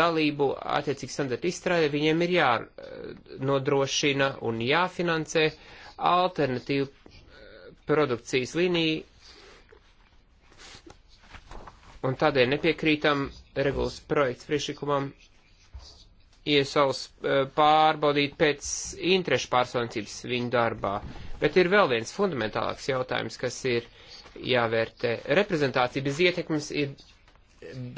dalību attiecīgi standarta izstrādē, viņiem ir jānodrošina un jāfinansē alternatīvu produkcijas līniju un tādēļ nepiekrītam regulas projekta priekšlikumam iesals eh, pārbaudīt pēc interešu pārsvarnicības viņu darbā. Bet ir vēl viens fundamentālāks jautājums, kas ir jāvērtē. Reprezentācija bez ietekmes ir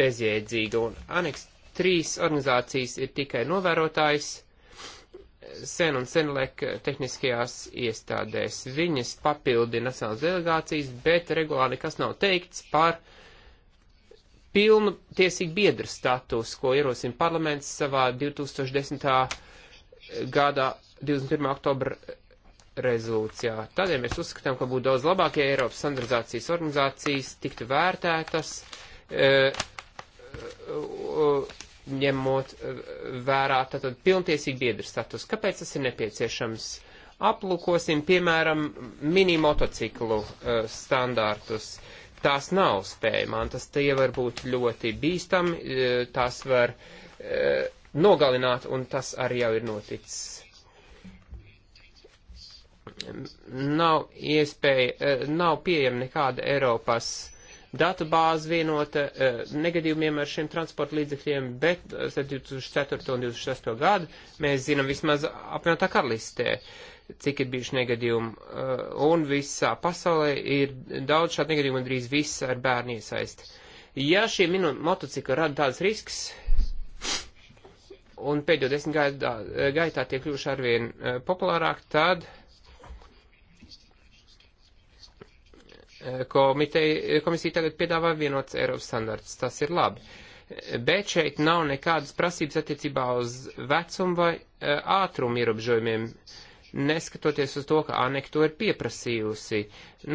bezjēdzīga, un aneks trīs organizācijas ir tikai novērotājs sen un senlek tehniskajās iestādēs. Viņas papildi nacionālas delegācijas, bet regulāri nekas nav teikts par uh, pilntiesīgi biedra status, ko ierosina parlaments savā 2010. gada 21. oktobra rezolūcijā. Tādēļ mēs uzskatām, ka būtu daudz labāk, ja Eiropas standardizācijas organizācijas tiktu vērtētas, e, ņemot vērā tātad pilntiesīgi biedra status. Kāpēc tas ir nepieciešams? Aplūkosim, piemēram, mini motociklu e, standārtus. E, tās nav spējamām. Tas tie var būt ļoti bīstami, e, tās var e, nogalināt, un tas arī jau ir noticis. Nav iespēja, e, nav pieejama nekāda Eiropas datubāze vienota e, negadījumiem ar šiem transporta līdzekļiem, bet 2004. E, un 2006. gadu mēs zinām vismaz apmēram tā karalistē. Uh, cik ir bijuši negadījumi. Eh, un visā pasaulē ir daudz šādu negadījumu, un drīz viss ar bērnu iesaisti. Ja šie motocikli rada tāds risks, un pēdējo desmit gaitā, eh, gaitā tie kļuvuši arvien eh, populārāk, tad komiteja, komisija tagad piedāvā vienots Eiropas standarts. Tas ir labi. Bet šeit nav nekādas prasības attiecībā uz vecumu vai ātrumu ierobežojumiem. Uh, neskatoties uz to, ka Anek to ir pieprasījusi.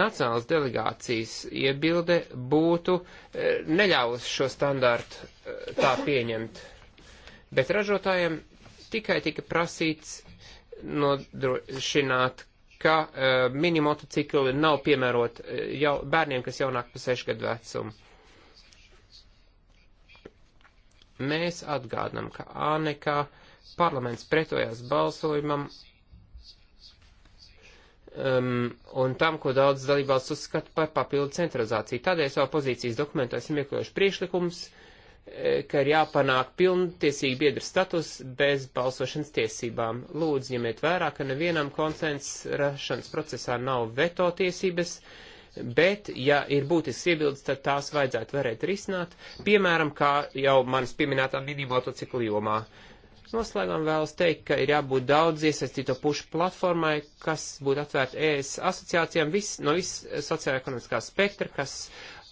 Nacionālas delegācijas iebilde būtu eh, neļāvusi šo standārtu eh, tā pieņemt, bet ražotājiem tikai tika prasīts nodrošināt, ka uh, eh, mini motocikli nav piemērot jau, bērniem, kas jaunāk par 6 gadu vecumu. Mēs atgādinām, ka Ānekā parlaments pretojās balsojumam um, un tam, ko daudz dalībvalsts uzskata par papildu centralizāciju. Tādēļ savā pozīcijas dokumentā esam iekļaujuši priešlikums, e, ka ir jāpanāk pilntiesīgi biedra status bez balsošanas tiesībām. Lūdzu, ņemiet vērā, ka nevienam konsens rašanas procesā nav veto tiesības, bet, ja ir būtisks iebildes, tad tās vajadzētu varēt risināt, piemēram, kā jau manis pieminētā minimotociklu jomā. Uh, Noslēgumā vēlos teikt, ka ir jābūt daudz iesaistīto pušu platformai, kas būtu atvērta ES asociācijām vis, no visas sociālajā spektra, kas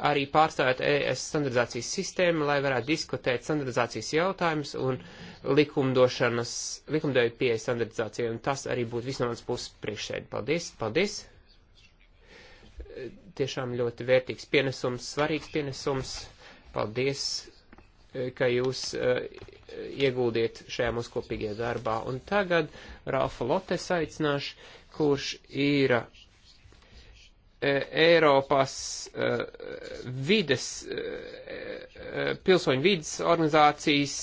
arī pārstāvēt ES standardizācijas sistēmu, lai varētu diskutēt standardizācijas jautājumus un likumdošanas, likumdevēju pieeja standardizācijai. Un tas arī būtu viss no manas puses priekšsēdi. Paldies! Paldies! Tiešām ļoti vērtīgs pienesums, svarīgs pienesums. Paldies ka jūs uh, eh, iegūdiet šajā mūsu kopīgajā darbā. Un tagad Ralfa Lotes aicināšu, kurš ir uh, Eiropas uh, vides, pilsoņu vides organizācijas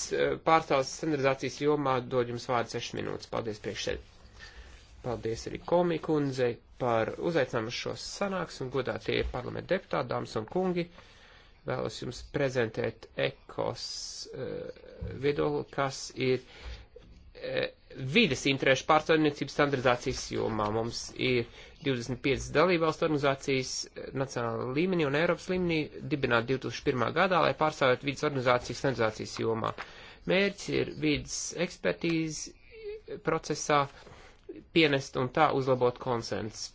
pārstāvs standardizācijas jomā, dod jums vārdu 6 minūtes. Paldies priekšsēd. Paldies arī komikundzei par uzaicinājumu šos sanāks un godātie parlamenta deputāti, dāmas un kungi. Uh, vēlos jums prezentēt ekos eh, viedokli, kas ir eh, vides interešu pārstāvniecības standardizācijas jomā. Mums ir 25 dalībvalstu organizācijas eh, nacionāla līmenī un Eiropas līmenī dibināt 2001. gadā, lai pārstāvētu vidas organizācijas standardizācijas jomā. Mērķis ir vidas ekspertīzi procesā pienest un tā uzlabot konsensus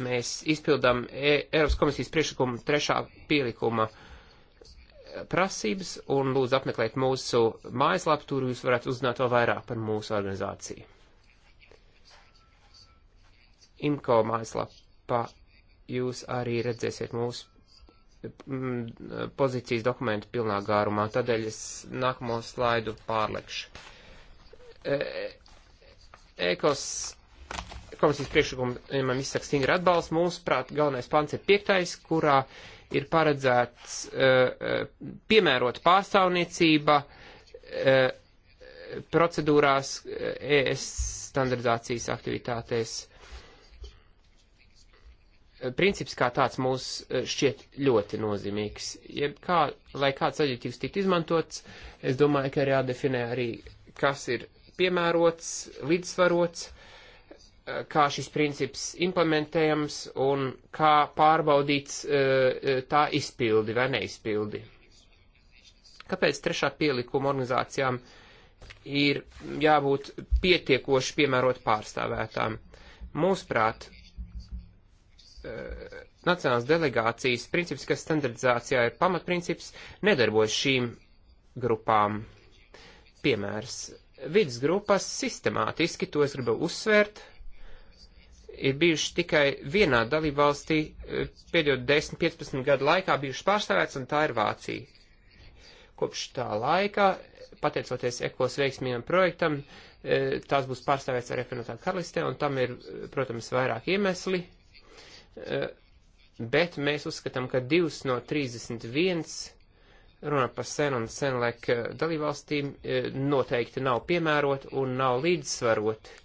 mēs izpildām e, Eiropas komisijas priekšlikumu trešā pielikuma e, prasības un lūdzu apmeklēt mūsu mājaslapu, tur jūs varat uzzināt vēl vairāk par mūsu organizāciju. IMCO mājaslapā jūs arī redzēsiet mūsu mm, pozīcijas dokumentu pilnā gārumā, tādēļ es nākamo slaidu pārlekšu. E, e ekos komisijas priekšlikumam izsaka stingri atbalsts. Mūsuprāt, galvenais pants ir piektais, kurā ir paredzēts uh, piemērot pārstāvniecība uh, procedūrās ES e standardizācijas aktivitātēs. Princips kā tāds mūs šķiet ļoti nozīmīgs. Jeb kā, lai kāds aģentīvs tiktu izmantots, es domāju, ka ir jādefinē arī, kas ir piemērots, līdzsvarots, Eh, kā šis princips implementējams un kā pārbaudīts eh, eh, tā izpildi vai neizpildi. Kāpēc trešā pielikuma organizācijām ir jābūt pietiekoši piemērot pārstāvētām? Mūsuprāt, nacionālās delegācijas princips, kas standardizācijā ir pamatprincips, nedarbojas šīm grupām. Piemērs. Vidas grupas sistemātiski, to es gribu uzsvērt, ir bijuši tikai vienā dalībvalstī eh, pēdējo 10-15 gadu laikā bijuši pārstāvēts, un tā ir Vācija. Kopš tā laika, pateicoties ekos veiksmīgam projektam, eh, tās būs pārstāvēts arī Fenotā karalistē, un tam ir, protams, vairāk iemesli, eh, bet mēs uzskatām, ka 2 no 31 runā par senu un senlek dalībvalstīm noteikti nav piemērot un nav līdzsvaroti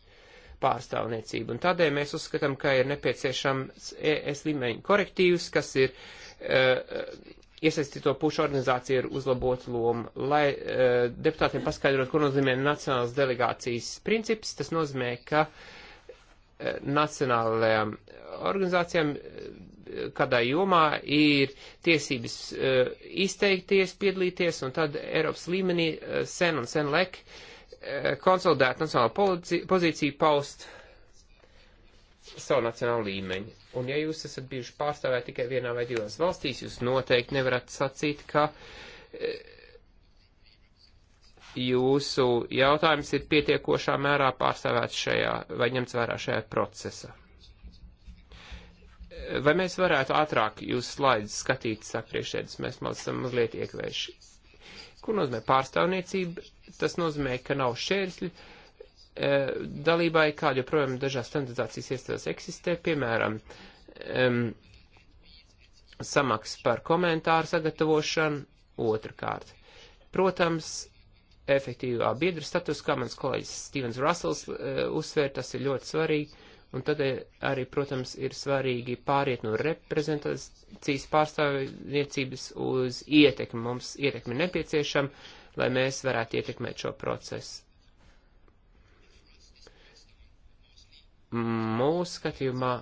pārstāvniecību. Un tādēļ mēs uzskatām, ka ir nepieciešams ES līmeņa korektīvs, kas ir uh, iesaistīto pušu organizācija ir uzlabot lomu. Lai uh, deputātiem paskaidrot, ko nozīmē nacionālas delegācijas princips, tas nozīmē, ka uh, nacionālajām organizācijām uh, kādā jomā ir tiesības uh, izteikties, piedalīties, un tad Eiropas līmenī uh, sen un sen lek uh, Eh, konsolidēt nacionālo pozīciju, paust savu nacionālu līmeņu. Un ja jūs esat bijuši pārstāvēt tikai vienā vai divās valstīs, jūs noteikti nevarat sacīt, ka eh, jūsu jautājums ir pietiekošā mērā pārstāvēts šajā vai ņemts vērā šajā procesā. Eh, vai mēs varētu ātrāk jūs slaidus skatīt, saka priekšēdus, mēs maz, mazliet iekvējuši. Ko nozīmē pārstāvniecība? Tas nozīmē, ka nav šķērsļi e, dalībai, kā joprojām dažās standartizācijas iestādes eksistē, piemēram, um, samaks par komentāru sagatavošanu, otrkārt. Protams, efektīvā biedra status, kā mans kolēģis Stevens Russells uh, e, uzsvēr, tas ir ļoti svarīgi. Un tad e, arī, protams, ir svarīgi pāriet no reprezentācijas pārstāvniecības uz ietekmi. Mums ietekmi nepieciešama, lai mēs varētu ietekmēt šo procesu. Mūsu skatījumā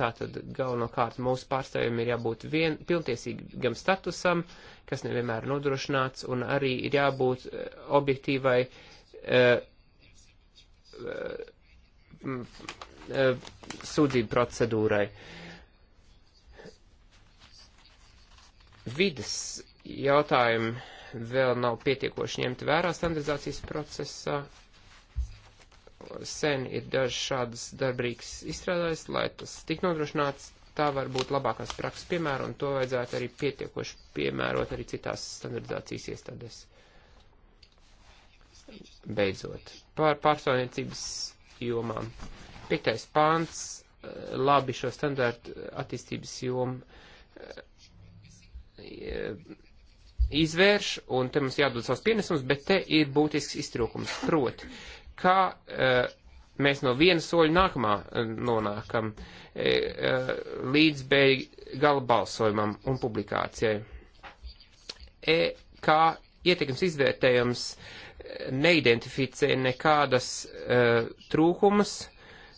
tātad galvenokārt mūsu pārstāvjiem ir jābūt vien, pilntiesīgam statusam, kas nevienmēr ir nodrošināts, un arī ir jābūt e, objektīvai uh, uh, Eh, sūdzību procedūrai. Vides jautājumi vēl nav pietiekoši ņemti vērā standardizācijas procesā. Sen ir daži šādas darbrīgas izstrādājas, lai tas tik nodrošināts, tā var būt labākās prakses piemēra, un to vajadzētu arī pietiekoši piemērot arī citās standardizācijas iestādēs. Beidzot, par pārstāvniecības jomām. Uh, Piektais pāns eh, labi šo standārtu eh, attīstības jomu eh, izvērš, un te mums jādod savs pienesums, bet te ir būtisks iztrūkums. Proti, kā mēs no viena soļa nākamā nonākam līdz gala balsojumam un publikācijai. E, kā ietekmes izvērtējums neidentificē nekādas uh, trūkumas,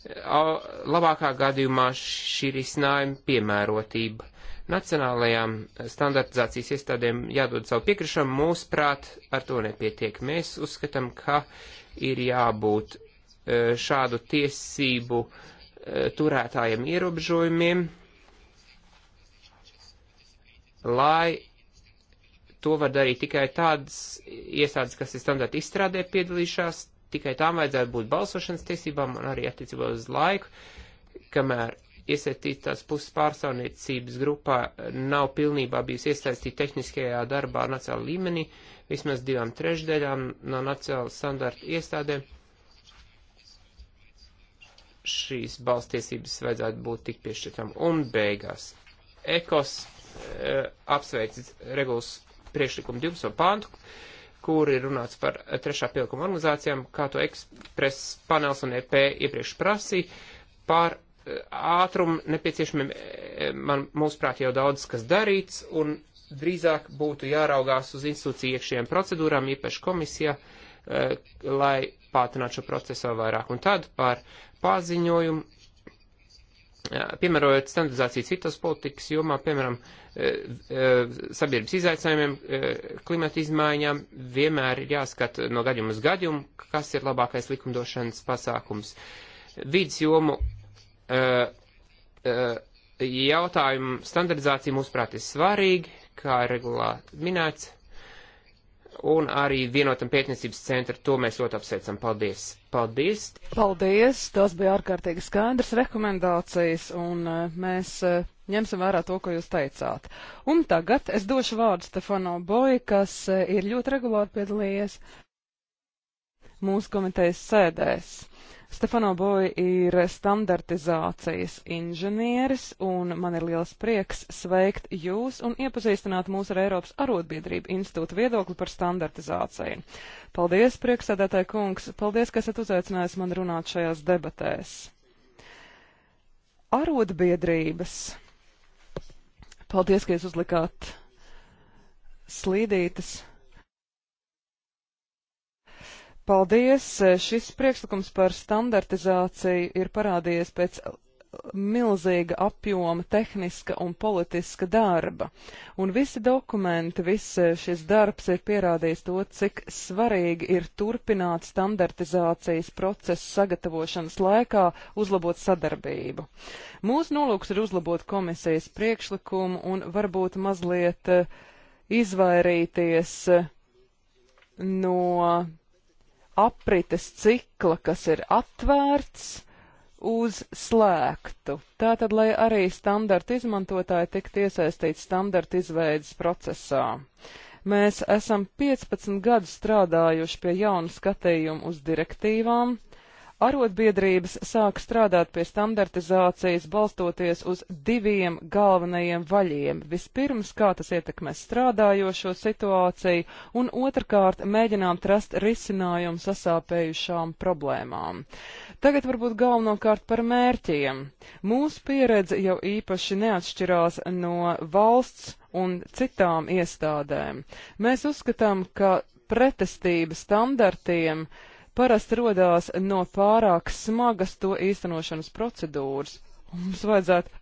labākā gadījumā šī risinājuma piemērotība. Nacionālajām standartizācijas iestādēm jādod savu piekrišanu, mūsuprāt, ar to nepietiek. Mēs uzskatām, ka ir jābūt e, šādu tiesību e, turētājiem ierobežojumiem, lai to var darīt tikai tādas iestādes, kas ir standarta izstrādē piedalīšās, tikai tām vajadzētu būt balsošanas tiesībām un arī attiecībā uz laiku, kamēr iesaistītās puses pārstāvniecības grupā nav pilnībā bijusi iesaistīta tehniskajā darbā nacionāla līmenī, vismaz divām trešdaļām no nacionāla standarta iestādēm. Šīs balstiesības vajadzētu būt tik piešķirtam. Un beigās ECOS e, eh, apsveic regulas priekšlikumu 12. pāntu, kur ir runāts par trešā pielikuma organizācijām, kā to ekspres panels un EP iepriekš prasīja, par eh, ātrumu nepieciešamiem, eh, man mūsuprāt, jau daudz kas darīts, un drīzāk būtu jāraugās uz institūciju iekšējām procedūrām, īpaši komisijā, eh, lai pātrinātu šo procesu vēl vairāk. Un tad par paziņojumu piemērojot standardizāciju citos politikas jomā, piemēram, e, e, sabiedrības izaicinājumiem, e, klimata izmaiņām, vienmēr ir jāskat no gadījuma uz gadījumu, kas ir labākais likumdošanas pasākums. Vides jomu jautājumu standardizācija mūsuprāt ir svarīga, kā regulā minēts un arī vienotam pētniecības centra. To mēs ļoti apsveicam. Paldies! Paldies!
Paldies! Tās bija ārkārtīgi skaidrs rekomendācijas, un e, mēs e, ņemsim vērā to, ko jūs teicāt. Un tagad es došu vārdu Stefano Boju, kas e, ir ļoti regulāri piedalījies mūsu komitejas sēdēs. Stefano Boja ir standartizācijas inženieris, un man ir liels prieks sveikt jūs un iepazīstināt mūs ar Eiropas arotbiedrību institūta viedokli par standartizāciju. Paldies, prieksēdētāji kungs, paldies, ka esat uzaicinājis man runāt šajās debatēs. Arotbiedrības. Paldies, ka jūs uzlikāt slīdītas Paldies! Šis priekšlikums par standartizāciju ir parādījies pēc milzīga apjoma tehniska un politiska darba. Un visi dokumenti, viss šis darbs ir pierādījis to, cik svarīgi ir turpināt standartizācijas procesu sagatavošanas laikā, uzlabot sadarbību. Mūsu nolūks ir uzlabot komisijas priekšlikumu un varbūt mazliet eh, izvairīties eh, no aprites cikla, kas ir atvērts uz slēgtu. Tātad, lai arī standarta izmantotāji tiktu iesaistīti standarta izveidas procesā. Mēs esam 15 gadus strādājuši pie jaunu skatījumu uz direktīvām, Arotbiedrības sāk strādāt pie standartizācijas balstoties uz diviem galvenajiem vaļiem. Vispirms, kā tas ietekmēs strādājošo situāciju, un otrkārt, mēģinām trast risinājumu sasāpējušām problēmām. Tagad varbūt galvenokārt par mērķiem. Mūsu pieredze jau īpaši neatšķirās no valsts un citām iestādēm. Mēs uzskatām, ka pretestība standartiem uh, parasti rodās no pārāk smagas to īstenošanas procedūras. Un mums vajadzētu.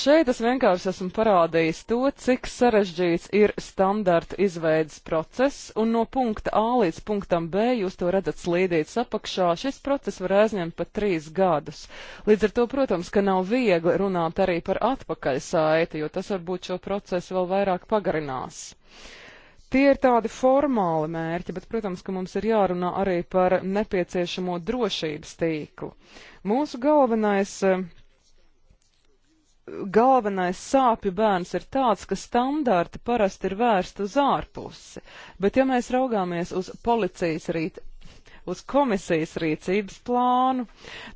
Šeit es vienkārši esmu parādījis to, cik sarežģīts ir standarta izveidas process, un no punkta A līdz punktam B jūs to redzat slīdīts apakšā. Šis process var aizņemt pat trīs gadus. Līdz ar to, protams, ka nav viegli runāt arī par atpakaļ saiti, jo tas varbūt šo procesu vēl vairāk pagarinās. Uh, Tie ir tādi formāli mērķi, bet, protams, ka mums ir jārunā arī par nepieciešamo drošības tīklu. Mūsu galvenais, eh, galvenais sāpju bērns ir tāds, ka standarti parasti ir vērsti uz ārpusi, bet ja mēs raugāmies uz policijas rīt uz komisijas rīcības plānu,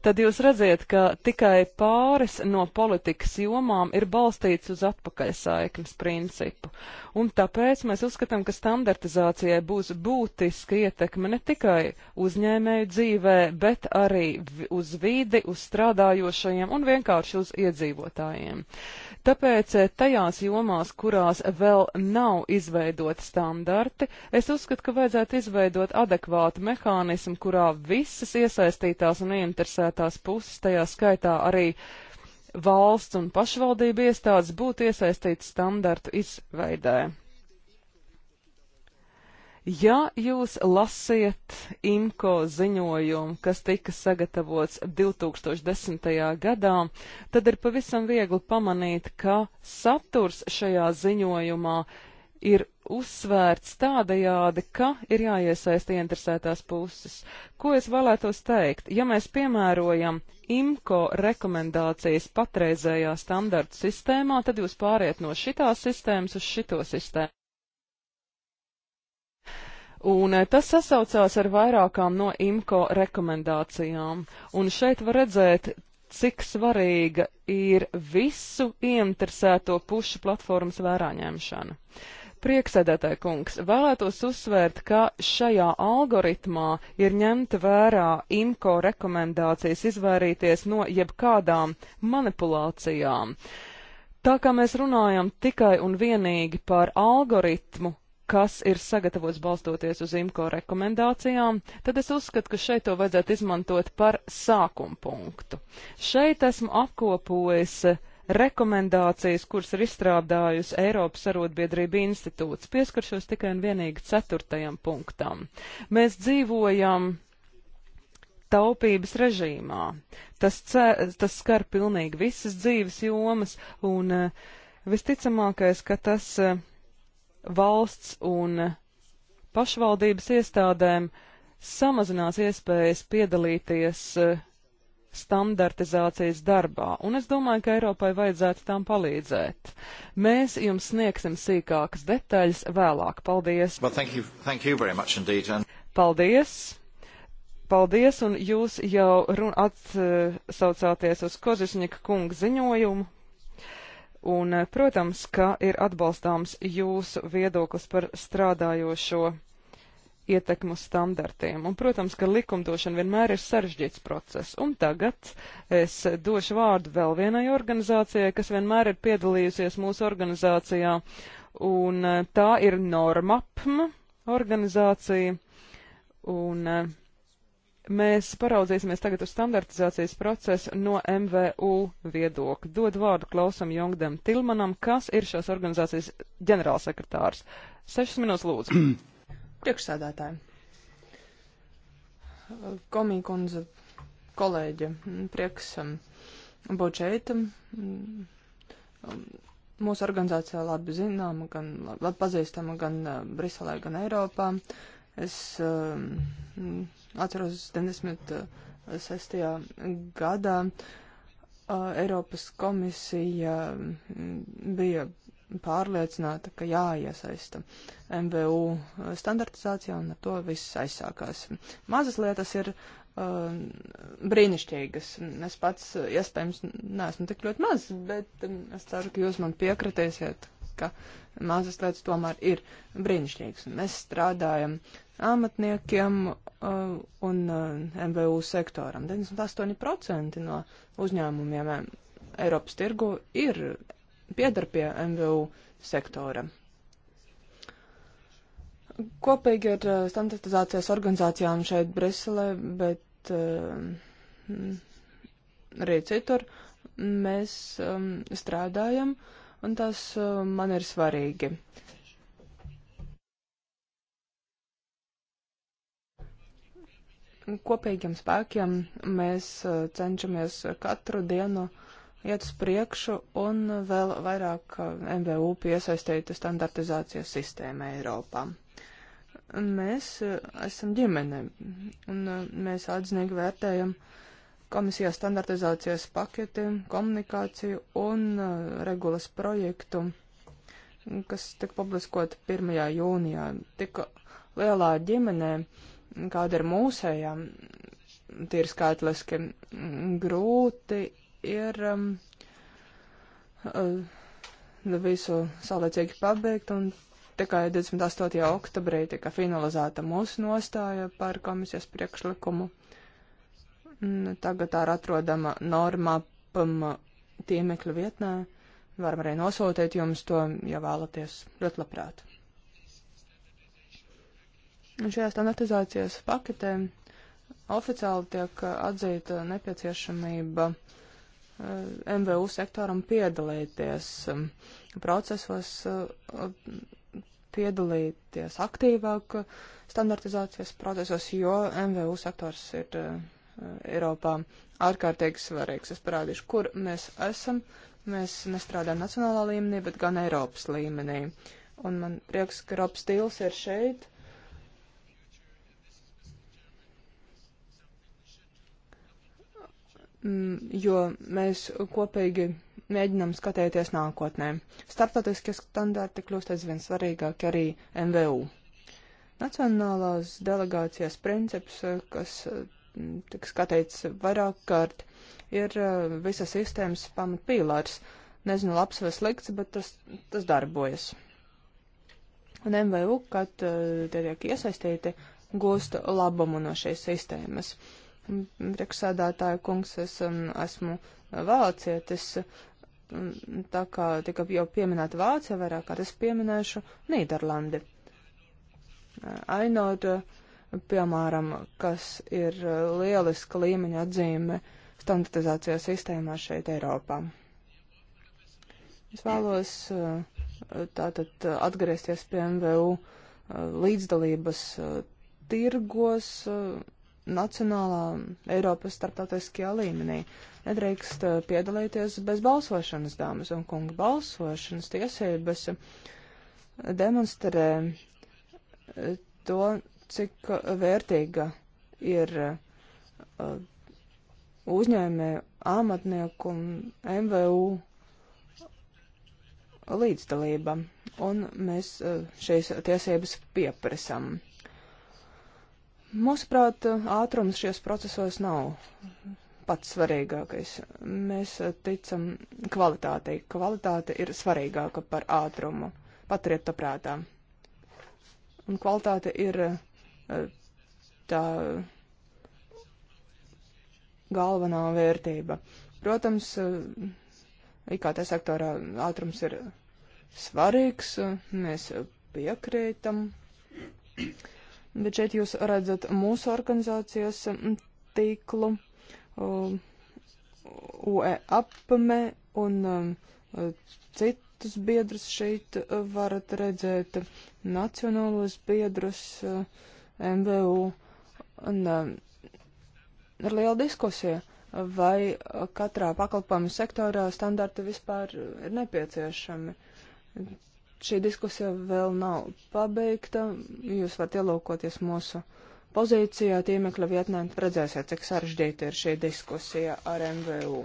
tad jūs redziet, ka tikai pāris no politikas jomām ir balstīts uz atpakaļsaiknes principu un tāpēc mēs uzskatām, ka standartizācijai būs būtiska ietekme ne tikai uzņēmēju dzīvē, bet arī uz vidi, uz strādājošajiem un vienkārši uz iedzīvotājiem. Tāpēc eh, tajās jomās, kurās vēl nav izveidoti standarti, es uzskatu, ka vajadzētu izveidot adekvātu mehānismu, kurā visas iesaistītās un ieinteresētās puses, tajā skaitā arī uh, valsts un pašvaldību iestādes būtu iesaistīts standartu izveidē. Ja jūs lasiet IMCO ziņojumu, kas tika sagatavots 2010. gadā, tad ir pavisam viegli pamanīt, ka saturs šajā ziņojumā ir uzsvērts tādajādi, ka ir jāiesaist interesētās puses. Ko es vēlētos teikt? Ja mēs piemērojam IMCO rekomendācijas patreizējā standarta sistēmā, tad jūs pāriet no šitās sistēmas uz šito sistēmu. Un eh, tas sasaucās ar vairākām no IMCO rekomendācijām. Un šeit var redzēt, cik svarīga ir visu ieinteresēto pušu platformas vērāņemšana. Uh, Prieksēdētāji kungs, vēlētos uzsvērt, ka šajā algoritmā ir ņemta vērā IMCO rekomendācijas izvairīties no jebkādām manipulācijām. Tā kā mēs runājam tikai un vienīgi par algoritmu, kas ir sagatavots balstoties uz IMCO rekomendācijām, tad es uzskatu, ka šeit to vajadzētu izmantot par sākumu punktu. Šeit esmu apkopojis rekomendācijas, kuras ir izstrādājusi Eiropas arotbiedrība institūts. Pieskaršos tikai un vienīgi ceturtajam punktam. Mēs dzīvojam taupības režīmā. Tas, ce, tas skar pilnīgi visas dzīves jomas, un eh, visticamākais, ka tas eh, valsts un eh, pašvaldības iestādēm samazinās iespējas piedalīties standartizācijas darbā, un es domāju, ka Eiropai vajadzētu tām palīdzēt. Mēs jums sniegsim sīkākas detaļas vēlāk. Paldies! Well, thank you, thank you indeed, and... Paldies! Paldies, un jūs jau run, atsaucāties uz Kozisņika kunga ziņojumu. Un, eh, protams, ka ir atbalstāms jūsu viedoklis par strādājošo ietekmu standartiem. Un, protams, ka likumdošana vienmēr ir sarežģīts process. Un tagad es došu vārdu vēl vienai organizācijai, kas vienmēr ir piedalījusies mūsu organizācijā, un eh, tā ir Normapm organizācija. Un eh, mēs paraudzīsimies tagad uz standartizācijas procesu no MVU viedokļa. Dod vārdu klausam Jongdam Tilmanam, kas ir šās organizācijas ģenerālsekretārs. Sešas minūtes lūdzu. <clears throat> priekšsēdētāji.
Komīkundze, kolēģi, prieks um, būt šeit. Um, um, mūsu organizācijā labi zināma, gan labi pazīstama gan Briselē, gan Eiropā. Es atceros 96. gadā uh, Eiropas komisija bija pārliecināta, ka jāiesaista MVU standartizācijā, un ar to viss aizsākās. Mazas lietas ir uh, brīnišķīgas. Es pats, iespējams, neesmu tik ļoti maz, bet um, es ceru, ka jūs man piekritīsiet, ka mazas lietas tomēr ir brīnišķīgas. Mēs strādājam amatniekiem uh, un uh, MVU sektoram. 98% no uzņēmumiem um, Eiropas tirgu ir piedar pie MVU sektora. Kopīgi ar eh, standartizācijas organizācijām šeit Briselē, bet uh, arī citur mēs um, strādājam, un tas uh, man ir svarīgi. Kopīgiem spēkiem mēs uh, cenšamies katru dienu uh, iet uz priekšu un vēl vairāk uh, MVU piesaistītu standartizācijas sistēmu Eiropā. Mēs uh, esam ģimene un uh, mēs atzinīgi vērtējam komisijā standartizācijas paketi, komunikāciju un regulas projektu, kas tika publiskot 1. jūnijā. Tik lielā ģimenē, kāda ir mūsējā, tīri skaitliski, grūti ir um, uh, visu saulēcīgi pabeigt, un tikai 28. oktobrī tika finalizēta mūsu nostāja par komisijas priekšlikumu. Mm, tagad tā ir atrodama normā pama tīmekļa vietnē. Varam arī nosūtīt jums to, ja vēlaties. Ļoti labprāt. Un šajā standartizācijas paketē oficiāli tiek atzīta nepieciešamība uh, Eh, MVU sektoram piedalīties um, procesos, eh, piedalīties aktīvāk standartizācijas procesos, jo MVU sektors ir eh, Eiropā ārkārtīgi svarīgs. Es parādīšu, kur mēs esam. Mēs nestrādājam nacionālā līmenī, bet gan Eiropas līmenī. Un man prieks, ka Robs Tīls ir šeit. Uh, Mm, jo mēs kopīgi mēģinām skatīties nākotnē. Startautiskie standarti kļūst aizvien svarīgāki arī MVU. Nacionālās delegācijas princips, kas mm, tik skatīts vairāk kārt, ir eh, visas sistēmas pamatpīlārs. Nezinu, labs vai slikts, bet tas, tas darbojas. Un MVU, kad eh, tie tiek iesaistīti, gūst labumu no šīs sistēmas. Uh, priekšsēdētāja kungs, es um, esmu vācietis, um, tā kā tika jau pieminēta Vācija vairāk, kā es pieminēšu Nīderlandi. Ainod, piemēram, kas ir lieliska līmeņa atzīme standartizācijas sistēmā šeit Eiropā. Es vēlos uh, tātad atgriezties pie MVU uh, līdzdalības uh, tirgos nacionālā, Eiropas starptautiskajā līmenī. Nedrīkst eh, piedalīties bez balsošanas, dāmas un kungi. Balsošanas tiesības demonstrē eh, to, cik vērtīga ir eh, uzņēmēju, amatnieku un MVU līdzdalība, un mēs šīs tiesības pieprasam. Mūsuprāt, ātrums šajos procesos nav pats svarīgākais. Mēs ticam kvalitātei. Kvalitāte ir svarīgāka par ātrumu. Paturiet to prātā. Un kvalitāte ir eh, tā galvenā vērtība. Protams, eh, IKT sektorā ātrums ir svarīgs, mēs piekrītam bet šeit jūs redzat mūsu organizācijas tīklu, UE um, apme un um, citus biedrus šeit varat redzēt, nacionālos biedrus, uh, MVU. Un um, ir liela diskusija, vai katrā pakalpojumu sektorā standarti vispār ir nepieciešami šī diskusija vēl nav pabeigta. Jūs varat ielūkoties mūsu pozīcijā, tīmekļa vietnē, un redzēsiet, cik sarežģīta ir šī diskusija ar MVU.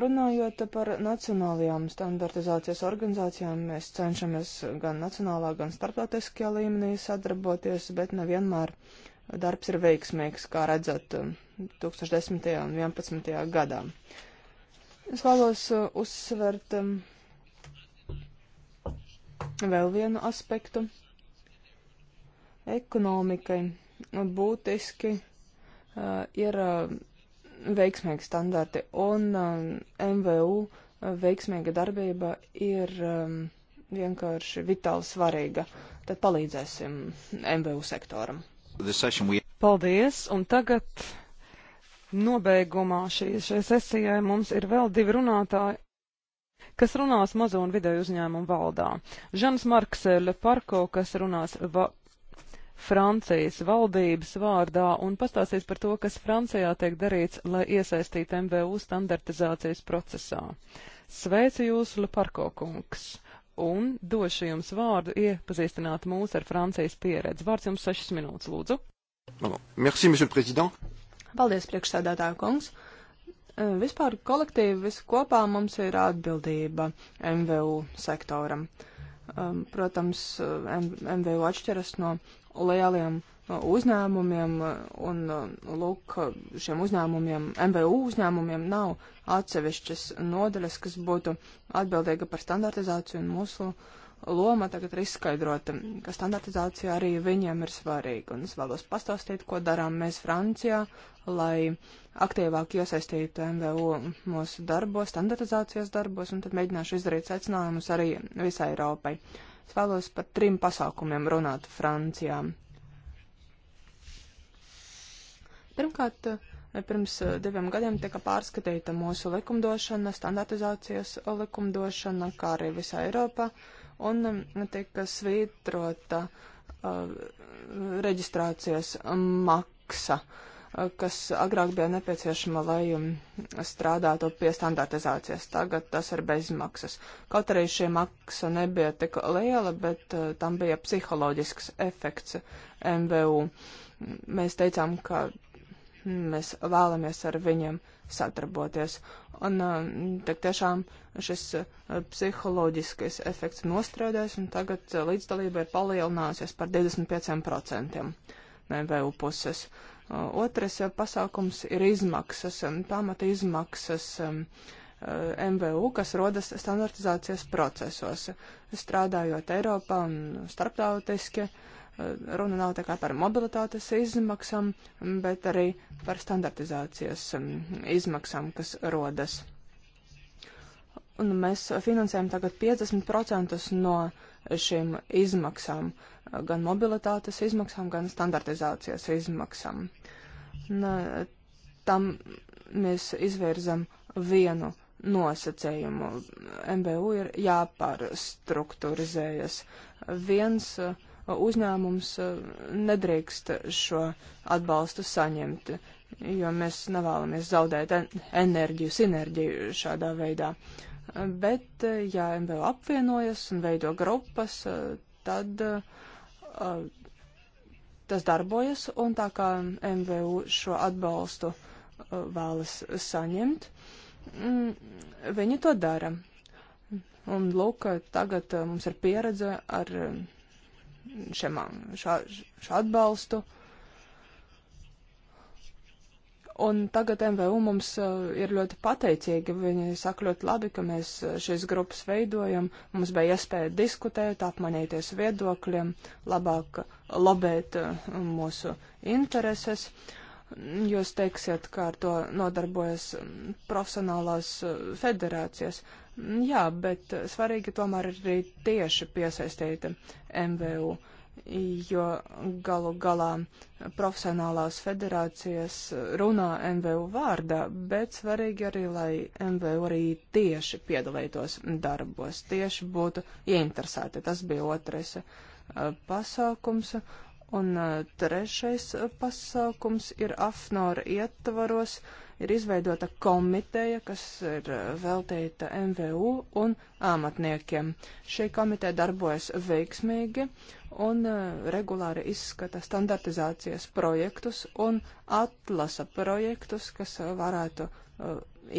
Runājot par nacionālajām standartizācijas organizācijām, mēs cenšamies gan nacionālā, gan starptautiskajā līmenī sadarboties, bet nevienmēr darbs ir veiksmīgs, kā redzat, 2010. un 2011. gadā. Es vēlos uzsvert um, vēl vienu aspektu. Ekonomikai būtiski uh, ir uh, veiksmīgi standarti, un uh, um, MVU uh, veiksmīga darbība ir um, vienkārši vitāli svarīga. Tad palīdzēsim MVU sektoram.
Paldies, un tagad nobeigumā šī, šai sesijai mums ir vēl divi runātāji kas runās mazo un vidēju uzņēmumu valdā. Žans Marks Leparko, kas runās va Francijas valdības vārdā un pastāstīs par to, kas Francijā tiek darīts, lai iesaistītu MVU standartizācijas procesā. Sveicu jūs, Leparko kungs! Un došu jums vārdu iepazīstināt mūs ar Francijas pieredzi. Vārds jums sešas minūtes, lūdzu. Merci, monsieur le président. Paldies, priekšsēdētāja kungs. Uh, Eh, vispār
kolektīvi viskopā mums ir atbildība MVU sektoram. Ehm, protams, eh, MVU atšķiras no lieliem uzņēmumiem, eh, un lūk, šiem uzņēmumiem, MVU uzņēmumiem nav atsevišķas nodaļas, kas būtu atbildīga par standartizāciju, un mūsu loma tagad ir izskaidrota, ka standartizācija arī viņiem ir svarīga, un es vēlos pastāstīt, ko darām mēs Francijā, lai uh, aktīvāk iesaistīt MVU mūsu darbos, standartizācijas darbos, un tad mēģināšu izdarīt secinājumus arī visai Eiropai. Es vēlos par trim pasākumiem runāt Francijā. Pirmkārt, pirms diviem gadiem tika pārskatīta mūsu likumdošana, standartizācijas likumdošana, kā arī visā Eiropā, un tika svītrota uh, reģistrācijas maksa. Uh, kas agrāk bija nepieciešama, lai um, strādātu pie standartizācijas. Tagad tas ir bezmaksas. Kaut arī šī maksa nebija tik liela, bet uh, tam bija psiholoģisks efekts MVU. Mēs teicām, ka mēs vēlamies ar viņiem sadarboties. Un uh, tad tiešām šis uh, psiholoģiskais efekts nostrādājas, un tagad līdzdalība ir palielinājusies par 25% no MVU puses. Uh, Uh, otrais uh, pasākums ir izmaksas, um, pamata izmaksas MVU, um, uh, kas rodas standartizācijas procesos. Strādājot Eiropā un starptautiski, runa nav tikai par mobilitātes izmaksām, bet arī par standartizācijas um, izmaksām, kas rodas. Un mēs finansējam tagad 50% no uh, šīm izmaksām, gan mobilitātes izmaksām, gan standartizācijas izmaksām. Un, tam mēs izvērzam vienu nosacējumu. MBU ir jāpārstrukturizējas. Viens uh, uzņēmums uh, nedrīkst šo atbalstu saņemt, jo mēs nevēlamies zaudēt enerģiju, sinerģiju šādā veidā. Uh, Bet, eh, ja MBO apvienojas un veido grupas, eh, tad uh, tas darbojas, un tā kā MVU šo atbalstu uh, vēlas saņemt, mm, viņi to dara. Un lūk, tagad uh, mums ir pieredze ar šiem, šā, šo atbalstu. Uh, Un tagad MVU mums uh, ir ļoti pateicīgi. Viņi saka ļoti labi, ka mēs uh, šīs grupas veidojam. Mums bija iespēja diskutēt, apmainīties viedokļiem, labāk lobēt uh, mūsu intereses. Jūs teiksiet, kā ar to nodarbojas um, profesionālās federācijas. Jā, bet svarīgi tomēr ir arī tieši piesaistīta MVU. Uh, jo galu galā profesionālās federācijas runā MVU vārdā, bet svarīgi arī, lai MVU arī tieši piedalītos darbos, tieši būtu ieinteresēti. Tas bija otrais uh, pasākums. Un uh, trešais pasākums ir AFNOR ietvaros, ir izveidota komiteja, kas ir uh, veltīta MVU un amatniekiem. Šī komiteja darbojas veiksmīgi. Uh, un e, regulāri izskata standartizācijas projektus un atlasa projektus, kas varētu e,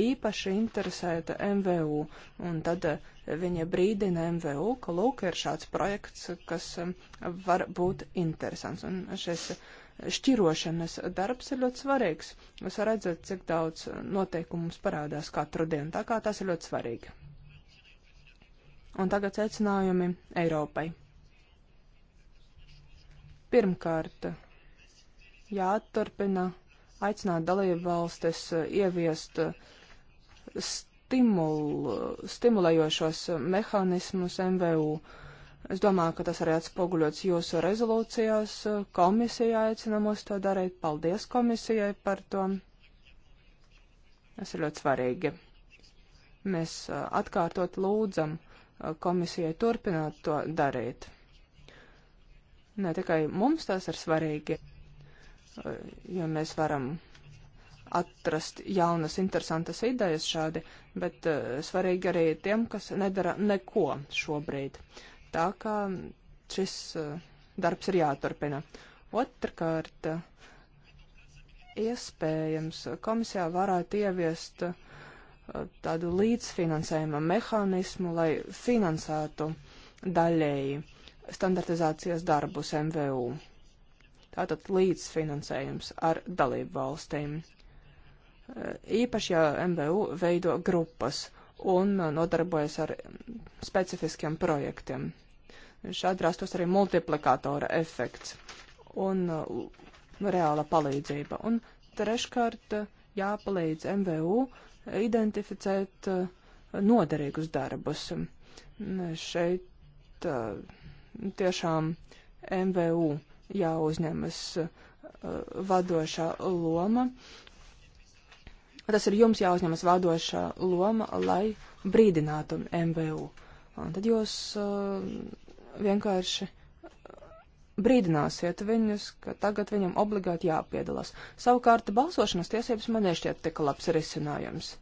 īpaši interesēt MVU. Un tad e, viņa brīdina MVU, ka lūk ir šāds projekts, kas var būt interesants. Un šis šķirošanas darbs ir ļoti svarīgs. Jūs redzat, cik daudz noteikumu mums parādās katru dienu, tā kā tas ir ļoti svarīgi. Un tagad secinājumi Eiropai. Pirmkārt, jāturpina aicināt dalību valstis uh, ieviest uh, stimulu, stimulējošos uh, mehānismus MVU. Es domāju, ka tas arī atspoguļots jūsu rezolūcijās. Komisija aicina mūs to darīt. Paldies komisijai par to. Tas ir ļoti svarīgi. Mēs atkārtot lūdzam komisijai turpināt to darīt. Ne tikai mums tas ir svarīgi, jo mēs varam atrast jaunas, interesantas idejas šādi, bet uh, svarīgi arī tiem, kas nedara neko šobrīd. Tā kā šis uh, darbs ir jāturpina. Otrkārt, eh, iespējams, komisijā varētu ieviest uh, tādu līdzfinansējuma mehānismu, lai finansētu daļēji standartizācijas darbus MVU. Tātad līdzfinansējums ar dalību valstīm. E, īpaši, ja MVU veido grupas un nodarbojas ar specifiskiem projektiem. Šādi rastos arī multiplikātora efekts un e, reāla palīdzība. Un treškārt jāpalīdz MVU identificēt e, noderīgus darbus. Šeit tiešām MVU jāuzņemas uh, vadošā loma. Tas ir jums jāuzņemas vadošā loma, lai brīdinātu MVU. Un tad jūs uh, vienkārši brīdināsiet viņus, ka tagad viņam obligāti jāpiedalās. Savukārt balsošanas tiesības man nešķiet tik labs risinājums.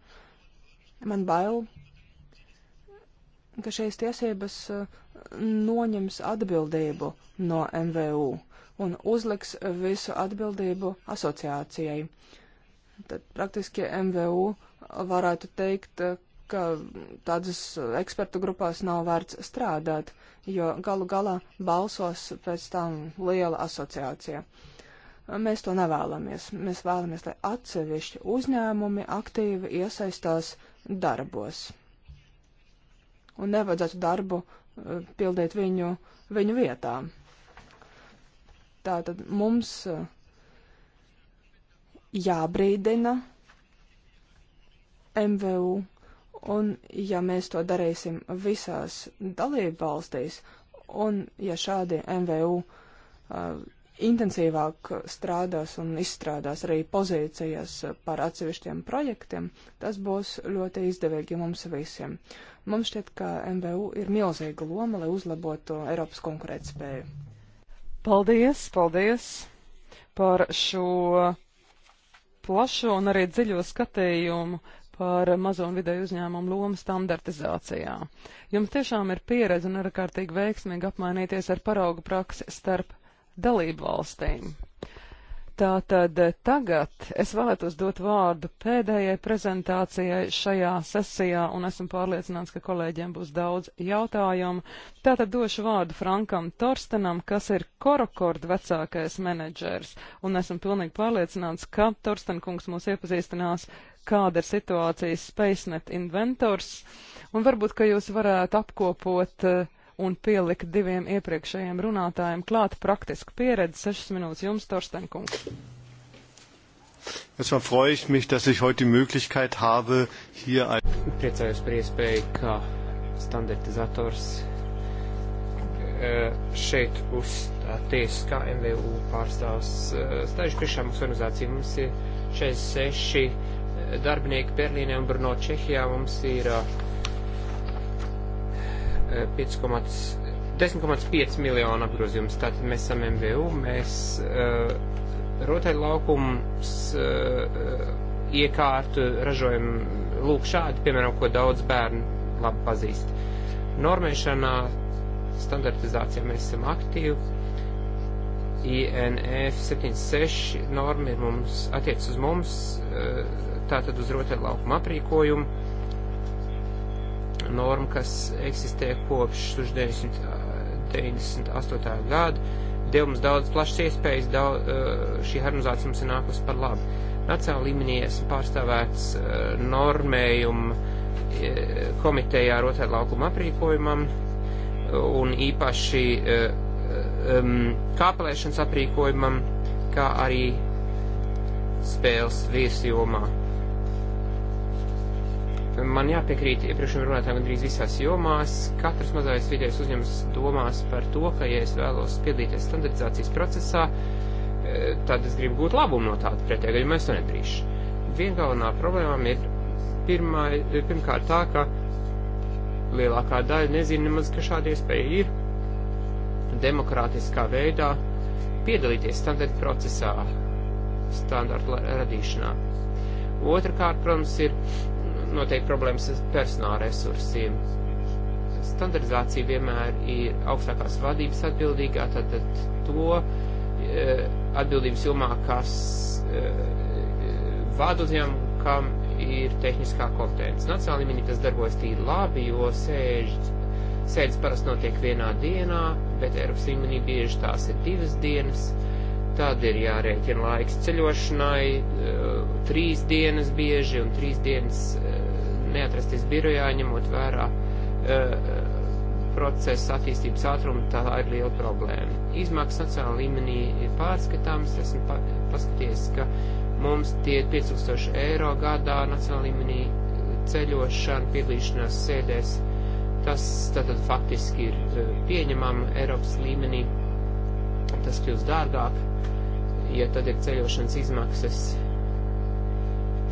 Man bail, ka šīs tiesības eh, noņems atbildību no MVU un uzliks visu atbildību asociācijai. Tad praktiski MVU varētu teikt, eh, ka tādas ekspertu grupās nav vērts strādāt, jo galu galā balsos pēc tam liela asociācija. Mēs to nevēlamies. Mēs vēlamies, lai atsevišķi uzņēmumi aktīvi iesaistās darbos un nevajadzētu darbu eh, pildīt viņu, viņu vietā. Tātad mums eh, jābrīdina MVU, un ja mēs to darīsim visās dalību valstīs, un ja šādi MVU uh, eh, intensīvāk strādās un izstrādās arī pozīcijas par atsevišķiem projektiem, tas būs ļoti izdevīgi mums visiem. Mums šķiet, ka MVU ir milzīga loma, lai uzlabotu
Eiropas konkurētspēju. Paldies, paldies par šo plašo un arī dziļo skatījumu par mazo un vidēju uzņēmumu lomu standartizācijā. Jums tiešām ir pieredze un ir kārtīgi veiksmīgi apmainīties ar paraugu praksi starp dalību valstīm. Tātad eh, tagad es vēlētos dot vārdu pēdējai prezentācijai šajā sesijā, un esmu pārliecināts, ka kolēģiem būs daudz jautājumu. Tātad došu vārdu Frankam Torstenam, kas ir Korokord vecākais menedžers, un esmu pilnīgi pārliecināts, ka Torsten kungs mūs iepazīstinās, kāda ir situācija SpaceNet inventors, un varbūt, ka jūs varētu apkopot uh, un pielika diviem iepriekšējiem runātājiem klāt praktisku pieredzi. Sešas minūtes jums, Torstenkungs.
Erstmal freue ich mich, dass ich heute die Möglichkeit habe, hier
ein. Priecājos par iespēju, ka standartizators eh, šeit uzstāties kā MVU pārstāvs eh, stāžu priekšā mums organizācija. Mums ir 46 eh, darbinieki Berlīnē un Brno Čehijā. Mums ir uh, 10,5 miljonu apgrozījums. Tātad mēs esam MVU, mēs uh, eh, rotaļlaukums uh, eh, iekārtu ražojam lūk šādi, piemēram, ko daudz bērnu labi pazīst. Normēšanā, standartizācijā mēs esam aktīvi. INF 76 norma ir mums, attiec uz mums, eh, tātad uz rotaļlaukumu aprīkojumu norma, kas eksistē kopš 1998. gada, deva mums daudz plašas iespējas, daudz, šī harmonizācija mums ir nākusi par labu. Nacionāla līmenī esmu pārstāvēts normējumu komitejā ar otrā laukuma aprīkojumam un īpaši kāpelēšanas aprīkojumam, kā arī spēles virsjomā. Man jāpiekrīt iepriekšējiem runātājiem gandrīz visās jomās. Katrs mazais vidējais uzņēmums domās par to, ka, ja es vēlos piedalīties standartizācijas procesā, eh, tad es gribu gūt labumu no tāda pretējā gadījumā es to nedrīkšu. Viena galvenā problēmām ir pirmā, pirmkārt tā, ka lielākā daļa nezina nemaz, ka šāda iespēja ir demokrātiskā veidā piedalīties standarta procesā, standarta radīšanā. Otrakārt, protams, ir noteikti problēmas ar personāla resursiem. Standardizācija vienmēr ir augstākās vadības atbildīgā, tad to e, atbildības jomā, kas e, vada uzņēmumu, kam ir tehniskā kompetence. Nacionāla līmenī tas darbojas tīri labi, jo sēž, sēdes parasti notiek vienā dienā, bet Eiropas līmenī bieži tās ir divas dienas. Uh, tad ir jārēķina laiks ceļošanai, eh, trīs dienas bieži un trīs dienas eh, neatrasties birojā, ņemot vērā eh, procesa attīstības ātrumu, tā ir liela problēma. Izmaksas nacionāla līmenī ir pārskatāmas, esmu pa, paskaties, ka mums tie 5000 eiro gadā nacionāla līmenī ceļošana, piedalīšanās sēdēs, tas tātad faktiski ir pieņemama Eiropas līmenī, tas kļūst dārgāk ja tad ir ceļošanas izmaksas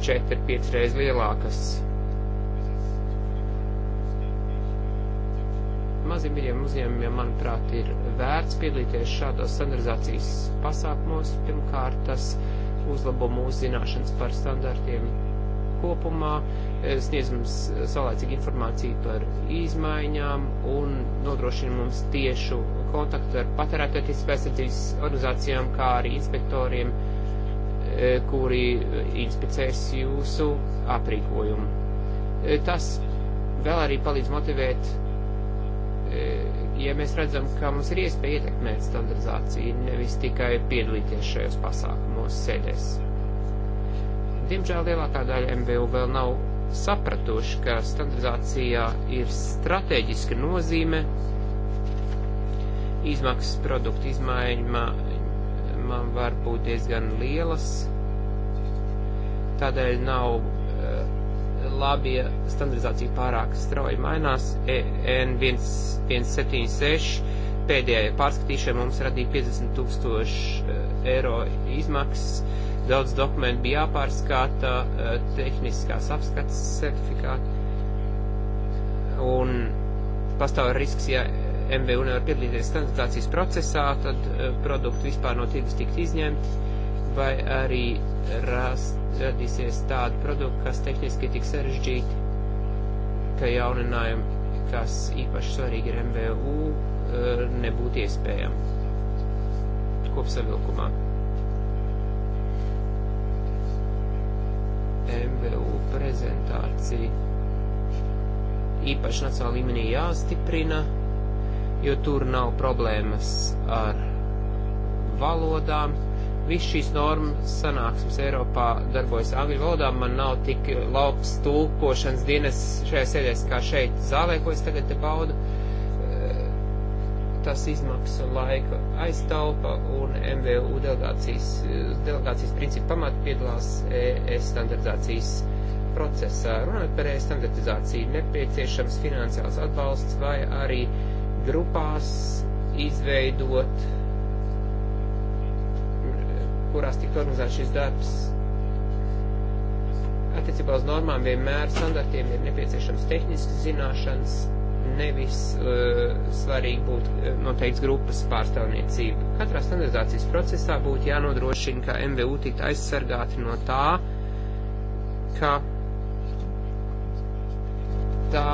4-5 reizes lielākas. Maziem vidiem uzņēmumiem, manuprāt, ir vērts piedalīties šādos standardizācijas pasākumos. Pirmkārt, tas uzlabo mūsu zināšanas par standartiem kopumā, sniedz mums eh, saulēcīgu informāciju par izmaiņām un nodrošina mums tiešu kontaktu ar patērētāju tiesiskā aizsardzības organizācijām, kā arī inspektoriem, eh, kuri inspicēs jūsu aprīkojumu. Eh, tas vēl arī palīdz motivēt ja mēs redzam, ka mums ir iespēja ietekmēt standardizāciju, nevis tikai piedalīties šajos pasākumos, sēdēs. Diemžēl lielākā daļa MVU vēl nav sapratuši, ka standardizācijā ir strateģiska nozīme izmaksas produktu izmaiņām var būt diezgan lielas, tādēļ nav eh, labi, ja standardizācija pārāk strauji mainās. N176 pēdējai pārskatīšanai mums radīja 50 tūkstoši eh, eiro izmaksas Daudz dokumentu bija jāpārskata, eh, tehniskās apskates certifikāti. Un pastāv risks, ja MVU nevar piedalīties standartizācijas procesā, tad eh, produkti vispār no tirgus tikt izņemti, vai arī rast, radīsies tādi produkti, kas tehniski tik sarežģīti, ka jauninājumi, kas īpaši svarīgi ir MVU, eh, nebūtu iespējami kopsavilkumā. MBU prezentācija īpaši nacionāla līmenī jāstiprina, jo tur nav problēmas ar valodām. Viss šīs normas sanāksmes Eiropā darbojas angļu valodā, man nav tik labs tulkošanas dienas šajā sēdēs kā šeit zālē, ko es tagad te baudu. Uh, tas izmaksas un laika aiztaupa, un MVU delegācijas, delegācijas principu pamatu piedalās ES standartizācijas procesā. Runājot par ES standartizāciju, nepieciešams finansiāls atbalsts vai arī grupās izveidot, kurās tiktu organizēts šis darbs. Attiecībā uz normām vienmēr standartiem ir nepieciešams tehniskas zināšanas, nevis uh, svarīgi būtu eh, noteikts grupas pārstāvniecība. Katrā standardizācijas procesā būtu jānodrošina, ka MVU tikt aizsargāti no tā, ka tā,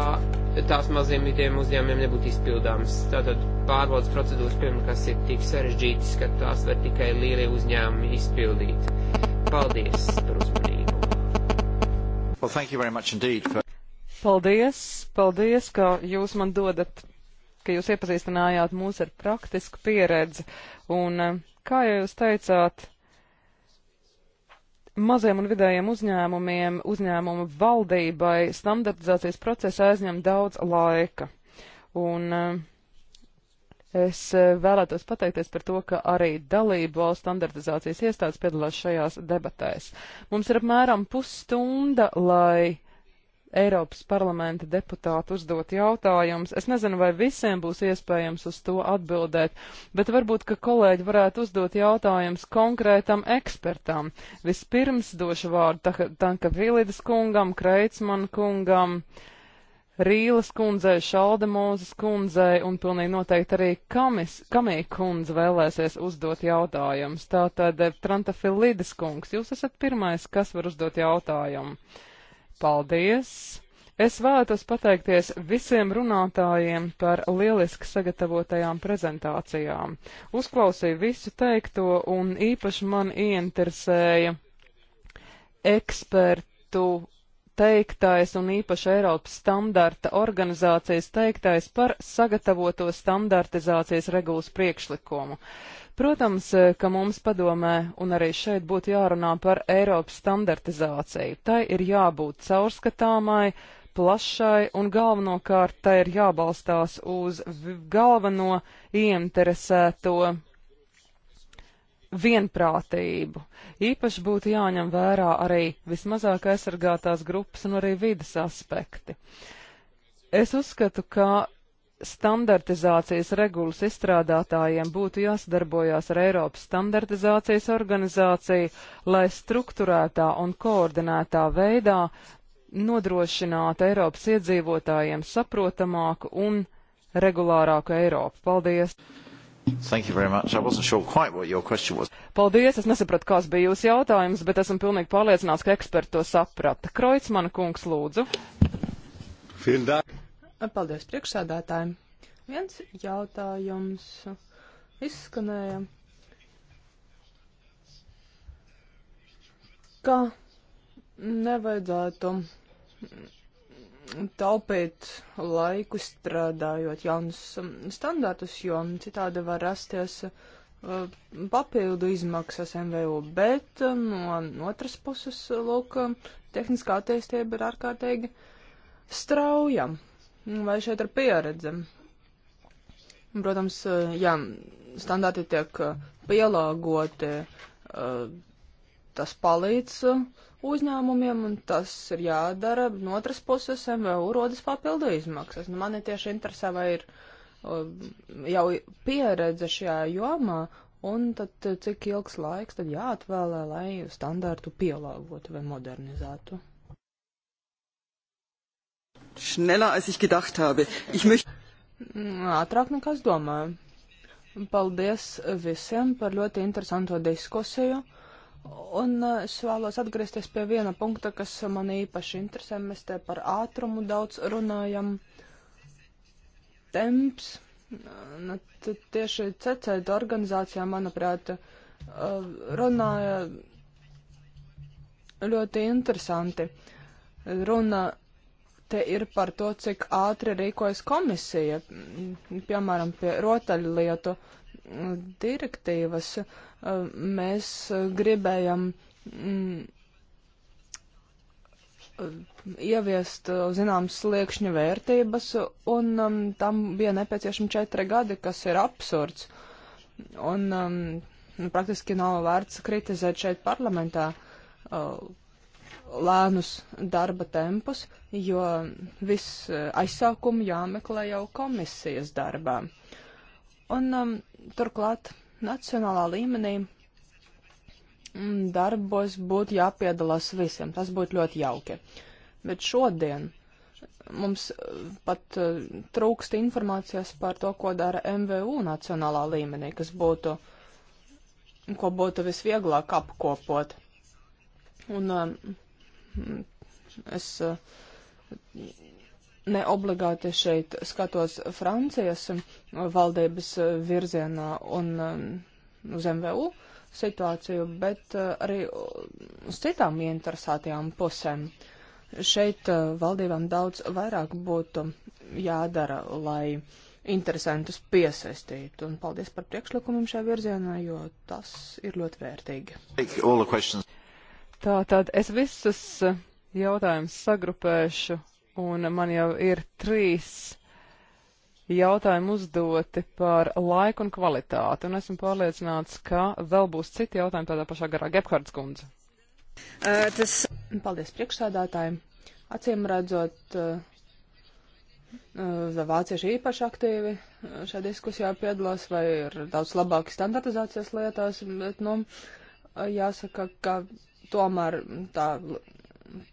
tās maziem vidiem uzņēmumiem nebūtu izpildāmas. Tātad pārbaudas procedūras, piemēram, kas ir tik sarežģītas, ka tās var tikai lielie uzņēmumi izpildīt. Paldies par uzmanību.
Well, thank you very much indeed for Paldies, paldies, ka jūs man dodat, ka jūs iepazīstinājāt mūs ar praktisku pieredzi. Un, eh, kā jau jūs teicāt, maziem un vidējiem uzņēmumiem, uzņēmumu valdībai standartizācijas procesa aizņem daudz laika. Un eh, es eh, vēlētos pateikties par to, ka arī dalību valsts standartizācijas iestādes piedalās šajās debatēs. Mums ir apmēram pusstunda, lai Eiropas parlamenta deputātu uzdot jautājumus. Es nezinu, vai visiem būs iespējams uz to atbildēt, bet varbūt, ka kolēģi varētu uzdot jautājumus konkrētam ekspertam. Vispirms došu vārdu Tanka Vilidas kungam, Kreitsman kungam. Rīles kundzei, Šaldemozes kundzei un pilnīgi noteikti arī Kamis, Kamī kundze vēlēsies uzdot jautājumus. Tātad eh, Trantafilides kungs, jūs esat pirmais, kas var uzdot jautājumu. Uh, Paldies! Es vēlētos pateikties visiem runātājiem par lieliski sagatavotajām prezentācijām. Uzklausīju visu teikto un īpaši man ieinteresēja ekspertu teiktais un īpaši Eiropas standarta organizācijas teiktais par sagatavoto standartizācijas regulas priekšlikumu. Uh, Protams, eh, ka mums padomē un arī šeit būtu jārunā par Eiropas standartizāciju. Tai ir jābūt caurskatāmai, plašai un galvenokārt tai ir jābalstās uz galveno ieinteresēto vienprātību. Īpaši būtu jāņem vērā arī vismazāk aizsargātās grupas un arī vidas aspekti. Es uzskatu, ka standartizācijas regulas izstrādātājiem būtu jāsadarbojās ar Eiropas standartizācijas organizāciju, lai strukturētā un koordinētā veidā nodrošinātu Eiropas iedzīvotājiem saprotamāku un regulārāku Eiropu. Paldies! Thank you very much. I wasn't sure quite what your question was. Paldies, es nesapratu, kāds bija jūsu jautājums, bet esmu pilnīgi pārliecināts, ka eksperti to saprata. Kreutzmana kungs, lūdzu. Vielen Dank. Paldies priekšsēdētājiem.
Viens jautājums izskanēja. Kā nevajadzētu taupīt laiku strādājot jaunus standartus, jo citādi var rasties uh, papildu izmaksas MVU, bet uh, no otras puses, lūk, tehniskā attīstība ir ārkārtīgi strauja vai šeit ir pieredze. Protams, eh, jā, standarti tiek eh, pielāgoti, eh, tas palīdz uzņēmumiem, un tas ir jādara. No otras puses, MVU rodas papildu izmaksas. Nu, mani tieši interesē, vai ir jau pieredze šajā jomā, un tad cik ilgs laiks tad jāatvēlē, lai standārtu pielāgotu vai modernizētu.
Schneller, als ich gedacht habe. Ich möchte.
Ātrāk nekā es domāju. Paldies visiem par ļoti interesanto diskusiju. Un uh, es vēlos atgriezties pie viena punkta, kas man īpaši interesē. Mēs te par ātrumu daudz runājam. Temps. Uh, tieši CCD organizācijā, manuprāt, uh, runāja ļoti interesanti. Runa te ir par to, cik ātri rīkojas komisija, piemēram, pie rotaļlietu direktīvas. Mēs gribējam ieviest zināmas sliekšņa vērtības, un um, tam bija nepieciešami četri gadi, kas ir absurds. Un um, praktiski nav vērts kritizēt šeit parlamentā uh, lēnus darba tempus, jo viss eh, aizsākumu jāmeklē jau komisijas darbā. Un um, turklāt nacionālā līmenī mm, darbos būtu jāpiedalās visiem. Tas būtu ļoti jauki. Bet šodien mums eh, pat uh, trūkst informācijas par to, ko dara MVU nacionālā līmenī, kas būtu, ko būtu visvieglāk apkopot. Un uh, Es eh, neobligāti šeit skatos Francijas valdības virzienā un eh, uz MVU situāciju, bet eh, arī uz citām interesētajām pusēm. Šeit valdībām daudz vairāk būtu jādara, lai interesantus piesaistītu. Un paldies par priekšlikumiem šajā virzienā, jo tas ir ļoti
vērtīgi.
Tātad es visus eh, jautājumus sagrupēšu, un man jau ir trīs jautājumi uzdoti par laiku un kvalitāti, un esmu pārliecināts, ka vēl būs citi jautājumi tādā pašā garā. Gebhards kundze.
Uh, tas... Paldies priekšsādātājiem. Acīm redzot, uh, vācieši īpaši aktīvi šajā diskusijā piedalās, vai ir daudz labāki standartizācijas lietās, bet, nu, jāsaka, ka tomēr tā,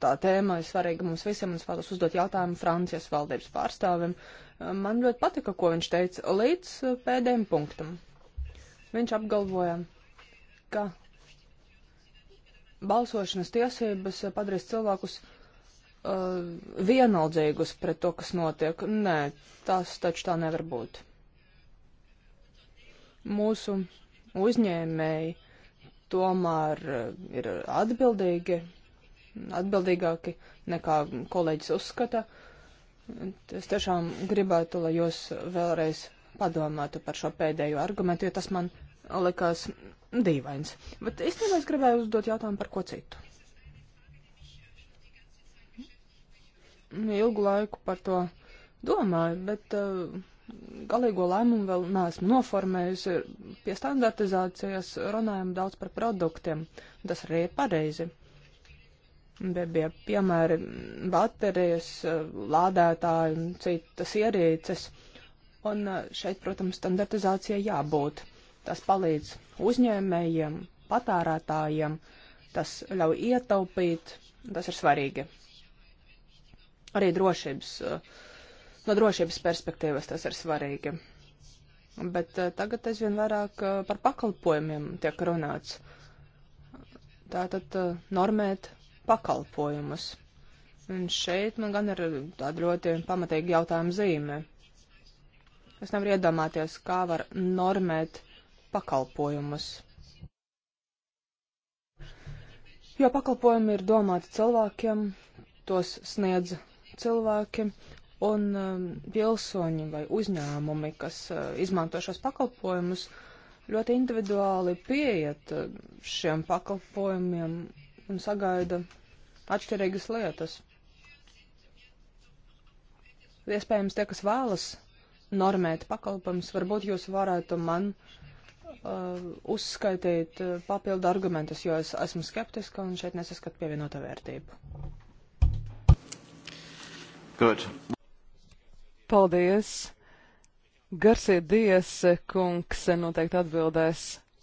tā tēma ir svarīga mums visiem, un es vēlos uzdot jautājumu Francijas valdības pārstāvim. Man ļoti patika, ko viņš teica līdz pēdējiem punktam. Viņš apgalvoja, ka balsošanas tiesības padarīs cilvēkus uh, vienaldzīgus pret to, kas notiek. Nē, tas taču tā nevar būt. Mūsu uzņēmēji uh, tomēr eh, ir atbildīgi, atbildīgāki nekā kolēģis uzskata. Es tiešām gribētu, lai jūs vēlreiz padomātu par šo pēdējo argumentu, jo tas man likās dīvains. Bet īstenībā es gribēju uzdot jautājumu par ko citu. Ilgu laiku par to domāju, bet uh, galīgo lēmumu vēl neesmu noformējusi. Pie standartizācijas runājam daudz par produktiem. Tas arī ir pareizi. Bija, bija piemēri baterijas, lādētāji un citas ierīces. Un eh, šeit, protams, standartizācija jābūt. Tas palīdz uzņēmējiem, patērētājiem, tas ļauj ietaupīt, tas ir svarīgi. Arī drošības uh, No drošības perspektīvas tas ir svarīgi. Bet eh, tagad aizvien vairāk eh, par pakalpojumiem tiek runāts. Tātad eh, normēt pakalpojumus. Un šeit man gan ir tāda ļoti pamatīga jautājuma zīme. Es nevaru iedomāties, kā var normēt pakalpojumus. Jo pakalpojumi ir domāti cilvēkiem, tos sniedz cilvēki. Uh, un um, pilsoņi vai uzņēmumi, kas uh, izmanto šos pakalpojumus, ļoti individuāli pieiet uh, šiem pakalpojumiem un sagaida atšķirīgas lietas. Iespējams, tie, kas vēlas normēt pakalpojumus, varbūt jūs varētu man uh, uzskaitīt uh, papildu argumentus, jo es esmu skeptiska un šeit nesaskatu pievienotā vērtību. Good.
Paldies! Garsie Dies kungs noteikti atbildēs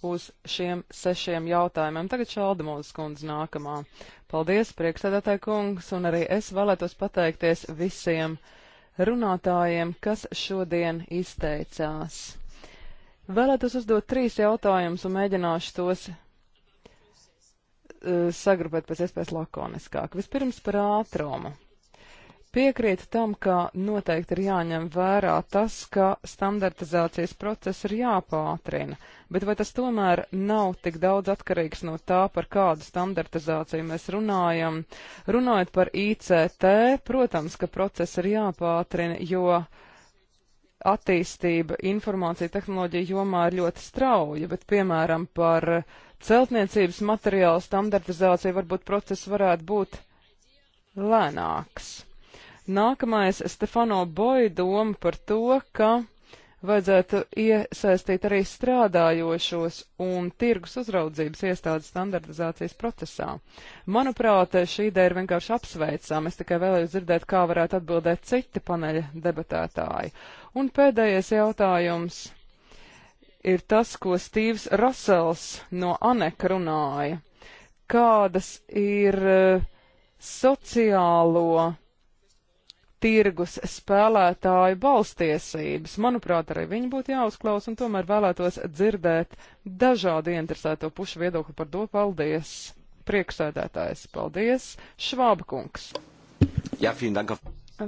uz šiem sešiem jautājumiem. Tagad šāda mūsu kundze nākamā. Paldies, priekšstādātāja kungs, un arī es vēlētos pateikties visiem runātājiem, kas šodien izteicās. Vēlētos uzdot trīs jautājumus un mēģināšu tos eh, sagrupēt pēc iespējas lakoniskāk. Vispirms par ātrumu. Piekrītu tam, ka noteikti ir jāņem vērā tas, ka standartizācijas process ir jāpātrina, bet vai tas tomēr nav tik daudz atkarīgs no tā, par kādu standartizāciju mēs runājam? Runājot par ICT, protams, ka process ir jāpātrina, jo attīstība informācija tehnoloģija jomā ir ļoti strauja, bet, piemēram, par celtniecības materiālu standartizāciju varbūt process varētu būt lēnāks. Nākamais Stefano Boja doma par to, ka vajadzētu iesaistīt arī strādājošos un tirgus uzraudzības iestādes standartizācijas procesā. Manuprāt, šī ideja ir vienkārši apsveicama. Es tikai vēlējos dzirdēt, kā varētu atbildēt citi paneļa debatētāji. Un pēdējais jautājums ir tas, ko Stīvs Rasels no Aneka runāja. Kādas ir eh, sociālo tirgus spēlētāju balstiesības. Manuprāt, arī viņi būtu jāuzklaus un tomēr vēlētos dzirdēt dažādu interesēto pušu viedokli par to. Paldies! Priekšsēdētājs, paldies! Švāba kungs! Jā, dank.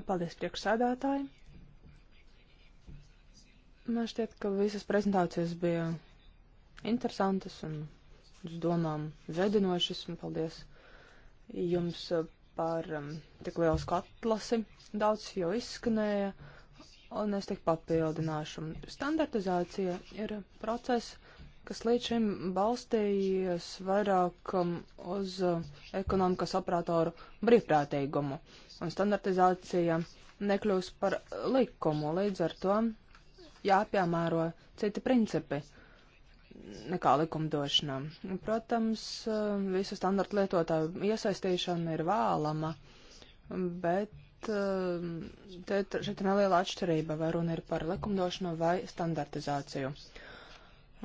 Paldies, priekšsēdētāji! Man šķiet, ka visas
prezentācijas bija interesantas un, uz domām, vedinošas, un paldies jums par um, tik lielu atlasi. Daudz jau izskanēja, un es tik papildināšu. Standartizācija ir process, kas līdz šim balstījies vairāk um, uz uh, ekonomikas operatoru brīvprātīgumu, un standartizācija nekļūs par likumu, līdz ar to jāpiemēro citi principi. Uh, nekā likumdošanā. Protams, visu standartu lietotāju iesaistīšana ir vēlama, bet eh, te, šeit ir neliela atšķirība, vai runa ir par likumdošanu vai standartizāciju.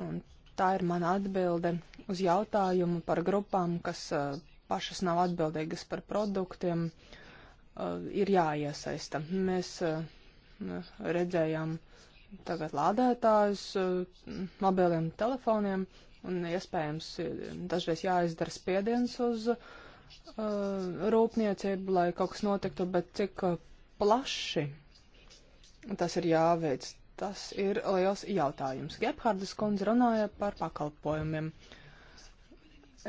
Un tā ir mana atbilde uz jautājumu par grupām, kas eh, pašas nav atbildīgas par produktiem, eh, ir jāiesaista. Mēs redzējām, uh, tagad lādētājus eh, mobiliem telefoniem un iespējams eh, dažreiz jāizdara spiediens uz uh, rūpniecību, lai kaut kas notiktu, bet cik plaši tas ir jāveic, tas ir liels jautājums. Gebhardas kundze runāja par pakalpojumiem.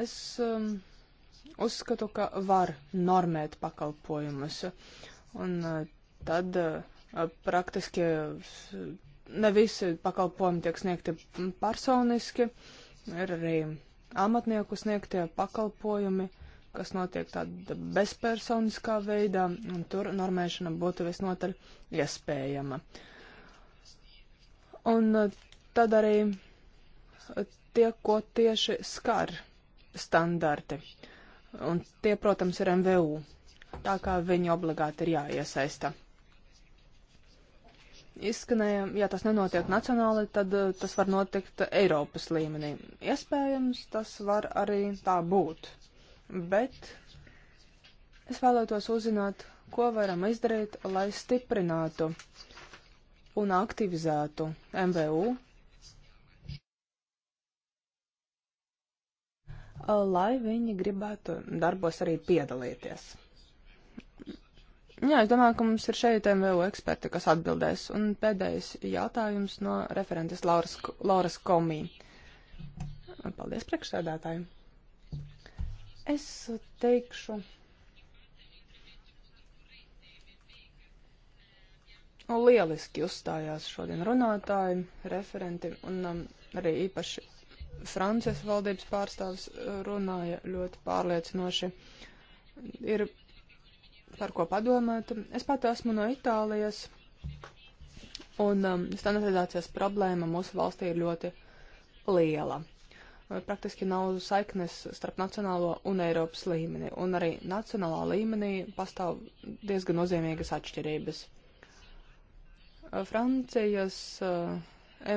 Es um, uzskatu, ka var normēt pakalpojumus, un uh, tad uh, praktiski ne visi pakalpojumi tiek sniegti personiski, ir arī amatnieku sniegtie pakalpojumi, kas notiek tāda bezpersoniskā veidā, un tur normēšana būtu visnotaļ iespējama. Un eh, tad arī eh, tie, ko tieši skar standarti, un tie, protams, ir MVU, tā kā viņi obligāti ir jāiesaista izskanēja, ja tas nenotiek nacionāli, tad eh, tas var notikt Eiropas līmenī. Iespējams, tas var arī tā būt. Bet es vēlētos uzzināt, ko varam izdarīt, lai stiprinātu un aktivizētu MVU, eh, lai viņi gribētu darbos arī piedalīties. Jā, es domāju, ka mums ir šeit MVU eksperti, kas atbildēs. Un pēdējais jautājums no referentes Lauras, Lauras Komī. Paldies priekšsēdētājiem. Es teikšu. Lieliski uzstājās šodien runātāji, referenti un um, arī īpaši Francijas valdības pārstāvis uh, runāja ļoti pārliecinoši. Ir par ko padomāt. Es pat esmu no Itālijas, un um, standartizācijas problēma mūsu valstī ir ļoti liela. Uh, praktiski nav saiknes starp nacionālo un Eiropas līmeni, un arī nacionālā līmenī pastāv diezgan nozīmīgas atšķirības. Uh, Francijas uh,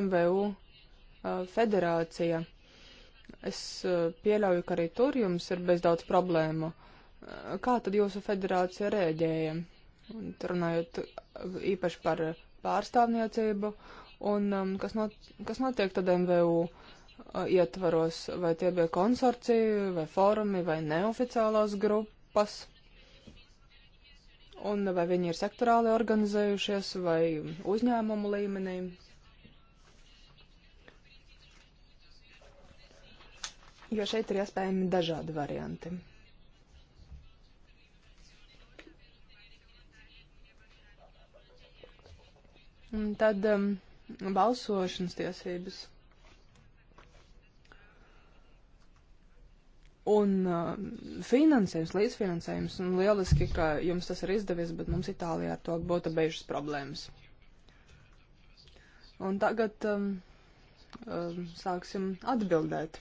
MVU uh, federācija, es uh, pieļauju, ka arī tur jums ir bezdaudz problēmu uh, Kā tad jūsu federācija rēģēja? Un, runājot īpaši par pārstāvniecību un um, kas, not, kas notiek tad MVU uh, ietvaros, vai tie bija konsorcija, vai fórumi, vai neoficiālās grupas, un vai viņi ir sektorāli organizējušies, vai uzņēmumu līmenī. Jo šeit ir iespējami dažādi varianti. Un tad um, balsošanas tiesības. Un uh, finansējums, līdzfinansējums, un lieliski, ka jums tas ir izdevies, bet mums Itālijā ar to būtu beigas problēmas. Un tagad um, um, sāksim atbildēt.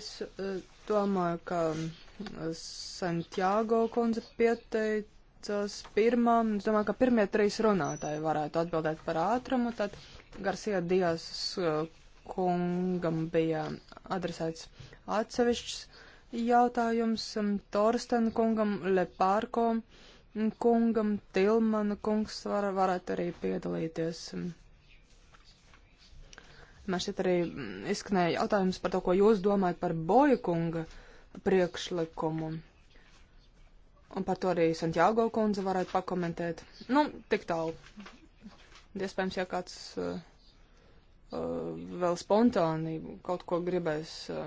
Es uh, domāju, ka um, Santiago kundze pieteic, jāuzticas pirmam. Es domāju, ka pirmie trīs runātāji varētu atbildēt par ātrumu. Tad Garcia Dijas uh, kungam bija adresēts atsevišķs jautājums um, Torsten kungam, Lepārko kungam, Tilmana kungs var, varētu arī piedalīties. Um, man šeit arī mm, izskanēja jautājums par to, ko jūs domājat par Boja kunga priekšlikumu. Un par to arī Santiago kundze varētu pakomentēt. Nu, tik tālu. Iespējams, ja kāds uh, uh, vēl spontāni kaut ko gribēs uh,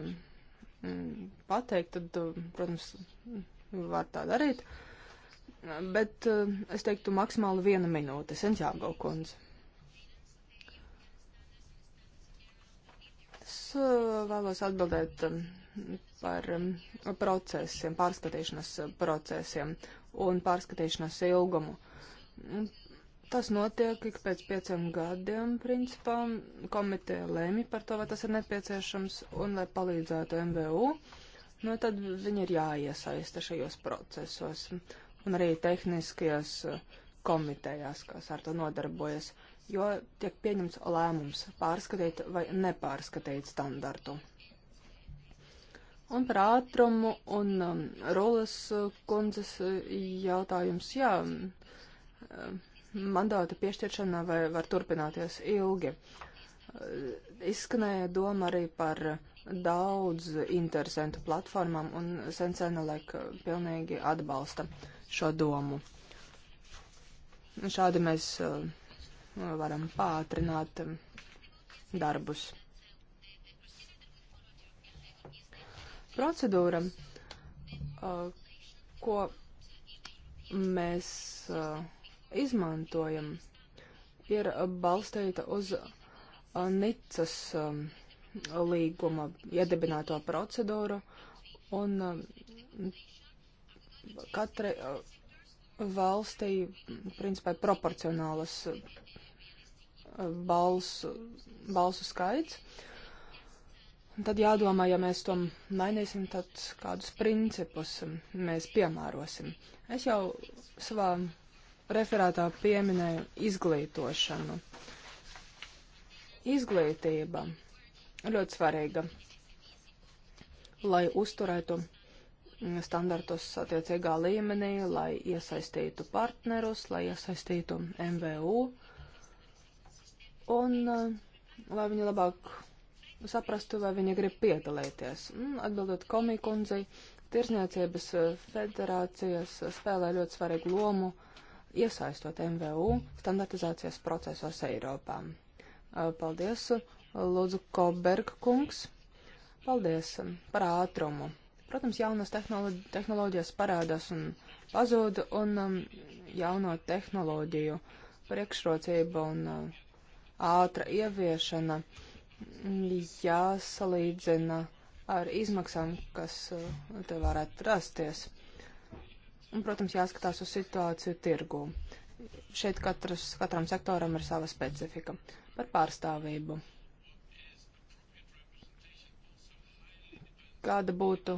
pateikt, tad, uh, protams, var tā darīt. Bet uh, es teiktu maksimāli viena minūte. Santiago kundze. Es uh, vēlos atbildēt. Uh, par um, procesiem, pārskatīšanas procesiem un pārskatīšanas ilgumu. Tas notiek ik pēc pieciem gadiem, principā. Komiteja lēmi par to, vai tas ir nepieciešams, un lai palīdzētu MVU, nu tad viņi ir jāiesaista šajos procesos, un arī tehniskajās uh, komitejās, kas ar to nodarbojas, jo tiek pieņemts lēmums pārskatīt vai nepārskatīt standartu. Un par ātrumu un um, Rolas uh, kundzes uh, jautājums, jā, um, uh, mandāta piešķiršana vai var turpināties ilgi. Izskanēja doma arī par daudz interesantu platformām un Sensenelek pilnīgi atbalsta šo domu. Šādi mēs varam pātrināt um, darbus. procedūra, ko mēs izmantojam, ir balstīta uz Nicas līguma iedibināto procedūru, un katrai valstī, principā, proporcionālas balsu, balsu skaits. Tad jādomā, ja mēs to mainīsim, tad kādus principus mēs piemērosim. Es jau savā referātā pieminēju izglītošanu. Izglītība ļoti svarīga, lai uzturētu standartus attiecīgā līmenī, lai iesaistītu partnerus, lai iesaistītu MVU un eh, lai viņi labāk saprastu, vai viņa grib piedalīties. Mm, atbildot komikundzei, Tirzniecības eh, federācijas eh, spēlē ļoti svarīgu lomu, iesaistot MVU standartizācijas procesos Eiropā. Eh, paldies, Lūdzu, Koberg kungs. Paldies par ātrumu. Protams, jaunas tehnoloģijas parādās un pazūd, un um, jauno tehnoloģiju priekšrocība un ātra ieviešana. Uh, jāsalīdzina ar izmaksām, kas uh, te varētu rasties. Un, protams, jāskatās uz situāciju tirgū. Šeit katrs, katram sektoram ir sava specifika par pārstāvību. Kāda būtu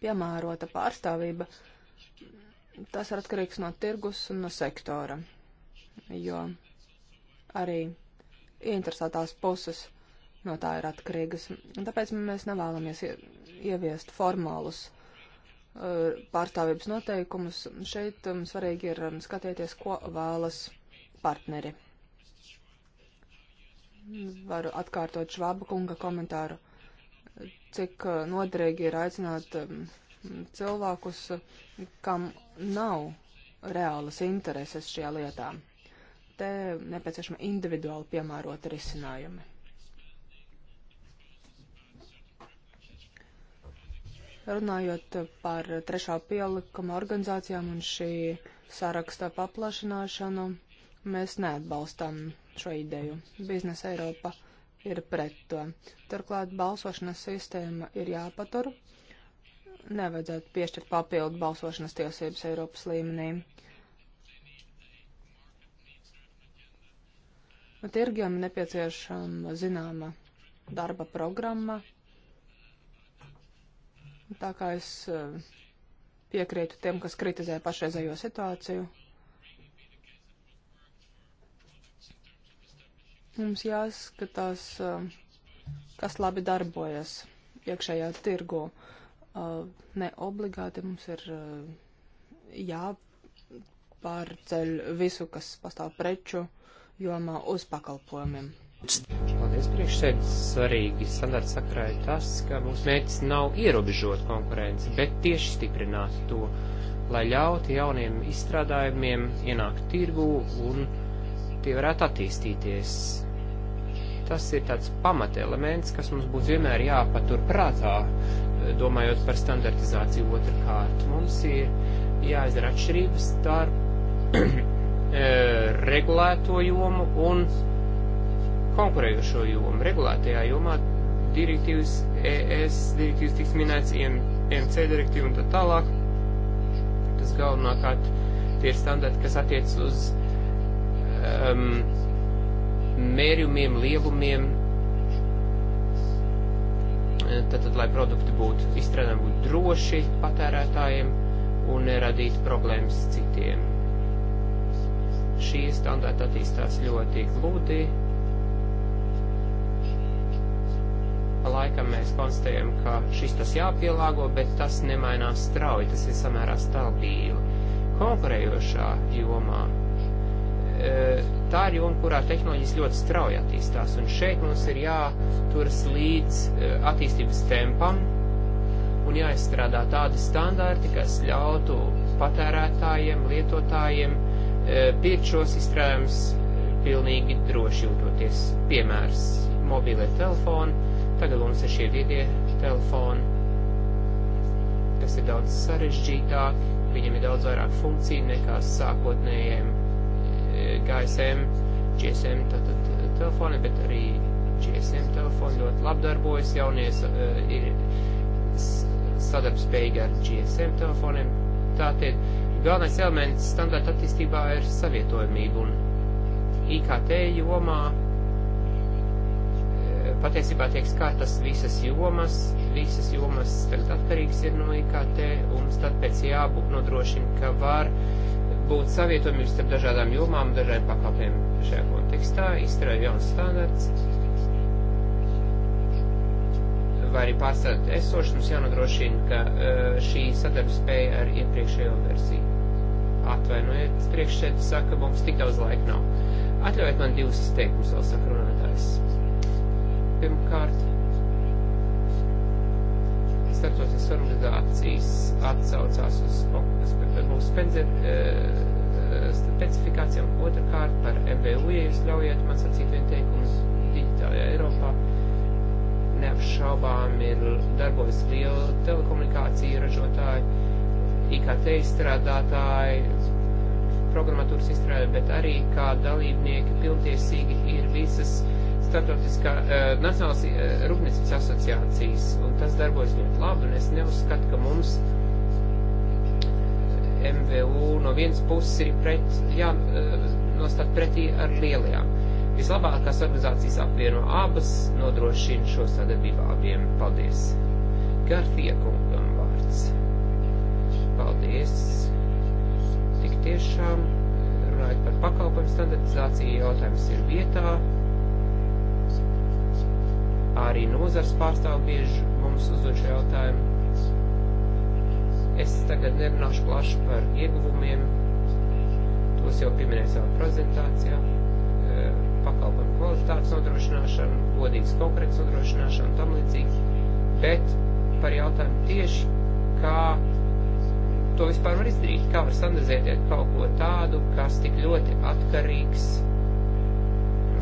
piemērota pārstāvība, tas ir atkarīgs no tirgus un no sektora, jo arī interesētās puses no tā ir atkarīgas. Tāpēc mēs nevēlamies ieviest formālus uh, pārstāvības noteikumus. Šeit um, svarīgi ir um, skatīties, ko vēlas partneri. Varu atkārtot Švāba kunga komentāru, cik uh, noderīgi ir aicināt um, cilvēkus, kam nav reālas intereses šajā lietā. Te nepieciešama individuāli piemērota risinājumi. Runājot par trešā pielikuma organizācijām un šī saraksta paplašināšanu, mēs neatbalstam šo ideju. Biznesa Eiropa ir pret to. Turklāt balsošanas sistēma ir jāpatur. Nevajadzētu piešķirt papildu balsošanas tiesības Eiropas līmenī. Tirgiem nepieciešama zināma darba programma, Tā kā es eh, piekrītu tiem, kas kritizē pašreizējo situāciju. Mums jāskatās, eh, kas labi darbojas iekšējā tirgu. Eh, ne obligāti mums ir jāpārceļ visu, kas pastāv preču jomā uz pakalpojumiem. Paldies, priekšsēdis.
Svarīgi standarta sakarā ir tas, ka mūsu mērķis nav ierobežot konkurenci, bet tieši stiprināt to, lai ļautu jauniem izstrādājumiem ienākt tirgu un tie varētu attīstīties. Tas ir tāds pamatelements, kas mums būtu vienmēr jāpatur prātā, domājot par standartizāciju otrkārt. Mums ir jāizdara atšķirības starp <clears throat> eh, regulēto jomu un konkurējošo jomu. Regulētajā jomā direktīvas ES, direktīvas tiks minēts IMC direktīva un tā tālāk. Tas galvenokārt tie ir standarti, kas attiec uz um, mērījumiem, lielumiem, tad, tad lai produkti būtu izstrādājumi būtu droši patērētājiem un neradītu problēmas citiem. Šie standarti attīstās ļoti gludi, pa laikam mēs konstatējam, ka šis tas jāpielāgo, bet tas nemainās strauji, tas ir samērā stabīli. Konkurējošā jomā e, tā ir joma, kurā tehnoloģijas ļoti strauji attīstās, un šeit mums ir jāturas līdz e, attīstības tempam un jāizstrādā tādi standarti, kas ļautu patērētājiem, lietotājiem e, pirkt šos izstrādājumus pilnīgi droši jūtoties. Piemērs mobilie telefoni Tagad mums ir šie viedie telefoni, kas ir daudz sarežģītāki, viņam ir daudz vairāk funkciju nekā sākotnējiem e, GSM, GSM tātad e, telefoni, bet arī GSM telefoni ļoti labdarbojas, jaunies uh, e, ir sadarbspējīgi ar GSM telefoniem. Tātad galvenais elements standarta attīstībā ir savietojamība un IKT jomā patiesībā tiek skārtas visas jomas, visas jomas tagad atkarīgs ir no IKT, un mums tad pēc jābūt nodrošina, ka var būt savietojumi starp dažādām jomām, dažādiem pakalpojumiem šajā kontekstā, izstrādāt jauns standarts, vai arī pārstāt esošu, mums jānodrošina, ka eh, šī sadarbspēja ar iepriekšējo versiju. Atvainojiet, priekšsēdus saka, mums tik daudz laika nav. Atļaujiet man divus izteikumus vēl saka runātājs. Pirmkārt, starptautiskās organizācijas atsaucās uz, uz, uz mūsu e, e, specifikācijām, otrkārt par MVU, ja jūs ļaujiet man sacīt vienu teikumu, digitālajā Eiropā neapšaubām ir darbojas liela telekomunikācija ražotāji, IKT izstrādātāji, programmatūras izstrādātāji, bet arī kā dalībnieki pilntiesīgi ir visas uh, starptautiskā uh, Nacionālās uh, Rūpniecības asociācijas, un tas darbojas ļoti labi, un es neuzskatu, ka mums eh, MVU no vienas puses ir pret, jā, uh, nostāt pretī ar lielajām. Vislabākās organizācijas apvieno abas, nodrošina šo sadarbību abiem. Paldies! Garfie kungam vārds. Paldies! Tik tiešām runājot par pakalpojumu standartizāciju, jautājums ir vietā arī nozars pārstāvi bieži mums uzdod šo jautājumu. Es tagad nerunāšu plaši par ieguvumiem, tos jau pieminēju savā prezentācijā, eh, pakalpojumu kvalitātes nodrošināšanu, godīgas konkurences nodrošināšanu un tam līdzīgi, bet par jautājumu tieši, kā to vispār var izdarīt, kā var standardizēt kaut ko tādu, kas tik ļoti atkarīgs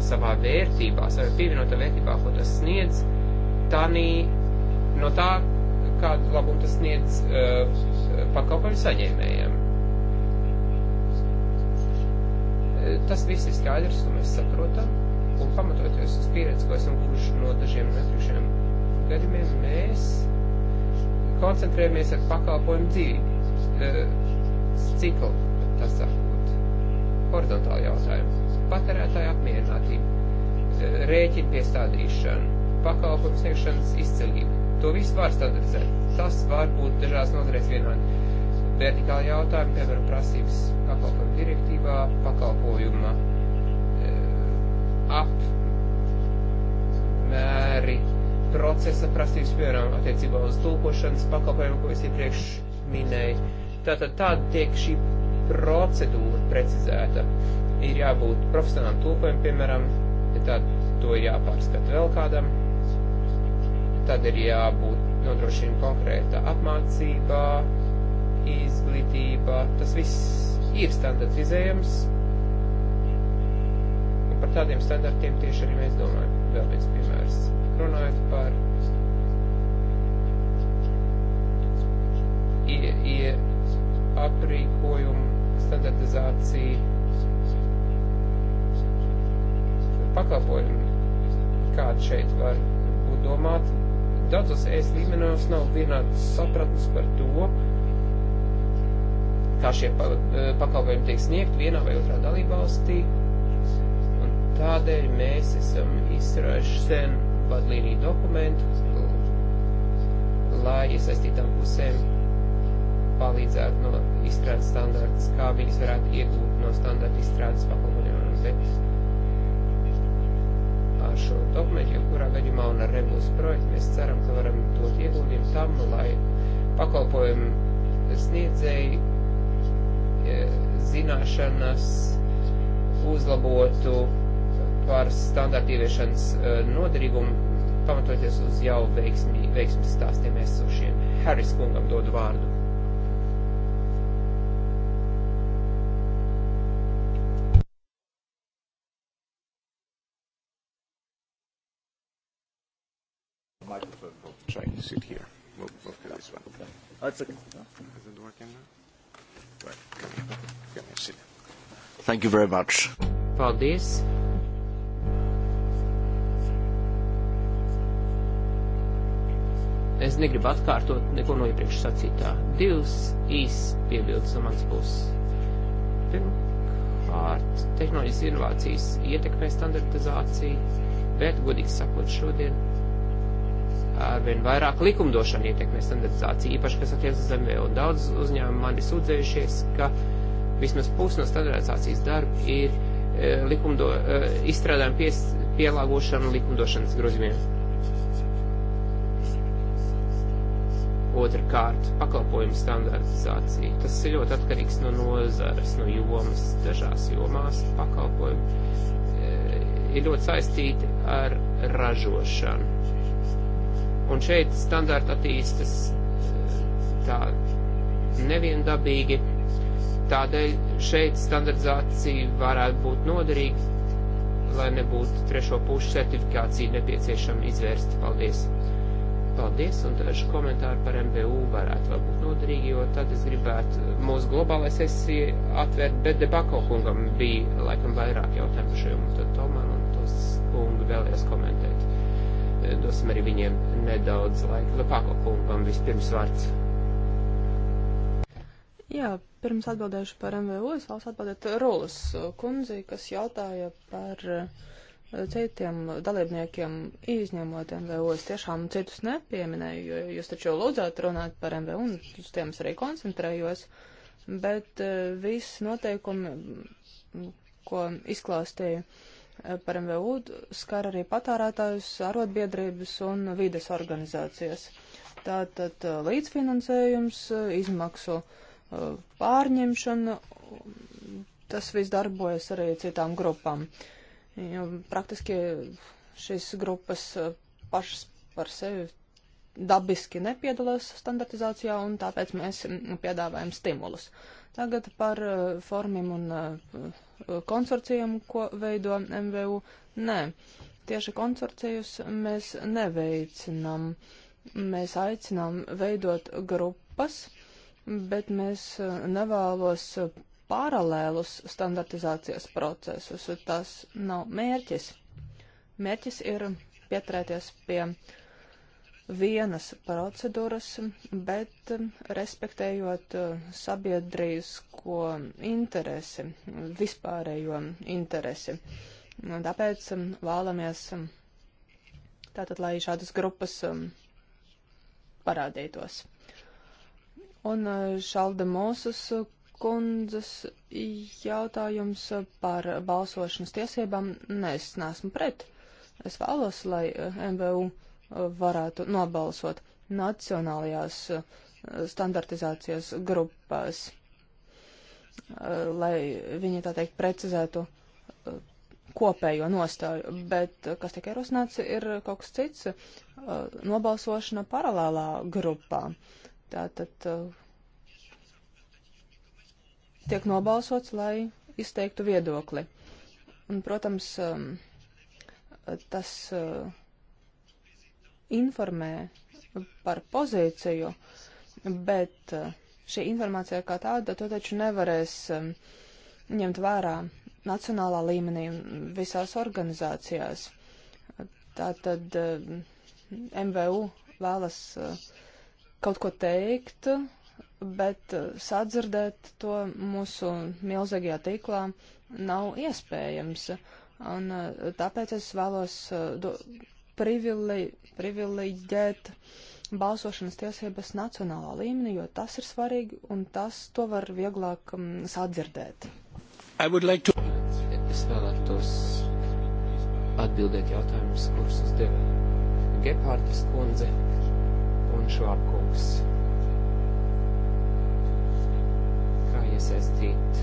savā vērtībā, savā pievienotā vērtībā, ko tas sniedz, tanī no tā, kādu labumu tas sniedz uh, pakalpojumu saņēmējiem. Eh, tas viss ir skaidrs, un mēs saprotam, un pamatoties uz pieredzi, ko esam guvuši no dažiem nepriekšējiem gadījumiem, mēs koncentrējamies ar pakalpojumu dzīvi, uh, ciklu, tas sakot, horizontāli jautājumu patērētāja apmierinātība, eh, rēķina piestādīšana, pakalpojumu sniegšanas izcilība. To visu var standardizēt. Tas var būt dažās nozarēs vienādi. Vertikāli jautājumi, piemēram, prasības pakalpojumu direktīvā, pakalpojuma eh, apmēri, procesa prasības, piemēram, attiecībā uz tulkošanas pakalpojumu, ko es iepriekš minēju. Tātad tāda tiek šī procedūra precizēta. Uh, ir jābūt profesionālam tulkojumam, piemēram, tad to ir jāpārskata vēl kādam, tad ir jābūt nodrošina konkrēta apmācībā, izglītība, tas viss ir standartizējams, un par tādiem standartiem tieši arī mēs domājam. Vēl viens piemērs, runājot par ie, ie aprīkojumu standartizāciju pakalpojumi, kādi šeit var būt domāti. Daudzos ēst līmenos nav vienāds sapratnes par to, kā šie e, pakalpojumi tiek sniegt vienā vai otrā dalībvalstī. Un tādēļ mēs esam izstrādājuši sen vadlīniju dokumentu, lai iesaistītām pusēm palīdzētu no izstrādes standartas, kā viņas varētu iegūt no standarta izstrādes pakalpojumiem. Bet šo dokumentu, jo kurā gadījumā un ar rebūs projektu mēs ceram, ka varam dot ieguldījumu tam, lai pakalpojumu sniedzēji e, zināšanas uzlabotu par standartīviešanas e, noderīgumu, pamatoties uz jau veiksmi, veiksmi stāstiem esošiem. Haris kungam dodu vārdu.
trying to sit here. Move, move to this one. Oh, it's okay. Is
it working now?
Right. Come here. Come here, sit. Thank you very much.
Paldies. Es negribu atkārtot neko no iepriekš sacītā. Divas īsts piebildes no mans puses. Pirmkārt, tehnoloģijas inovācijas ietekmē standartizāciju, bet, godīgi sakot, šodien arvien vairāk likumdošana ietekmē standartizāciju, īpaši, kas attiecas uz MVU. Daudz uzņēmumu mani sūdzējušies, ka vismaz pusi no standartizācijas darba ir e, likumdo, e, izstrādājuma pies, pielāgošana likumdošanas grozījumiem. Otrakārt, pakalpojumu standartizācija. Tas ir ļoti atkarīgs no nozares, no jomas, dažās jomās pakalpojumi e, ir ļoti saistīti ar ražošanu Un šeit standarti attīstas eh, tā neviendabīgi, tādēļ šeit standartizācija varētu būt noderīga, lai nebūtu trešo pušu certifikāciju nepieciešama izvērst. Paldies! Paldies, un daži komentāri par MBU varētu vēl būt noderīgi, jo tad es gribētu mūsu globālai sesiju atvērt, bet debako kungam bija laikam vairāk jautājumu par šo, un tad Tomam un tos kungi vēlējās komentēt dosim arī viņiem nedaudz laika. Lepāko kungam vispirms vārds.
Jā, pirms atbildēšu par MVU, es vēlos atbildēt Rolas kundzei, kas jautāja par eh, citiem dalībniekiem izņemot MVU. Es tiešām citus nepieminēju, jo jūs taču lūdzāt runāt par MVU, un uz tiem es arī koncentrējos. Bet eh, viss noteikumi, ko izklāstīju, uh, Eh, par MVU skar arī patārētājus, arotbiedrības un vides organizācijas. Tātad eh, līdzfinansējums, eh, izmaksu pārņemšana, tas viss darbojas arī citām grupām. Jo praktiski šīs grupas pašas par sevi dabiski nepiedalās standartizācijā, un tāpēc mēs mm, piedāvājam stimulus. Uh, Tagad par eh, formiem un eh, konsorcijiem, ko veido MVU. Nē, tieši konsorcijus mēs neveicinām. Mēs aicinām veidot grupas, bet mēs eh, nevēlos paralēlus standartizācijas procesus. Tas nav mērķis. Mērķis ir pieturēties pie uh, vienas procedūras, bet um, respektējot uh, sabiedrīsko interesi, vispārējo interesi. Un tāpēc um, vēlamies um, tātad, lai šādas grupas parādītos. Un uh, Šalda Mosus kundzes jautājums par balsošanas tiesībām. Nē, es neesmu pret. Es vēlos, lai uh, MVU varētu nobalsot nacionālajās eh, standartizācijas grupās, eh, lai viņi, tā teikt, precizētu eh, kopējo nostāju, bet kas tiek ierosināts, ir kaut kas cits - nobalsošana paralēlā grupā. Tātad tiek nobalsots, lai izteiktu viedokli. Un, protams, tas uh, informē par pozīciju, bet eh, šī informācija kā tāda to taču nevarēs eh, ņemt vērā nacionālā līmenī visās organizācijās. Tātad eh, MVU vēlas kaut ko teikt, bet sadzirdēt to mūsu milzīgajā tīklā nav iespējams. Un tāpēc es vēlos do, privile, privileģēt balsošanas tiesības nacionālā līmenī, jo tas ir svarīgi un tas to var vieglāk um, sadzirdēt.
Like to... Es vēlētos atbildēt jautājumus, kurus uzdeva Gepārdas kundze un Švābkungs. Kā iesaistīt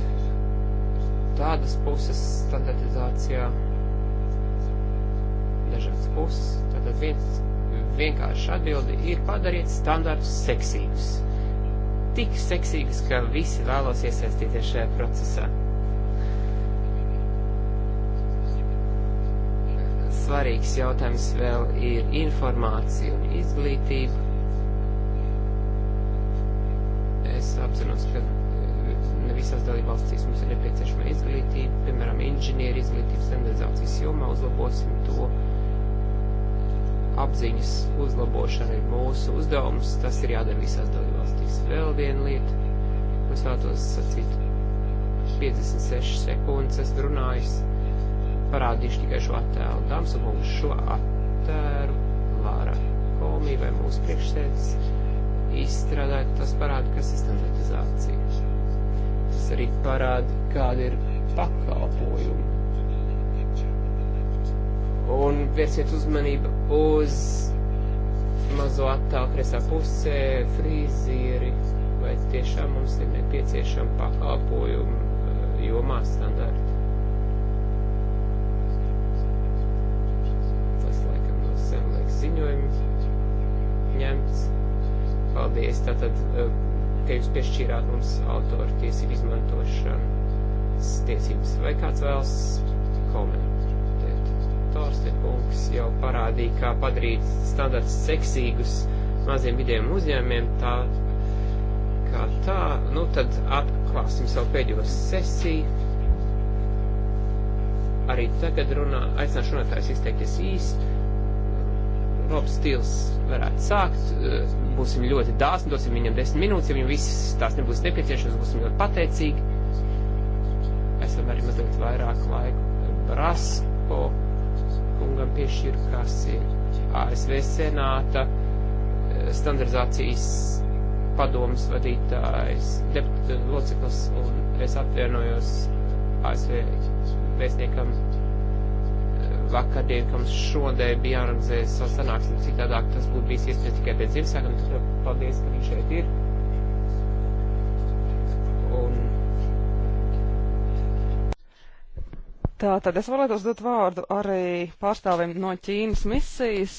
tādas puses standartizācijā? dažādas puses. Tātad viens vienkārši atbildi ir padarīt standartus seksīgus. Tik seksīgus, ka visi vēlos iesaistīties šajā procesā. Svarīgs jautājums vēl ir informācija un izglītība. Es apzinos, ka e, ne visās dalībvalstīs mums ir nepieciešama izglītība, piemēram, inženieru izglītības standardizācijas jomā uzlabosim to. Uh, apziņas uzlabošana ir mūsu uzdevums, tas ir jādara visās dalībvalstīs. Vēl viena lieta, es vēlētos sacīt, 56 sekundes esmu runājis, parādīšu tikai šo attēlu. Dāmas un kungi, šo attēlu Lāra Komī vai mūsu priekšsēdis izstrādāt, tas parāda, kas ir standartizācija. Tas arī parāda, kāda ir pakalpojuma un vērsiet uzmanību uz mazo attālu kresā pusē, frīzieri, vai tiešām mums ir nepieciešama pakalpojuma eh, jomā standarti. Tas laikam no senlaiks ziņojuma ņemts. Paldies, tātad, eh, ka jūs piešķīrāt mums autoru tiesību izmantošanu tiesības. Vai kāds vēlas komentēt? Torstekungs jau parādīja, kā padarīt standarts seksīgus maziem vidiem uzņēmiem, tā kā tā, nu tad atklāsim savu pēdējo sesiju. Arī tagad runā, aicināšu runātājs izteikties īsti. Robs Stils varētu sākt, būsim ļoti dāsni, dosim viņam desmit minūtes, ja viņam viss tās nebūs nepieciešams, būsim ļoti pateicīgi. Esam arī mazliet vairāk laiku Brasko kungam piešķir, kas ir ASV senāta eh, standardizācijas padomas vadītājs, deputāta loceklis, un es atvienojos ASV vēstniekam eh, vakardien, kam šodien bija jāorganizē savu sanāksmi, citādāk tas būtu bijis iespējams tikai pēc Ziemassvētkiem, tad paldies, ka viņš šeit ir. Un
Tātad es vēlētos dot vārdu arī pārstāvim no Ķīnas misijas.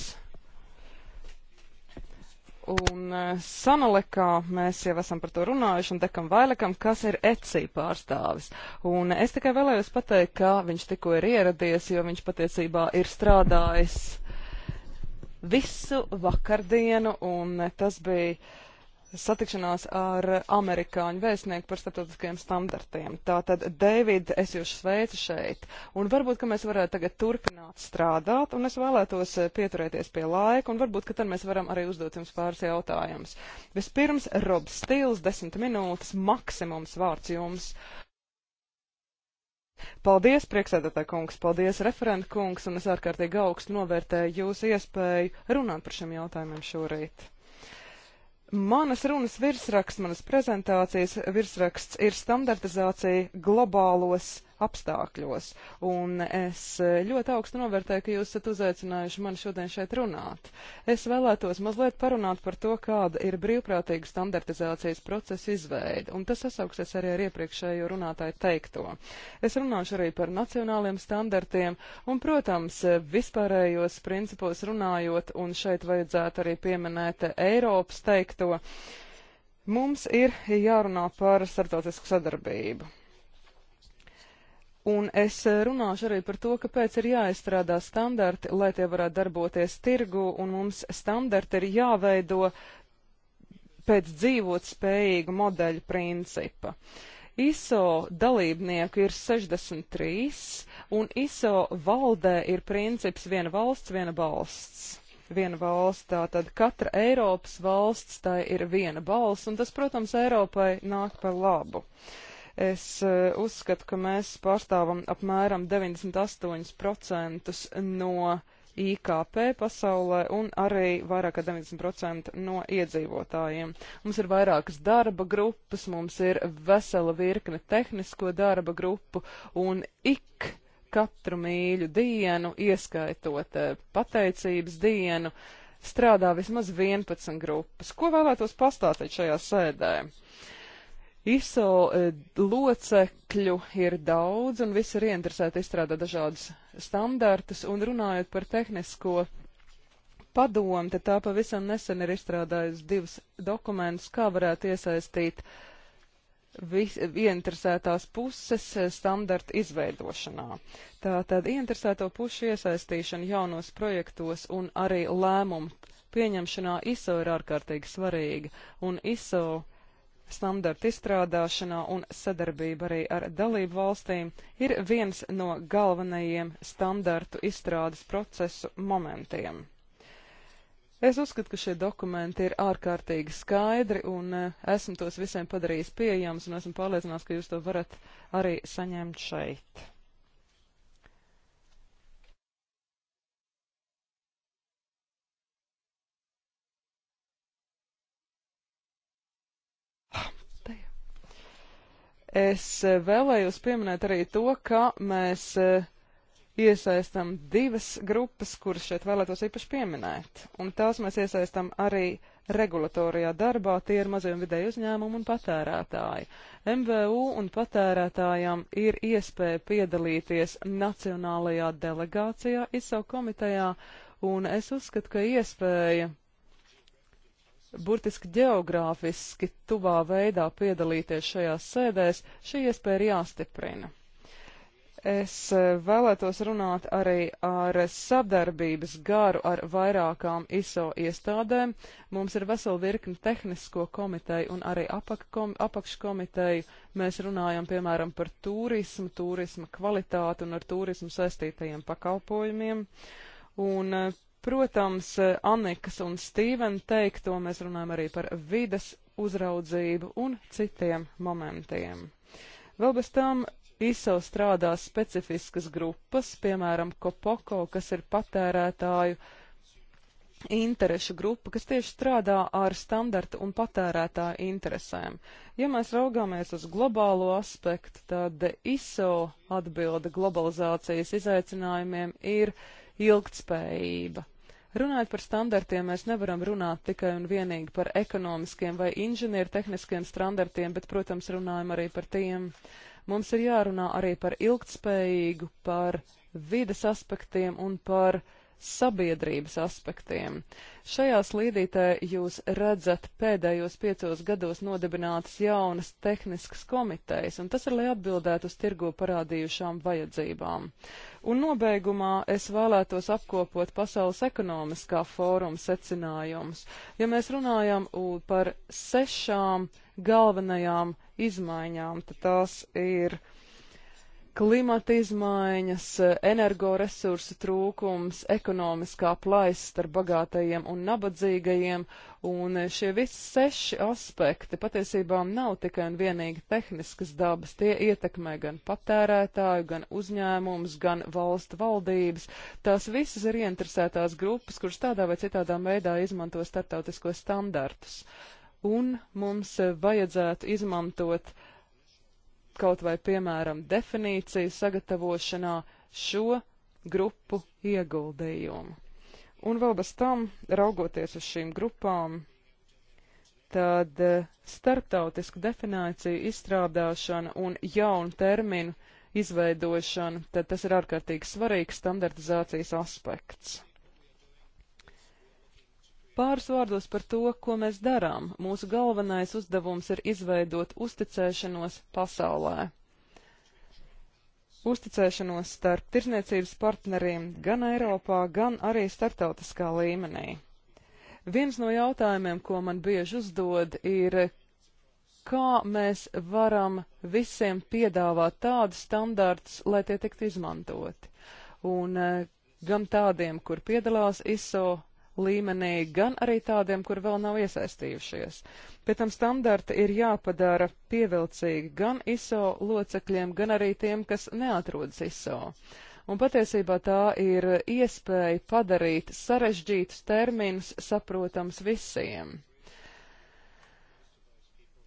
Un e, Sanalekā mēs jau esam par to runājuši un Dekam Vailekam, kas ir ECI pārstāvis. Un es tikai vēlējos pateikt, ka viņš tikko ir ieradies, jo viņš patiesībā ir strādājis visu vakardienu un tas bija satikšanās ar amerikāņu vēstnieku par starptautiskajiem standartiem. Tātad, Deivid, es jūs sveicu šeit, un varbūt, ka mēs varētu tagad turpināt strādāt, un es vēlētos eh, pieturēties pie laika, un varbūt, ka tad mēs varam arī uzdot jums pāris jautājumus. Vispirms, Rob Stils, desmit minūtes, maksimums vārds jums. Paldies, priekšsēdētāj kungs, paldies, referent kungs, un es ārkārtīgi augstu novērtēju jūsu iespēju runāt par šiem jautājumiem šorīt. Manas runas virsraksts, manas prezentācijas virsraksts ir standartizācija globālos apstākļos. Un es ļoti augstu novērtēju, ka jūs esat uzaicinājuši mani šodien šeit runāt. Es vēlētos mazliet parunāt par to, kāda ir brīvprātīga standartizācijas procesa izveida, un tas sasauksies arī ar iepriekšējo runātāju teikto. Es runāšu arī par nacionāliem standartiem, un, protams, vispārējos principos runājot, un šeit vajadzētu arī pieminēt Eiropas teikto, mums ir jārunā par starptautisku sadarbību. Un es eh, runāšu arī par to, kāpēc ir jāizstrādā standarti, lai tie varētu darboties tirgu, un mums standarti ir jāveido pēc dzīvot spējīgu modeļu principa. ISO dalībnieku ir 63, un ISO valdē ir princips viena valsts, viena balsts. Viena valsts, tātad katra Eiropas valsts, tai ir viena balss, un tas, protams, Eiropai nāk par labu. Uh, Es e, uzskatu, ka mēs pārstāvam apmēram 98% no IKP pasaulē un arī vairāk kā 90% no iedzīvotājiem. Mums ir vairākas darba grupas, mums ir vesela virkne tehnisko darba grupu un ik katru mīļu dienu, ieskaitot e, pateicības dienu, strādā vismaz 11 grupas. Ko vēlētos pastāstīt šajā sēdē? Uh, ISO e, locekļu ir daudz, un visi ir ieinteresēti izstrādāt dažādus standartus, un runājot par tehnisko padomu, tad tā pavisam nesen ir izstrādājusi divus dokumentus, kā varētu iesaistīt vis, ieinteresētās puses e, standarta izveidošanā. Tātad ieinteresēto pušu iesaistīšana jaunos projektos un arī lēmumu pieņemšanā ISO ir ārkārtīgi svarīga, un ISO standarta izstrādāšanā un sadarbība arī ar dalību valstīm ir viens no galvenajiem standartu izstrādes procesu momentiem. Es uzskatu, ka šie dokumenti ir ārkārtīgi skaidri un eh, esmu tos visiem padarījis pieejams un esmu pārliecināts, ka jūs to varat arī saņemt šeit. Es eh, vēlējos pieminēt arī to, ka mēs eh, iesaistam divas grupas, kuras šeit vēlētos īpaši pieminēt, un tās mēs iesaistam arī regulatorijā darbā tie ir mazie un vidēji uzņēmumi un patērētāji. MVU un patērētājām ir iespēja piedalīties Nacionālajā delegācijā, izsauk komitejā, un es uzskatu, ka iespēja burtiski geogrāfiski tuvā veidā piedalīties šajās sēdēs, šī iespēja ir jāstiprina. Es e, vēlētos runāt arī ar sadarbības garu ar vairākām ISO iestādēm. Mums ir vesela virkni tehnisko komiteju un arī apakškomiteju. Mēs runājam, piemēram, par turismu, turisma kvalitāti un ar turismu saistītajiem pakalpojumiem. Un e, Protams, Annikas un Stīven teikto mēs runājam arī par vides uzraudzību un citiem momentiem. Vēl bez tam ISO strādā specifiskas grupas, piemēram, Kopoko, kas ir patērētāju interešu grupa, kas tieši strādā ar standarta un patērētāju interesēm. Ja mēs raugāmies uz globālo aspektu, tad ISO atbilda globalizācijas izaicinājumiem ir ilgtspējība. Runājot par standartiem, mēs nevaram runāt tikai un vienīgi par ekonomiskiem vai inženiertehniskiem standartiem, bet, protams, runājam arī par tiem. Mums ir jārunā arī par ilgtspējīgu, par vides aspektiem un par uh, sabiedrības aspektiem. Šajā slīdītē jūs redzat pēdējos piecos gados nodibinātas jaunas tehniskas komitejas, un tas ir, lai atbildētu uz tirgo parādījušām vajadzībām. Un nobeigumā es vēlētos apkopot Pasaules ekonomiskā fóruma secinājumus. Ja mēs runājam par sešām galvenajām izmaiņām, tad tās ir klimata izmaiņas, energoresursu trūkums, ekonomiskā plaisa starp bagātajiem un nabadzīgajiem, un šie visi seši aspekti patiesībā nav tikai un vienīgi tehniskas dabas, tie ietekmē gan patērētāju, gan uzņēmumus, gan valstu valdības. Tās visas ir ieinteresētās grupas, kuras tādā vai citādā veidā izmanto starptautiskos standartus. Un mums vajadzētu izmantot uh, kaut vai, piemēram, definīciju sagatavošanā šo grupu ieguldījumu. Un vēl bez tam, raugoties uz šīm grupām, tad eh, starptautisku definīciju izstrādāšana un jaunu terminu izveidošana, tad tas ir ārkārtīgi svarīgs standartizācijas aspekts. Pāris vārdos par to, ko mēs darām. Mūsu galvenais uzdevums ir izveidot uzticēšanos pasaulē. Uzticēšanos starp tirzniecības partneriem gan Eiropā, gan arī starptautiskā līmenī. Viens no jautājumiem, ko man bieži uzdod, ir, kā mēs varam visiem piedāvāt tādus standārtus, lai tie tiktu izmantoti. Un eh, gan tādiem, kur piedalās ISO līmenī, gan arī tādiem, kur vēl nav iesaistījušies. Pēc tam standarti ir jāpadara pievilcīgi gan ISO locekļiem, gan arī tiem, kas neatrodas ISO. Un patiesībā tā ir iespēja padarīt sarežģītus terminus saprotams visiem.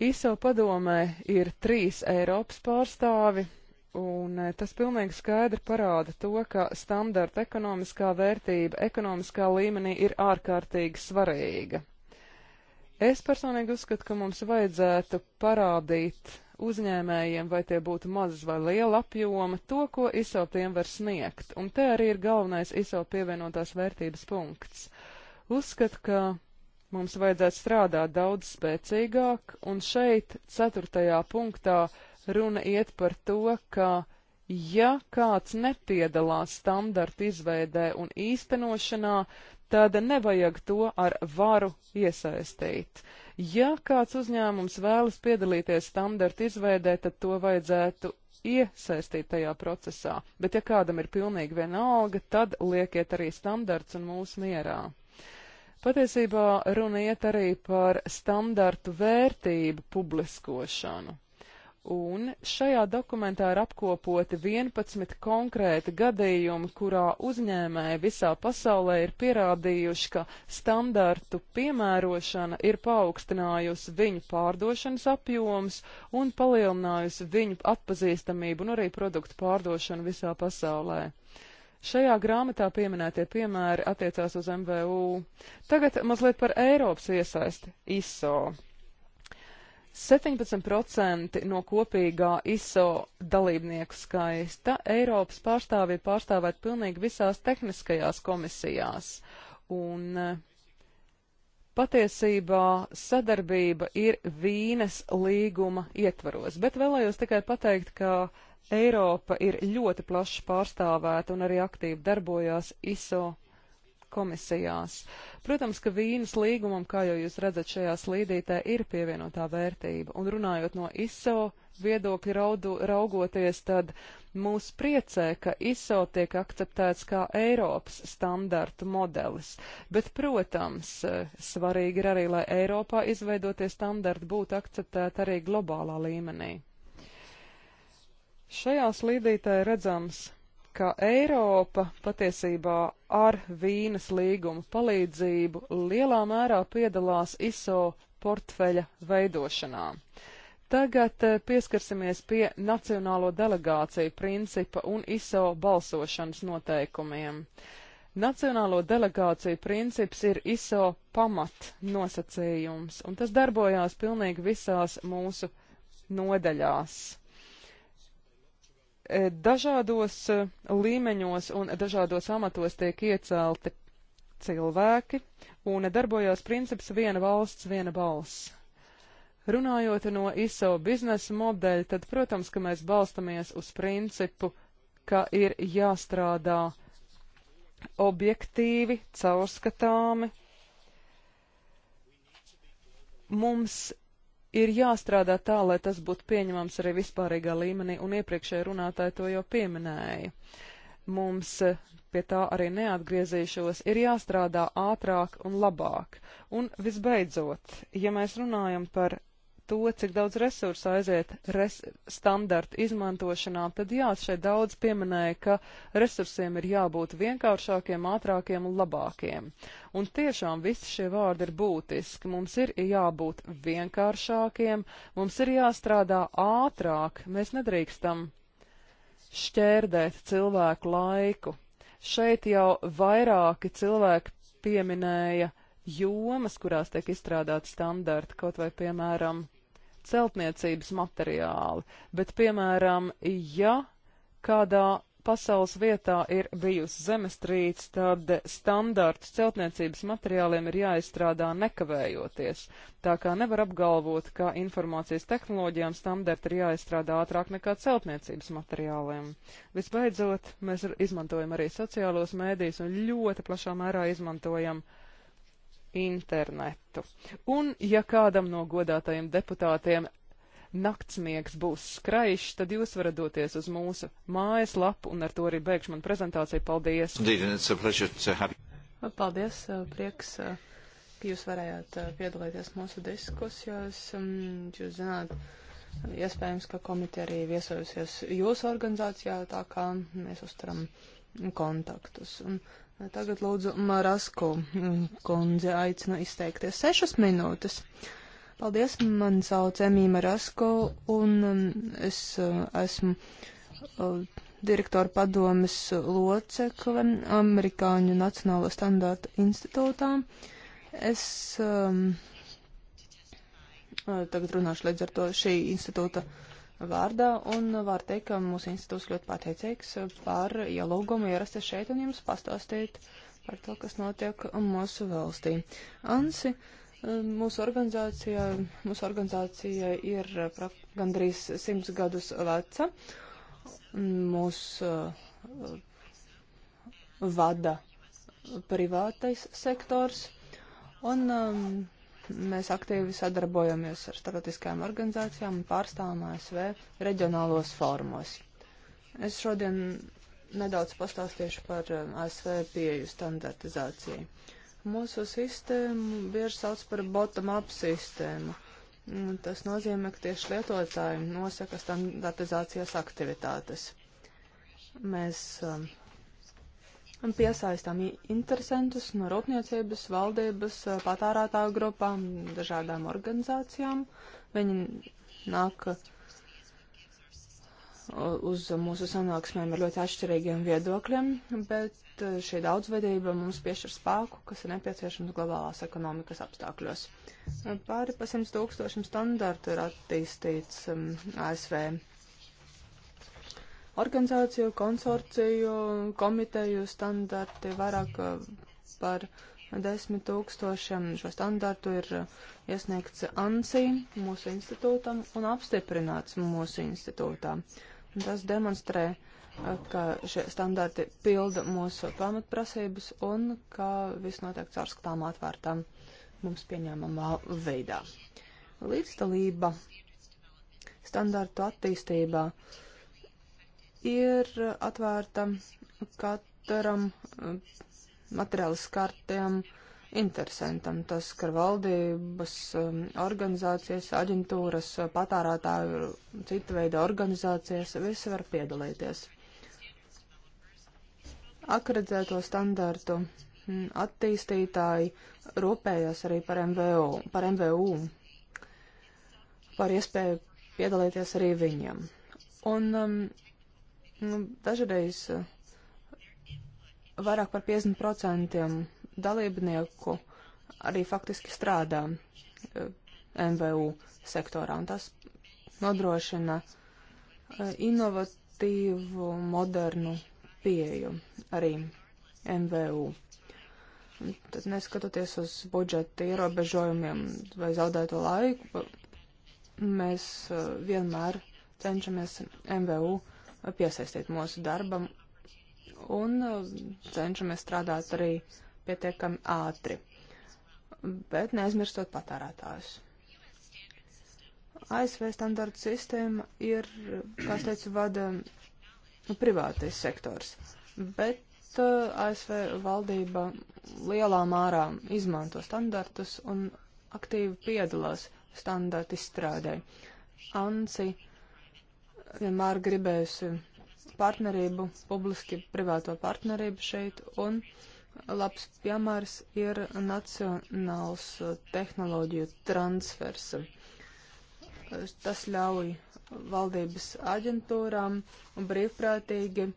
ISO padomē ir trīs Eiropas pārstāvi, un eh, tas pilnīgi skaidri parāda to, ka standarta ekonomiskā vērtība ekonomiskā līmenī ir ārkārtīgi svarīga. Es personīgi uzskatu, ka mums vajadzētu parādīt uzņēmējiem, vai tie būtu mazas vai liela apjoma, to, ko ISO tiem var sniegt, un te arī ir galvenais ISO pievienotās vērtības punkts. Uzskatu, ka mums vajadzētu strādāt daudz spēcīgāk, un šeit, ceturtajā punktā, uh, Runa iet par to, ka ja kāds nepiedalās standartu izveidē un īstenošanā, tad nevajag to ar varu iesaistīt. Ja kāds uzņēmums vēlas piedalīties standartu izveidē, tad to vajadzētu iesaistīt tajā procesā, bet ja kādam ir pilnīgi vienalga, tad liekiet arī standarts un mūsu mierā. Patiesībā runa iet arī par standartu vērtību publiskošanu. Un šajā dokumentā ir apkopoti 11 konkrēti gadījumi, kurā uzņēmēji visā pasaulē ir pierādījuši, ka standartu piemērošana ir paaugstinājusi viņu pārdošanas apjoms un palielinājusi viņu atpazīstamību un arī produktu pārdošanu visā pasaulē. Šajā grāmatā pieminētie piemēri attiecās uz MVU. Tagad mazliet par Eiropas iesaisti ISO. 17% no kopīgā ISO dalībnieku skaista Eiropas pārstāvji pārstāvēt pilnīgi visās tehniskajās komisijās. Un eh, patiesībā sadarbība ir Vīnes līguma ietvaros, bet vēlējos tikai pateikt, ka Eiropa ir ļoti plaši pārstāvēta un arī aktīvi darbojās ISO komisijās. Protams, ka vīnas līgumam, kā jau jūs redzat šajā slīdītē, ir pievienotā vērtība. Un runājot no ISO viedokļa raudu, raugoties, tad mūs priecē, ka ISO tiek akceptēts kā Eiropas standartu modelis. Bet, protams, svarīgi ir arī, lai Eiropā izveidotie standarti būtu akceptēti arī globālā līmenī. Šajā slīdītē redzams ka Eiropa patiesībā ar vīnas līgumu palīdzību lielā mērā piedalās ISO portfeļa veidošanā. Tagad eh, pieskarsimies pie Nacionālo delegāciju principa un ISO balsošanas noteikumiem. Nacionālo delegāciju princips ir ISO pamat nosacījums, un tas darbojās pilnīgi visās mūsu nodaļās. Dažādos eh, līmeņos un dažādos amatos tiek iecelti cilvēki, un darbojās princips viena valsts, viena balss. Runājot no ISO biznesa modeļa, tad, protams, ka mēs balstamies uz principu, ka ir jāstrādā objektīvi, caurskatāmi. Mums ir jāstrādā tā, lai tas būtu pieņemams arī vispārīgā līmenī, un iepriekšēji runātāji to jau pieminēja. Mums eh, pie tā arī neatgriezīšos, ir jāstrādā ātrāk un labāk. Un visbeidzot, ja mēs runājam par to, cik daudz resursu aiziet res standarta izmantošanā, tad jā, šeit daudz pieminēja, ka resursiem ir jābūt vienkāršākiem, ātrākiem un labākiem. Un tiešām visi šie vārdi ir būtiski. Mums ir jābūt vienkāršākiem, mums ir jāstrādā ātrāk, mēs nedrīkstam šķērdēt cilvēku laiku. Šeit jau vairāki cilvēki pieminēja jomas, kurās tiek izstrādāti standarti, kaut vai, piemēram, celtniecības materiāli, bet, piemēram, ja kādā pasaules vietā ir bijusi zemestrīce, tad standārts celtniecības materiāliem ir jāizstrādā nekavējoties. Tā kā nevar apgalvot, ka informācijas tehnoloģijām standarti ir jāizstrādā ātrāk nekā celtniecības materiāliem. Visbeidzot, mēs izmantojam arī sociālos mēdījus un ļoti plašā mērā izmantojam uh, internetu. Un, ja kādam no godātajiem deputātiem naktsmiegs būs skraišs, tad jūs varat doties uz mūsu mājaslapu, un ar to arī beigšu man prezentāciju. Paldies! Paldies, uh, prieks, uh,
ka jūs varējāt uh, piedalīties mūsu diskusijos. Um, jūs zināt, iespējams, ka komiteja arī viesojusies jūsu organizācijā, tā kā mēs uztaram kontaktus. Un Tagad lūdzu Marasku kundze aicinu izteikties sešas minūtes. Paldies, man sauc Emīma Marasko un um, es uh, esmu uh, direktora padomes locekle Amerikāņu Nacionālo standārtu institūtā. Es um, uh, tagad runāšu līdz ar to šī institūta uh, vārdā, un var teikt, ka mūsu institūts ļoti pateicīgs par ielūgumu ierasties šeit un jums pastāstīt par to, kas notiek mūsu valstī. Ansi, mūsu organizācija, mūsu organizācija ir gandrīz simts gadus veca. Mūs uh, vada privātais sektors, un um, Mēs aktīvi sadarbojamies ar starptautiskajām organizācijām un pārstāvam ASV reģionālos formos. Es šodien nedaudz pastāstīšu par um, ASV pieju standartizāciju. Mūsu sistēmu bieži sauc par bottom-up sistēmu. Tas nozīmē, ka tieši lietotāji nosaka standartizācijas aktivitātes. Mēs um, un piesaistām interesantus no rūpniecības, valdības, patārātāju grupām, dažādām organizācijām. Viņi nāk uz mūsu sanāksmēm ar ļoti atšķirīgiem viedokļiem, bet šī daudzveidība mums piešķir spēku, kas ir nepieciešams globālās ekonomikas apstākļos. Pāri pa 100 tūkstošiem standartu ir attīstīts ASV organizāciju, konsorciju, komiteju standarti vairāk uh, par desmit tūkstošiem šo standartu ir uh, iesniegts ANSI mūsu institūtam un apstiprināts mūsu institūtā. Tas demonstrē, uh, ka šie standarti pilda mūsu pamatprasības un ka viss notiek cārskatām atvērtām mums pieņēmamā veidā. Līdzdalība standartu attīstībā uh, ir atvērta katram materiāli skartiem interesantam. Tas, ka valdības, um, organizācijas, aģentūras, patārātāju, cita veida organizācijas, visi var piedalīties. Akreditēto standārtu mm, attīstītāji rūpējas arī par MVU, par MVU, par iespēju piedalīties arī viņiem. Un um, Nu, dažreiz eh, vairāk par 50% dalībnieku arī faktiski strādā eh, MVU sektorā, un tas nodrošina eh, inovatīvu, modernu pieju arī MVU. Tad neskatoties uz budžeta ierobežojumiem vai zaudēto laiku, mēs vienmēr cenšamies MVU piesaistīt mūsu darbam un uh, cenšamies strādāt arī pietiekami ātri, bet neaizmirstot patērētājus. ASV standarta sistēma ir, kā es teicu, vada privātais sektors, bet uh, ASV valdība lielā mārā izmanto standartus un aktīvi piedalās standarta izstrādē. ANSI vienmēr gribējusi partnerību, publiski privāto partnerību šeit, un labs piemērs ir nacionāls uh, tehnoloģiju transfers. Tas ļauj valdības aģentūrām brīvprātīgi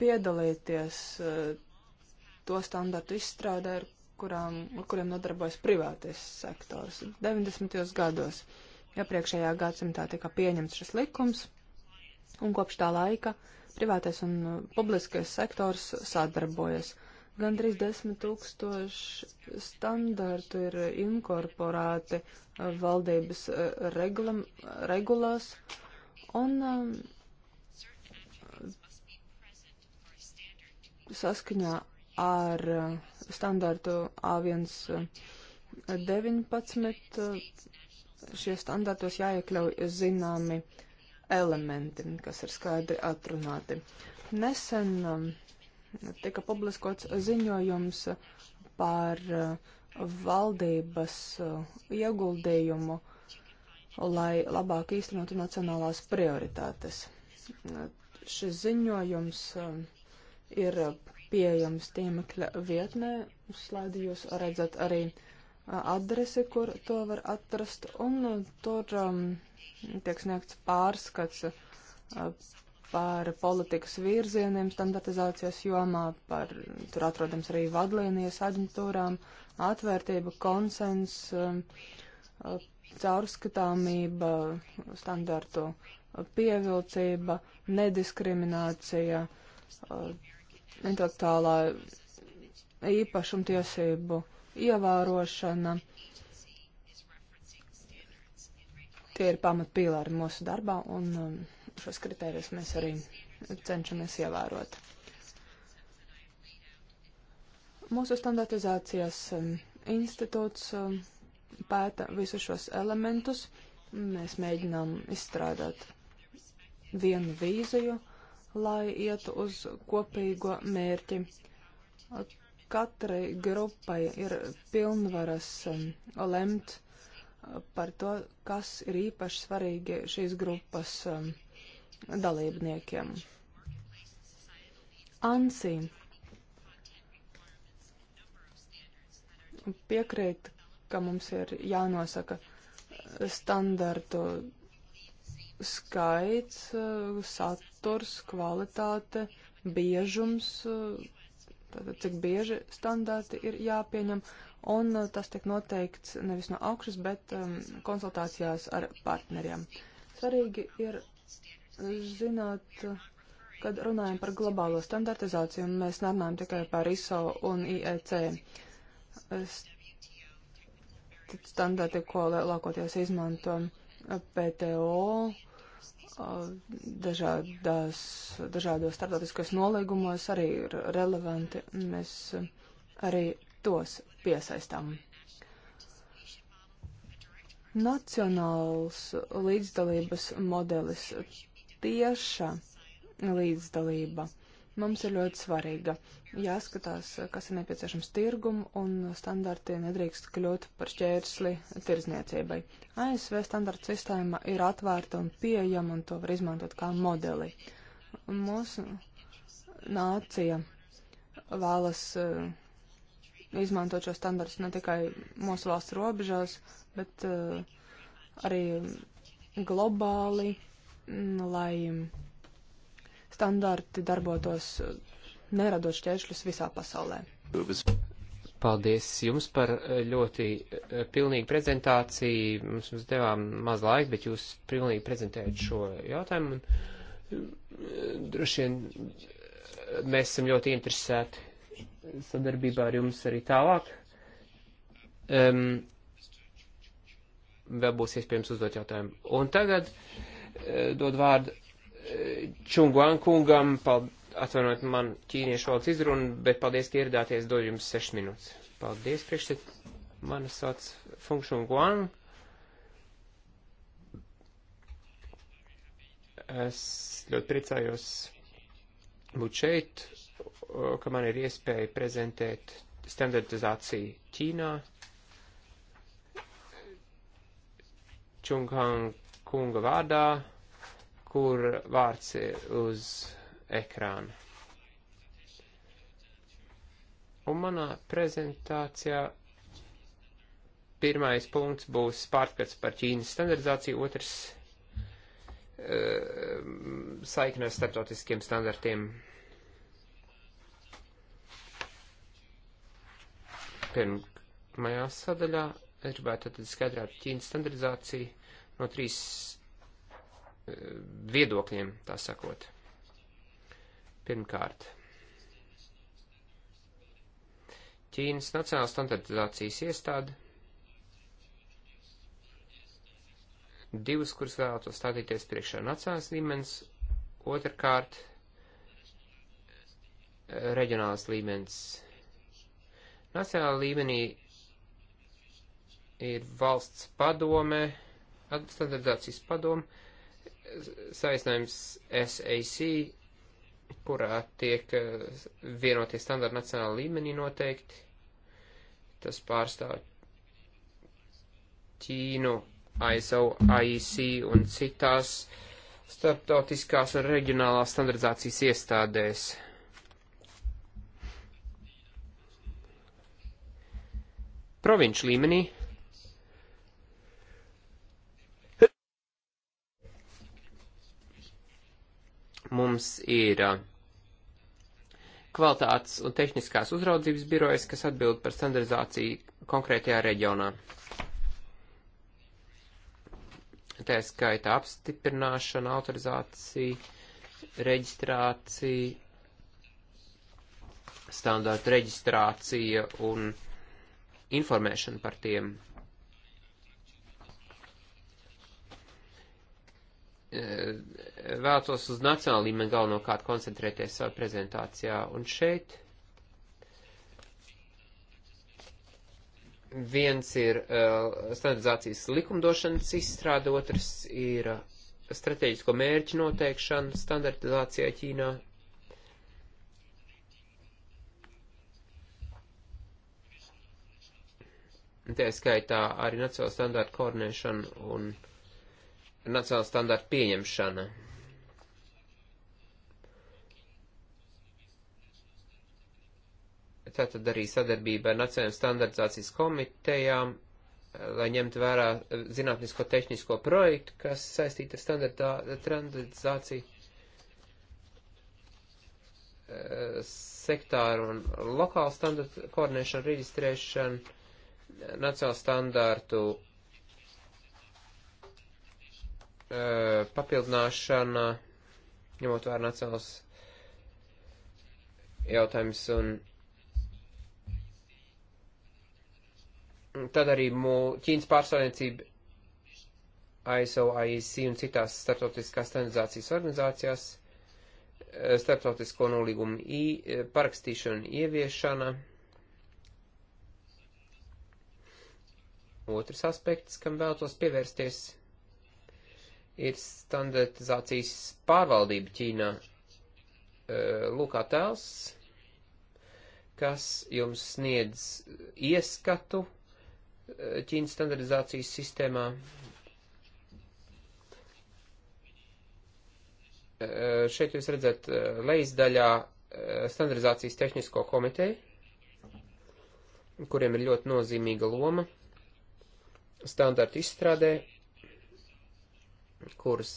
piedalīties uh, to standartu izstrādē, ar kurām, ar kuriem nodarbojas privātais sektors. 90. gados iepriekšējā gadsimtā tika pieņemts šis likums Un kopš tā laika privātais un uh, publiskais sektors sadarbojas. Gan 30 tūkstoši standartu ir inkorporēti uh, valdības uh, reglam, regulās, un um, saskaņā ar standartu A119 šie standartos jāiekļauj zināmi uh, elementi, kas ir skaidri atrunāti. Nesen um, tika publiskots ziņojums par uh, valdības uh, ieguldījumu, lai labāk īstenotu nacionālās prioritātes. Uh, šis ziņojums um, ir pieejams tīmekļa vietnē, uz slaidi jūs redzat arī uh, adresi, kur to var atrast, un uh, tur um, tiek sniegts pārskats par politikas virzieniem standartizācijas jomā, par tur atrodams arī vadlīnijas aģentūrām, atvērtība, konsens, caurskatāmība, standartu pievilcība, nediskriminācija, intelektuālā īpašumtiesību ievērošana. Tie ir pamatpīlāri mūsu darbā, un um, šos kritērijus mēs arī cenšamies ievērot. Mūsu standartizācijas um, institūts um, pēta visus šos elementus. Mēs mēģinām izstrādāt vienu vīziju, lai ietu uz kopīgo mērķi. Katrai grupai ir pilnvaras lemt par to, kas ir īpaši svarīgi šīs grupas um, dalībniekiem. ANSI piekrīt, ka mums ir jānosaka standartu skaits, uh, saturs, kvalitāte, biežums, uh, tātad cik bieži standarti ir jāpieņem, un uh, tas tiek noteikts nevis no augšas, bet um, konsultācijās ar partneriem. Svarīgi ir zināt, kad runājam par globālo standartizāciju, un mēs nerunājam tikai par ISO un IEC. Standarti, ko lielākoties izmanto PTO dažādās, dažādos starptautiskos nolīgumos arī ir relevanti. Mēs arī tos piesaistām. Nacionāls līdzdalības modelis tieša līdzdalība mums ir ļoti svarīga. Jāskatās, kas ir nepieciešams tirgumu, un standarti nedrīkst kļūt par šķērsli tirzniecībai. ASV standarta sistēma ir atvērta un pieejama, un to var izmantot kā modeli. Mūsu nācija vēlas eh, izmantot šo standartu ne tikai mūsu valsts robežās, bet eh, arī globāli, mm, lai standarti darbotos, neradot šķēršļus visā pasaulē.
Paldies jums par eh, ļoti eh, pilnīgu prezentāciju. Mums, mums devām maz laika, bet jūs pilnīgi prezentējat šo jautājumu. Un eh, droši vien mēs esam ļoti interesēti sadarbībā ar jums arī tālāk. Um, vēl būs iespējams uzdot jautājumu. Un tagad uh, dod vārdu Čunguan kungam, atvainojiet man ķīniešu valodas izrunu, bet paldies, ka ieradāties, dodu jums 6 minūtes. Paldies, priekšsēd. Mani sauc Funkšun Guang. Es ļoti priecājos būt šeit, ka man ir iespēja prezentēt standartizāciju Ķīnā. Čunghang kunga vārdā kur vārds ir uz ekrāna. Un manā prezentācijā pirmais punkts būs pārskats par Ķīnas standardizāciju, otrs e, saikne ar starptautiskiem standartiem. Pirmajā sadaļā es gribētu tad skaidrāt Ķīnas standardizāciju no trīs viedokļiem, tā sakot. Pirmkārt, Ķīnas Nacionāla standartizācijas iestāde, divas, kuras vēlētos stādīties priekšā nacionālas līmenis, otrkārt, reģionāls līmenis. Nacionālā līmenī ir valsts padome, standartizācijas padome, saistājums SAC, kurā tiek eh, vienotie standarti nacionāla līmenī noteikti. Tas pārstāv Ķīnu, ISO, IEC un citās starptautiskās un reģionālās standardizācijas iestādēs. Provinču līmenī Mums ir uh, kvalitātes un tehniskās uzraudzības birojas, kas atbild par standardizāciju konkrētajā reģionā. Tā skaita apstiprināšana, autorizācija, reģistrācija, standārtu reģistrācija un informēšana par tiem vēlētos uz nacionālu līmeni galvenokārt koncentrēties savā prezentācijā. Un šeit viens ir uh, standartizācijas likumdošanas izstrāde, otrs ir uh, strateģisko mērķu noteikšana standartizācijā Ķīnā. Tā skaitā arī nacionāla standarta koordinēšana un nacionāla standarta pieņemšana. tātad arī sadarbība ar Nacionālajām standartizācijas komitejām, eh, lai ņemtu vērā eh, zinātnisko tehnisko projektu, kas saistīta ar standartizāciju eh, sektāru un lokālu standartu koordinēšanu, reģistrēšanu, nacionālu standārtu papildināšana, ņemot vērā nacionāls jautājums un Tad arī mū, Ķīnas pārstāvniecība ISO, IEC un citās starptautiskās standardizācijas organizācijās, eh, starptautisko nolīgumu eh, parakstīšana un ieviešana. Otrs aspekts, kam vēlos pievērsties, ir standartizācijas pārvaldība Ķīnā. Eh, Lūkā tēls, kas jums sniedz ieskatu Ķīnas standardizācijas sistēmā. E, šeit jūs redzat e, lejasdaļā e, standardizācijas tehnisko komiteju, kuriem ir ļoti nozīmīga loma standarta izstrādē, kuras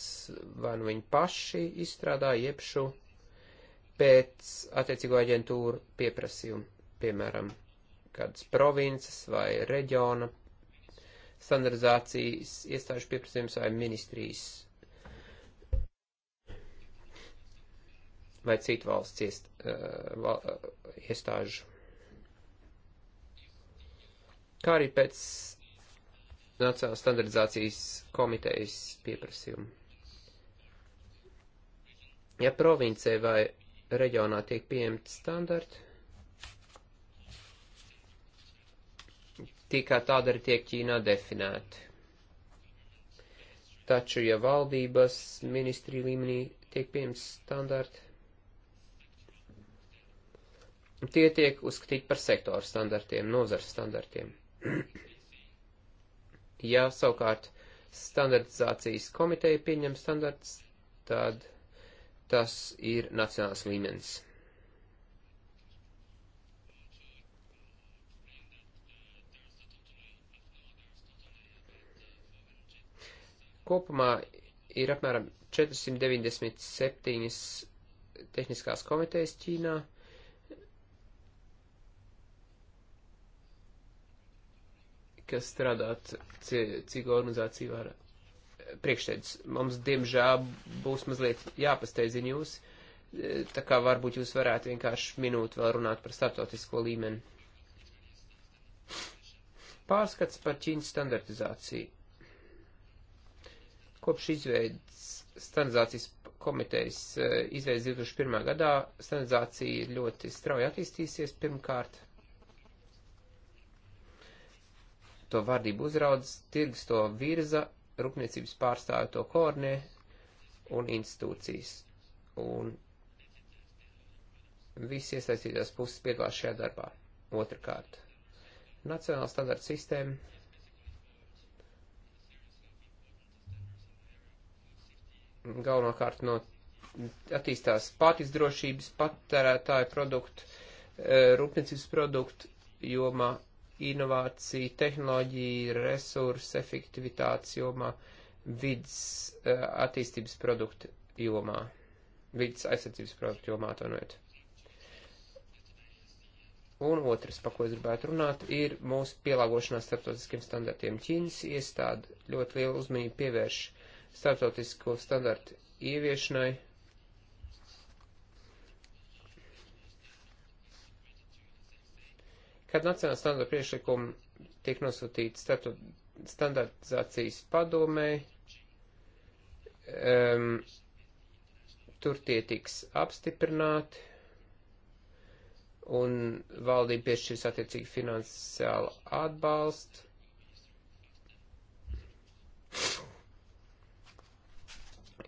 vai nu viņi paši izstrādā, jeb šo pēc attiecīgo aģentūru pieprasījumu, piemēram, kādas provinces vai reģiona standardizācijas iestāžu pieprasījums vai ministrijas vai citu valsts iest, uh, val, uh, iestāžu. Kā arī pēc Nacionālās standardizācijas komitejas pieprasījumu. Ja provincē vai reģionā tiek pieņemti standarti, tīkā tāda arī tiek Ķīnā definēti. Taču, ja valdības ministrija līmenī tiek pieņems standarti, tie tiek uzskatīti par sektoru standartiem, nozars standartiem. <clears throat> ja savukārt standartizācijas komiteja pieņem standarts, tad tas ir nacionāls līmenis. Kopumā ir apmēram 497 tehniskās komitejas Ķīnā. kas strādāt cigo organizāciju ar eh, priekšteicis. Mums, diemžēl, būs mazliet jāpasteidzina jūs, eh, tā kā varbūt jūs varētu vienkārši minūti vēl runāt par starptautisko līmeni. Pārskats par Ķīnas standartizāciju. Kopš izveidas standardizācijas komitejas eh, izveidas 2001. gadā standardizācija ir ļoti strauji attīstīsies. Pirmkārt, to vārdību uzraudzes, tirgs to virza, rūpniecības pārstāvi to koordinē un institūcijas. Un visi iesaistītās puses piedalās šajā darbā. Otrakārt, nacionāla standarta sistēma galvenokārt no attīstās pārtiks drošības, patērētāju produktu, e, rūpniecības produktu jomā, inovācija, tehnoloģija, resursu, efektivitātes jomā, vidas e, attīstības produktu jomā, vidas aizsardzības produktu jomā, atvainojiet. Un otrs, pa ko es gribētu runāt, ir mūsu pielāgošanās starptautiskiem standartiem. Ķīnas iestāde ļoti lielu uzmanību pievērš uh, starptautisko standartu ieviešanai. Kad nacionāla standarta priekšlikumi tiek nosūtīti standartizācijas padomē, um, tur tie tiks apstiprināti un valdība piešķirs attiecīgi finansiālu atbalstu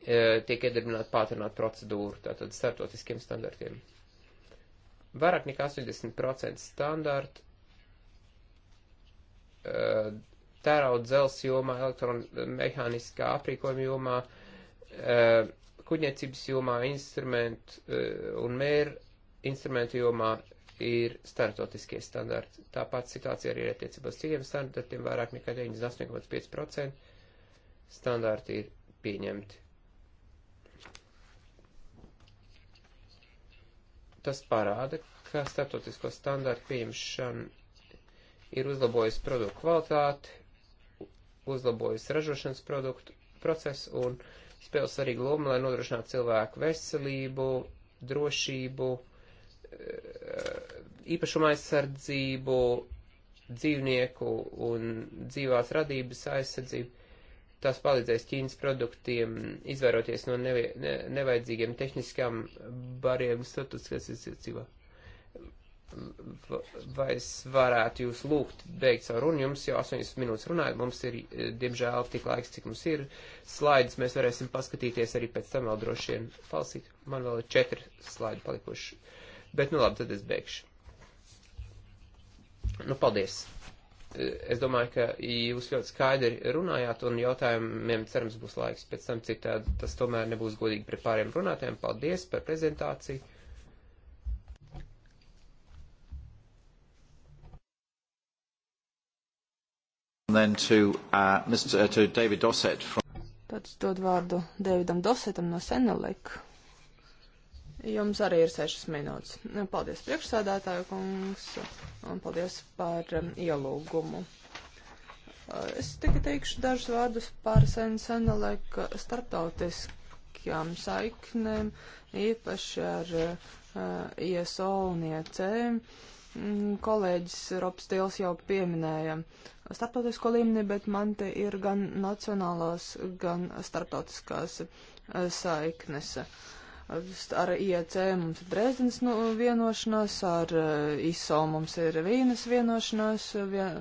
E, tiek iedarbināta pātrināta procedūra, tātad startautiskiem standartiem. Vairāk nekā 80% standārtu e, tērauda dzels jomā, elektromehāniskā aprīkojuma jomā, e, kuģniecības jomā, instrumentu un mēru instrumentu jomā ir startautiskie standarti. Tāpat situācija arī ir attiecībā uz citiem standartiem, vairāk nekā 98,5% standarti ir pieņemti Tas parāda, ka starptautisko standārtu pieņemšana ir uzlabojusi produktu kvalitāti, uzlabojusi ražošanas produktu procesu un spēl svarīgu lomu, lai nodrošinātu cilvēku veselību, drošību, eh, īpašuma aizsardzību, dzīvnieku un dzīvās radības aizsardzību. Tas palīdzēs Ķīnas produktiem izvairoties no nevi, ne, nevajadzīgiem tehniskām barjerām statuskās izcīcībā. Vai es varētu jūs lūgt beigt savu runu? Jums jau 8 minūtes runājot, mums ir, diemžēl, tik laiks, cik mums ir. Slaidus mēs varēsim paskatīties arī pēc tam vēl droši vien falsīt. Man vēl ir 4 slaidi palikuši. Bet, nu labi, tad es beigšu. Nu, paldies es domāju, ka jūs ļoti skaidri runājāt, un jautājumiem cerams būs laiks pēc tam, cik tā, tas tomēr nebūs godīgi pret pāriem runātājiem. Paldies par prezentāciju. To, uh, Mr., uh, to David Dossett from...
Tad dod vārdu Davidam Dosetam no Seneleka. Jums arī ir sešas minūtes. Paldies priekšsādātāju kungs un paldies par um, ielūgumu. Uh, es tikai teikšu dažus vārdus par sen senalēku starptautiskajām saiknēm, īpaši ar uh, ISO un IEC. Mm, kolēģis Robs Tils jau pieminēja starptautisko līmeni, bet man te ir gan nacionālās, gan starptautiskās uh, saiknes. Uh, Ar IEC mums ir Dresdens nu, vienošanās, ar eh, ISO mums ir Vīnes vienošanās, eh, vien,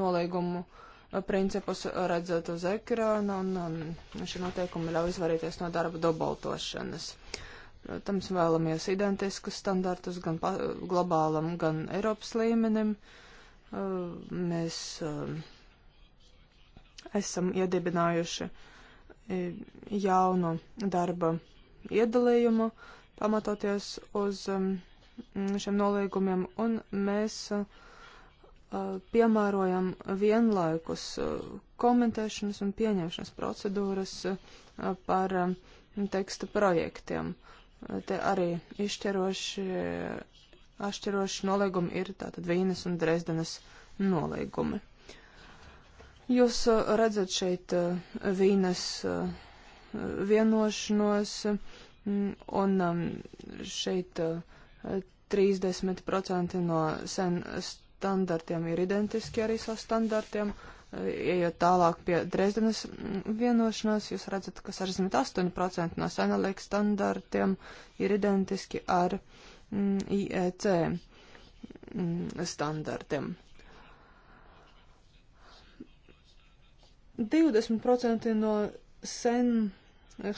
nolīgumu eh, principus redzēt uz ekrāna, un, un šie noteikumi ļauj izvarīties no darba dobaltošanas. Protams, vēlamies identiskus standartus gan pa, globālam, gan Eiropas līmenim. Mēs esam iedibinājuši jaunu darba iedalījumu, pamatoties uz um, šiem nolīgumiem, un mēs uh, piemērojam vienlaikus uh, komentēšanas un pieņemšanas procedūras uh, par um, teksta projektiem. Te arī izšķiroši, atšķiroši nolīgumi ir tātad Vīnes un Dresdenes nolīgumi. Jūs redzat šeit Vīnes uh, vienošanos, mm, un mm, šeit 30% eh, no sen standartiem ir identiski arī savu standartiem. Ejot eh, tālāk pie Dresdenes mm, vienošanās, jūs redzat, ka 68% no senaliek standartiem ir identiski ar IEC standartiem. 20% no sen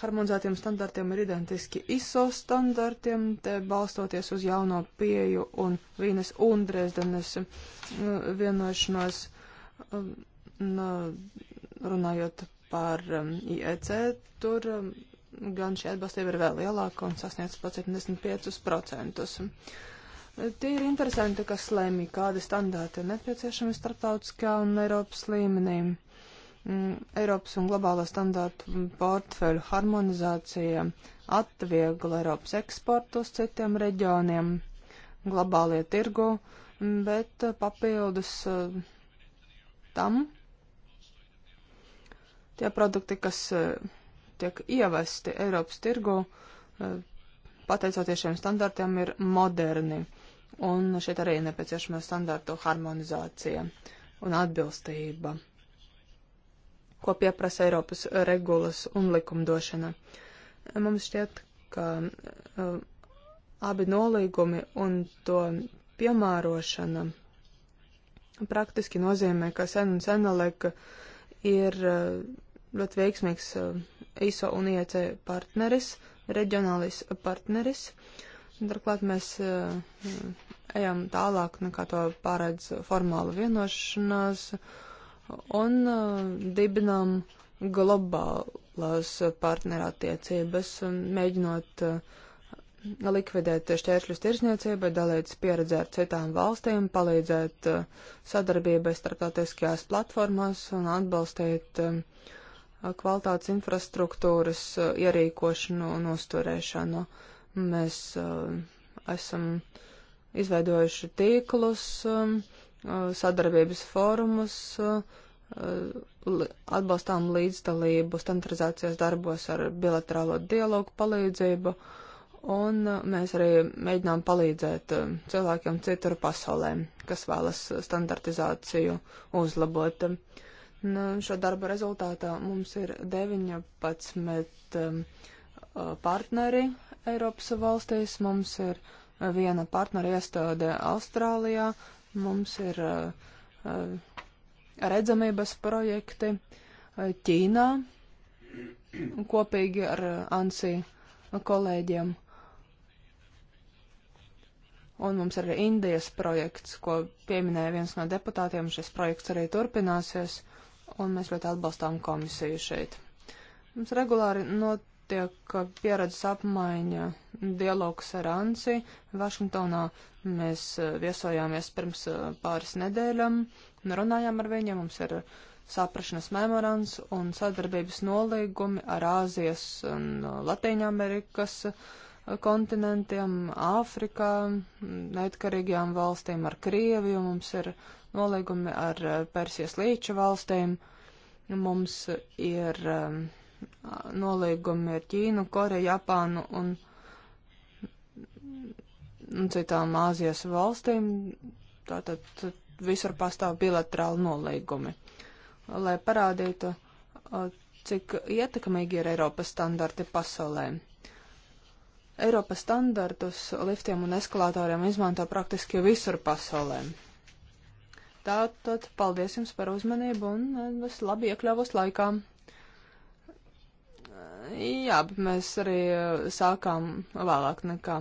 harmonizētiem standartiem ir identiski ISO standartiem, te balstoties uz jauno pieju un Vīnes un Dresdenes nu, vienošanos, um, nu, runājot par um, IEC, tur um, gan šī atbalstība ir vēl lielāka un sasniedz pat 75%. Tie ir interesanti, kas lēmī, kādi standarti ir nepieciešami starptautiskā un Eiropas līmenī. Mm, Eiropas un globālo standārtu portfeļu harmonizācija atviegla Eiropas eksportu uz citiem reģioniem, globālie tirgu, mm, bet eh, papildus eh, tam tie produkti, kas eh, tiek ievesti Eiropas tirgu, pateicoties šiem standartiem, ir moderni. Un šeit arī nepieciešama standārtu harmonizācija un atbilstība ko pieprasa Eiropas regulas un likumdošana. Mums šķiet, ka uh, abi nolīgumi un to piemērošana praktiski nozīmē, ka sen un senalek ir eh, ļoti veiksmīgs eh, ISO un IEC partneris, reģionālis partneris. Turklāt mēs ejam tālāk nekā to pārēdz formāla vienošanās. Uh, un uh, dibinām globālās partnerattiecības, mēģinot uh, likvidēt šķēršļus tirsniecībai, dalīties pieredzē ar citām valstīm, palīdzēt uh, sadarbībai starptautiskajās platformās un atbalstīt kvalitātes infrastruktūras ierīkošanu un uzturēšanu. Mēs esam izveidojuši tīklus, um, Uh, sadarbības fórumus, uh, atbalstām līdzdalību standartizācijas darbos ar bilaterālo dialogu palīdzību, un uh, mēs arī mēģinām palīdzēt cilvēkiem citur pasaulē, kas vēlas standartizāciju uzlabot. Nu, šo darbu rezultātā mums ir 19 um, partneri Eiropas valstīs, mums ir viena partneri iestāde Austrālijā, Mums ir uh, uh, redzamības projekti uh, Ķīnā kopīgi ar ANSI kolēģiem. Un mums ir arī Indijas projekts, ko pieminēja viens no deputātiem. Šis projekts arī turpināsies, un mēs ļoti atbalstām komisiju šeit. Mums regulāri not notiek pieredzes apmaiņa, dialogs ar ANSI. Vašingtonā mēs eh, viesojāmies pirms eh, pāris nedēļām un runājām ar viņiem. Mums ir saprašanas memorands un sadarbības nolīgumi ar Āzijas un eh, Latīņamerikas kontinentiem, Āfrikā, neatkarīgajām valstīm, ar Krieviju. Mums ir nolīgumi ar Persijas līča valstīm. Mums ir um, nolīgumi ar Ķīnu, Koreju, Japānu un, un citām Āzijas valstīm. Tātad visur pastāv bilaterāli nolīgumi, lai parādītu, cik ietekmīgi ir Eiropas standarti pasaulē. Eiropas standartus liftiem un eskalatoriem izmanto praktiski visur pasaulē. Tātad paldies jums par uzmanību un es labi iekļavos laikā. Jā, bet mēs arī eh, sākām vēlāk nekā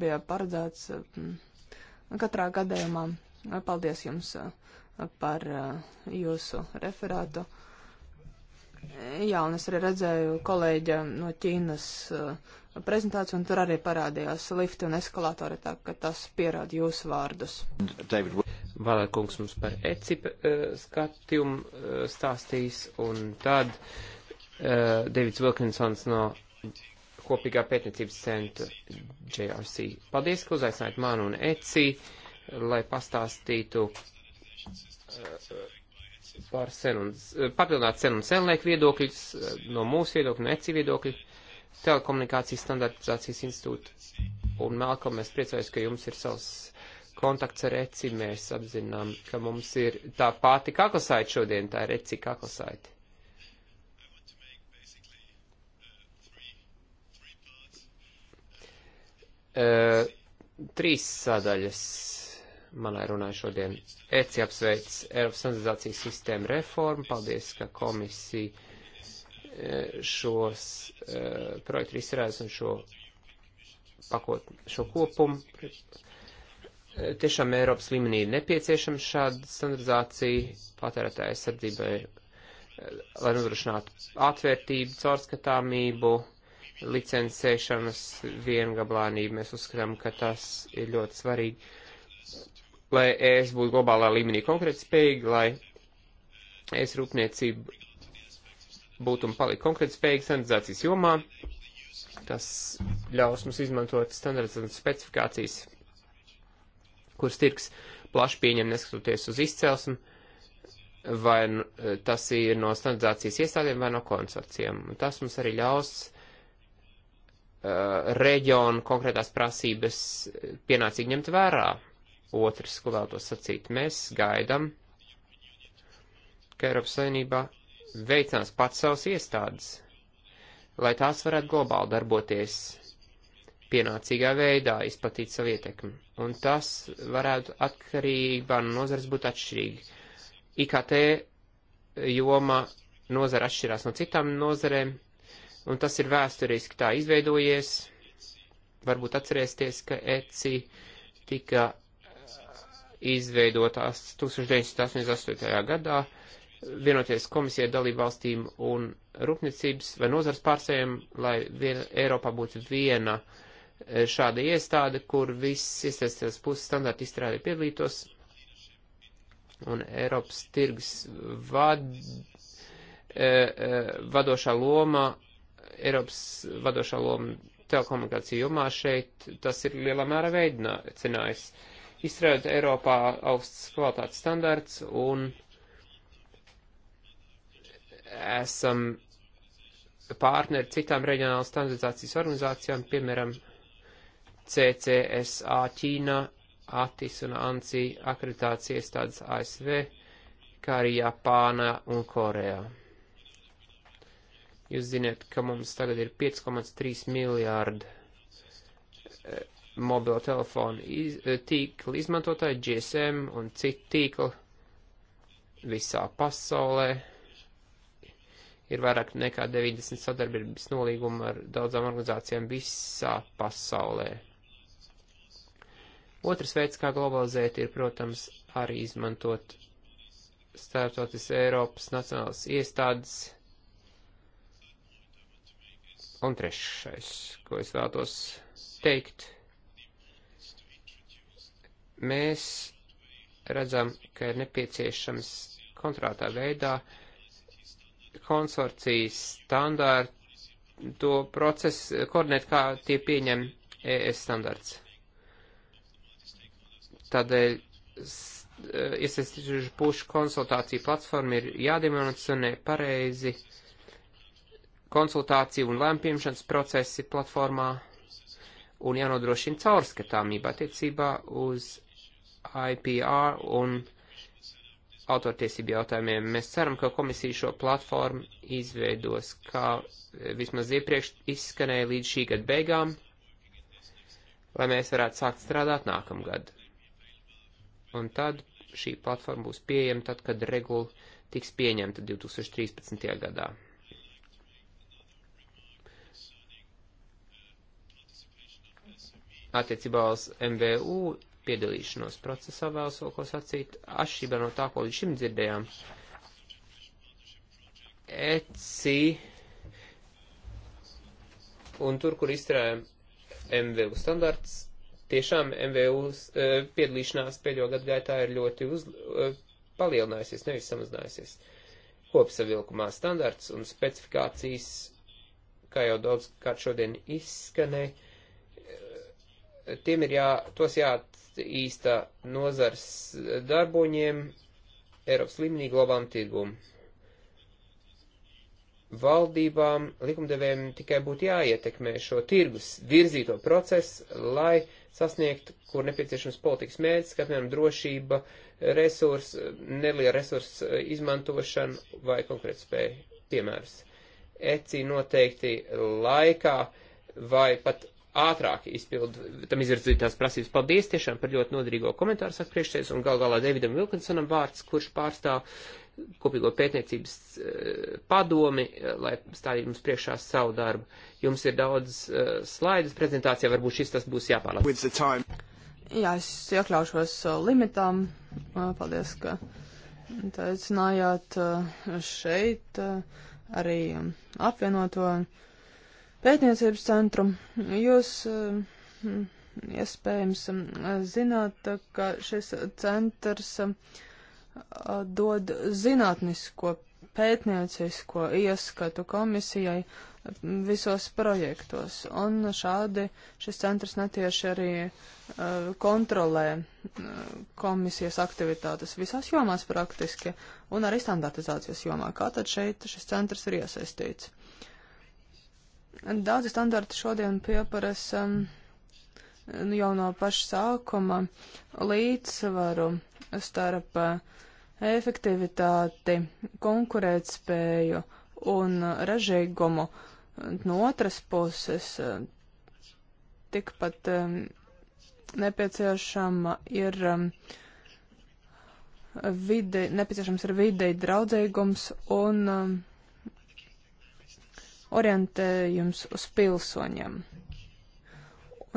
bija paredzēts. Eh, katrā gadījumā paldies jums eh, par jūsu referātu. Jā, un es arī redzēju kolēģa no Ķīnas prezentāciju, un tur arī parādījās lifti un eskalatori, tā ka tas pierāda jūsu vārdus.
David. Valērkungs mums par ECIP skatījumu stāstīs, un tad. Uh, uh, Davids Wilkinsons no kopīgā pētniecības centra JRC. Paldies, ka uzaicinājāt mani un ECI, lai pastāstītu
uh,
par senu un, uh, papildināt senu un senlieku viedokļus, uh, no mūsu viedokļa, no ECI viedokļa, telekomunikācijas standartizācijas institūta. Un Melkom, es priecājos, ka jums ir savs kontakts ar ECI. Mēs apzinām, ka mums ir tā pati kaklasaita šodien, tā ir ECI kaklasaita. Uh, trīs sadaļas manai runai šodien. ECI apsveic Eiropas standardizācijas sistēmu reformu. Paldies, ka komisija eh, šos uh, projektu izstrādās un šo pakotni, šo kopumu. Tiešām Eiropas līmenī ir nepieciešama šāda standardizācija patērētāja sardzībai, lai nodrošinātu atvērtību, caurskatāmību, uh, licencēšanas viengablānību. Mēs uzskatām, ka tas ir ļoti svarīgi, lai es būtu globālā līmenī konkrēti spējīgi, lai es rūpniecību būtu un palikt konkrēti spējīgi standardizācijas jomā. Tas ļaus mums izmantot standardizācijas specifikācijas, kuras tirgs plaši pieņem neskatoties uz izcelsmu vai nu, tas ir no standardizācijas iestādēm vai no konsorcijiem. Tas mums arī ļaus Eh, reģionu konkrētās prasības pienācīgi ņemt vērā. Otrs, ko vēl to sacīt, mēs gaidam, ka Eiropas Savienībā veicinās pats savas iestādes, lai tās varētu globāli darboties pienācīgā veidā, izplatīt savu ietekmi. Un tas varētu atkarībā no nozars būt atšķirīgi. IKT joma nozara atšķirās no citām nozarēm, un tas ir vēsturiski tā izveidojies. Varbūt atcerēsties, ka ECI tika eh, izveidotās 1988. gadā, vienoties komisijai dalību valstīm un rūpniecības vai nozars pārsējiem, lai vien, Eiropā būtu viena eh, šāda iestāde, kur viss iesaistītās puses standarti izstrādē piedalītos, un Eiropas tirgus vad, e, e, vadošā loma Eiropas vadošā loma telekomunikāciju jomā šeit tas ir lielā mērā veidinājis. Izstrādāt Eiropā augsts kvalitātes standarts un esam partneri citām reģionālas standardizācijas organizācijām, piemēram, CCSA Ķīna, ATIS un ANSI akreditācijas tādas ASV, kā arī Japāna un Korejā. Jūs ziniet, ka mums tagad ir 5,3 miljārdi e, mobilo telefonu iz, e, tīkli izmantotāji, GSM un citu tīkli visā pasaulē. Ir vairāk nekā 90 sadarbības nolīguma ar daudzām organizācijām visā pasaulē. Otrs veids, kā globalizēt, ir, protams, arī izmantot starptautis Eiropas nacionālas iestādes Un trešais, ko es vēlētos teikt, mēs redzam, ka ir nepieciešams kontrātā veidā konsorcijas standārto procesu koordinēt, kā tie pieņem ES standarts. Tādēļ e, iesaistīšu pušu konsultāciju platformu ir jādimensionē pareizi konsultāciju un lēmpiemšanas procesi platformā un jānodrošina caurskatāmība attiecībā uz IPR un autortiesību jautājumiem. Mēs ceram, ka komisija šo platformu izveidos, kā vismaz iepriekš izskanēja līdz šī gada beigām, lai mēs varētu sākt strādāt nākamgad. Un tad šī platforma būs pieejama tad, kad regula tiks pieņemta 2013. gadā. attiecībā uz MVU piedalīšanos procesā vēlas vēl ko sacīt, atšķirībā no tā, ko līdz šim dzirdējām. ECI un tur, kur izstrādājam MVU standarts, tiešām MVU e, piedalīšanās pēdējo gadu gaitā ir ļoti uz, e, palielinājusies, nevis samazinājusies. Kopsavilkumā standarts un specifikācijas, kā jau daudz kārt šodien izskanēja, tiem ir jā, tos jāīsta nozars darboņiem Eiropas līmenī globām tirgumu. Valdībām, likumdevējiem tikai būtu jāietekmē šo tirgus virzīto procesu, lai sasniegtu, kur nepieciešams politikas mērķis, kā piemēram drošība, resursu, neliela resursu izmantošana vai konkrētspēja. Piemērs. ECI noteikti laikā vai pat ātrāk izpildu tam izvirzītās prasības. Paldies tiešām par ļoti nodrīgo komentāru saka priekšsēdus un gal galā Davidam Vilkinsonam vārds, kurš pārstāv kopīgo pētniecības eh, padomi, eh, lai stādītu mums priekšā savu darbu. Jums ir daudz uh, eh, slaidus prezentācijā, varbūt šis tas būs jāpārlāk.
Jā, es iekļaušos uh, limitām. Uh, paldies, ka teicinājāt uh, šeit uh, arī apvienoto. Uh, pētniecības centru. Jūs eh, iespējams zināt, ka šis centrs eh, dod zinātnisko pētniecisko ieskatu komisijai visos projektos. Un šādi šis centrs netieši arī eh, kontrolē komisijas aktivitātes visās jomās praktiski un arī standartizācijas jomā. Kā tad šeit šis centrs ir iesaistīts? Daudzi standarti šodien pieparas um, nu, jau no paša sākuma līdzsvaru starp uh, efektivitāti, konkurētspēju un ražīgumu. No otras puses, uh, tikpat um, nepieciešama ir um, vide, nepieciešams ir videi draudzīgums un um, orientējums uz pilsoņiem.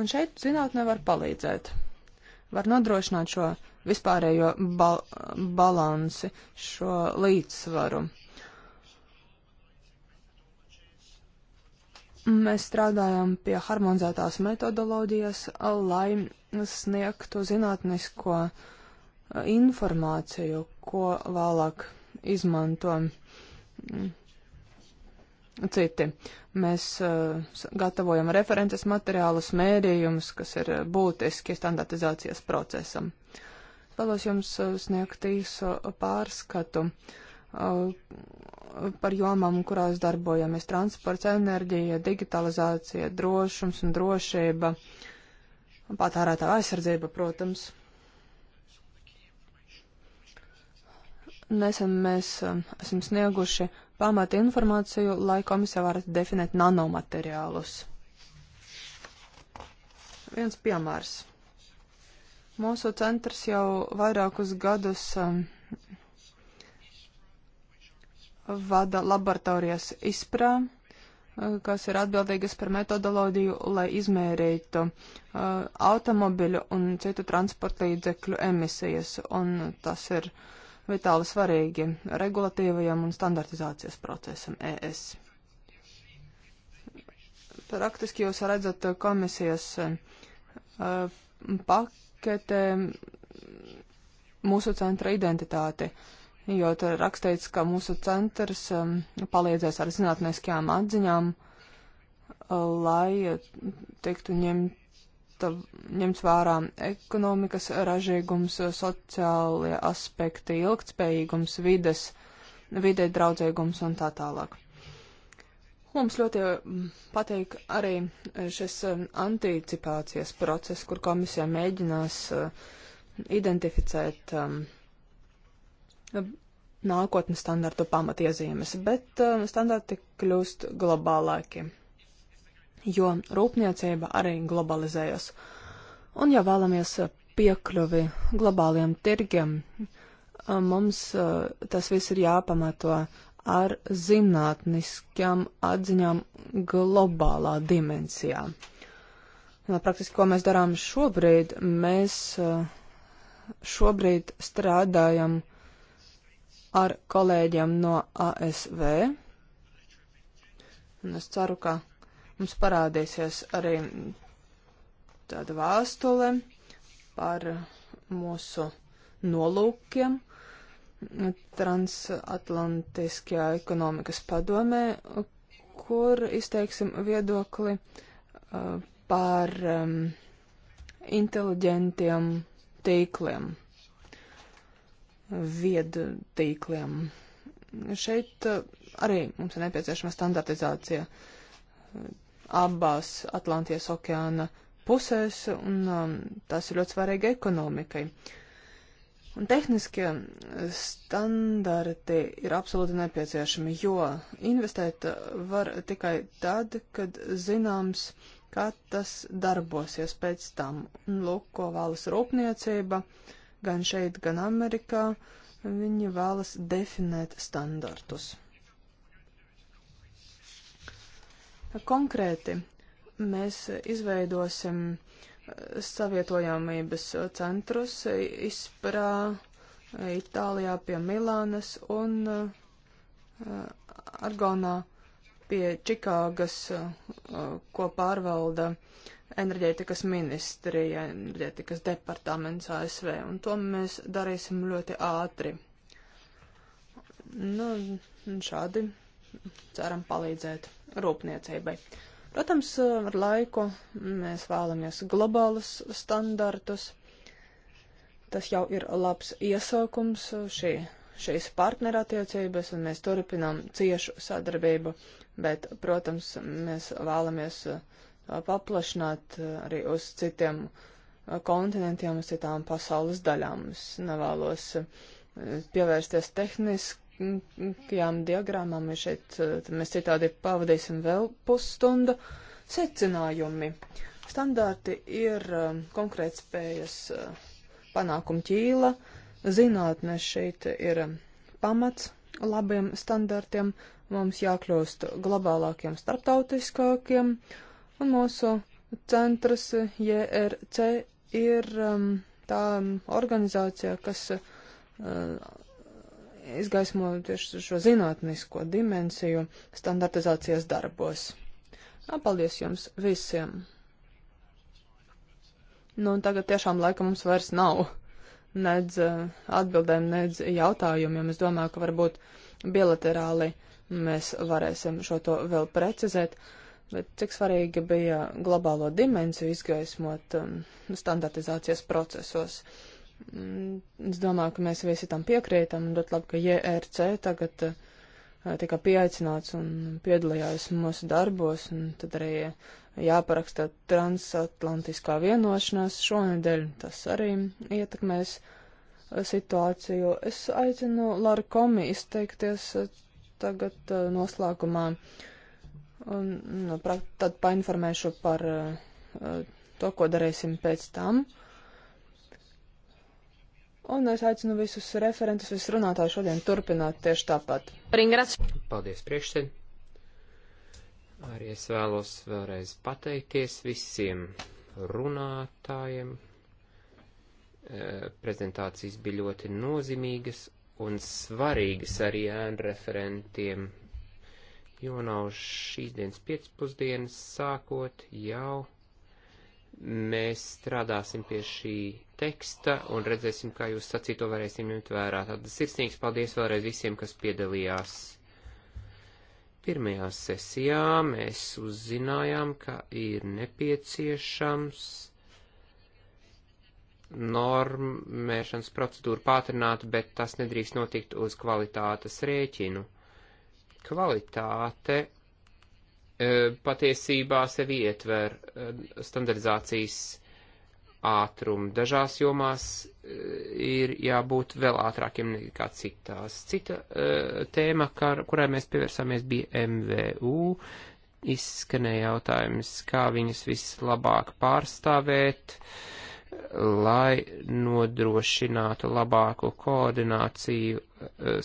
Un šeit zinātnē var palīdzēt. Var nodrošināt šo vispārējo bal balansi, šo līdzsvaru. Mēs strādājam pie harmonizētās metodoloģijas, lai sniegtu zinātnisko eh, informāciju, ko vēlāk izmanto mm, citi. Mēs uh, gatavojam references materiālus, mērījumus, kas ir uh, būtiski standartizācijas procesam. Vēlos jums uh, sniegt īsu pārskatu uh, par jomām, kurās darbojamies - transports, enerģija, digitalizācija, drošums un drošība, patērētā aizsardzība, protams. Nesen mēs um, esam snieguši pamata informāciju, lai komisija varētu definēt nanomateriālus. Viens piemērs. Mūsu centrs jau vairākus gadus um, vada laboratorijas ISPRA, uh, kas ir atbildīgas par metodoloģiju, lai izmērītu uh, automobiļu un citu transportlīdzekļu emisijas. Un tas ir uh, vitāli svarīgi regulatīvajam un standartizācijas procesam ES. Praktiski jūs redzat komisijas uh, pakete mūsu centra identitāti, jo tur rakstīts, ka mūsu centrs um, palīdzēs ar zinātniskajām atziņām, uh, lai tiktu ņemt tikt ņemts vērā ekonomikas ražīgums, sociālie aspekti, ilgtspējīgums, vides, vidē draudzīgums un tā tālāk. Mums ļoti mm, patīk arī šis mm, anticipācijas process, kur komisija mēģinās mm, identificēt nākotnes standartu pamatiezīmes, bet standarti kļūst globālāki jo rūpniecība arī globalizējas. Un, ja vēlamies piekļuvi globāliem tirgiem, mums eh, tas viss ir jāpamato ar zinātniskām atziņām globālā dimensijā. Praktiski, ko mēs darām šobrīd, mēs eh, šobrīd strādājam ar kolēģiem no ASV. Un es ceru, ka Mums parādīsies arī tāda vēstule par mūsu nolūkiem transatlantiskajā ekonomikas padomē, kur izteiksim viedokli uh, par um, inteliģentiem tīkliem, viedu tīkliem. Šeit uh, arī mums ir nepieciešama standartizācija. Uh, abās Atlantijas okeāna pusēs, un um, tas ir ļoti svarīgi ekonomikai. Un tehniskie standarti ir absolūti nepieciešami, jo investēt var tikai tad, kad zināms, kā tas darbosies pēc tam. Un lūk, ko vēlas rūpniecība, gan šeit, gan Amerikā, viņi vēlas definēt standartus. Konkrēti, mēs izveidosim eh, savietojamības centrus Isprā, Itālijā pie Milānas un eh, Argonā pie Čikāgas, eh, ko pārvalda enerģētikas ministrija, enerģētikas departaments ASV, un to mēs darīsim ļoti ātri. Nu, šādi ceram palīdzēt rūpniecībai. Protams, ar laiku mēs vēlamies globālus standartus. Tas jau ir labs iesaukums šī, šīs partnerattiecības, un mēs turpinām ciešu sadarbību, bet, protams, mēs vēlamies uh, paplašināt uh, arī uz citiem uh, kontinentiem, uz citām pasaules daļām. Es nevēlos pievērsties tehniski tehniskajām diagrammām mēs šeit, mēs citādi pavadīsim vēl pusstundu. Secinājumi. Standarti ir konkrētspējas panākuma ķīla, zinātne šeit ir pamats labiem standartiem, mums jākļūst globālākiem, starptautiskākiem, un mūsu centrs JRC ir um, tā organizācija, kas uh, izgaismo tieši šo zinātnisko dimensiju standartizācijas darbos. Paldies jums visiem! Nu, tagad tiešām laika mums vairs nav nedz atbildēm, nedz jautājumiem. Es domāju, ka varbūt bilaterāli mēs varēsim šo to vēl precizēt, bet cik svarīgi bija globālo dimensiju izgaismot um, standartizācijas procesos. Uh, Mm, es domāju, ka mēs visi tam piekrītam, un ļoti labi, ka JRC e tagad eh, tika pieaicināts un piedalījās mūsu darbos, un tad arī jāparaksta transatlantiskā vienošanās šonedēļ, tas arī ietekmēs eh, situāciju. Es aicinu Lara Komi izteikties eh, tagad noslēgumā, un nu, tad painformēšu par to, ko darīsim pēc tam. Uh, Un es aicinu visus referentus, visus runātājus šodien turpināt tieši tāpat. Ringrats.
Paldies, priekšsēd. Arī es vēlos vēlreiz pateikties visiem runātājiem. Eh, prezentācijas bija ļoti nozīmīgas un svarīgas arī ēnu referentiem, jo nav šīs dienas pēcpusdienas sākot jau Mēs strādāsim pie šī teksta un redzēsim, kā jūs sacīto varēsim ņemt vērā. Tad sirsnīgs paldies vēlreiz visiem, kas piedalījās. Pirmajā sesijā mēs uzzinājām, ka ir nepieciešams normēšanas procedūru pātrināt, bet tas nedrīkst notikt uz kvalitātes rēķinu. Kvalitāte E, patiesībā sevi ietver e, standardizācijas ātrumu. Dažās jomās e, ir jābūt vēl ātrākiem nekā citās. Cita tēma, kar, kurai mēs pievērsāmies, bija MVU. Izskanēja jautājums, kā viņas vislabāk pārstāvēt, lai nodrošinātu labāku koordināciju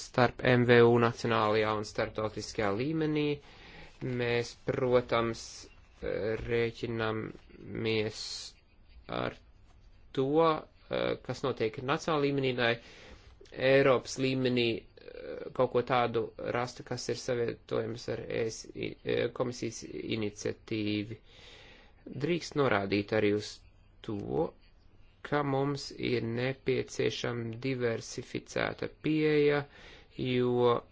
starp MVU nacionālajā un starptautiskajā līmenī. Uh, Mēs, protams, rēķinamies ar to, eh, kas notiek nacionāla līmenī, lai Eiropas līmenī eh, kaut ko tādu rastu, kas ir savietojams ar ES eh, komisijas iniciatīvi. Drīkst norādīt arī uz to, ka mums ir nepieciešama diversificēta pieeja, jo uh,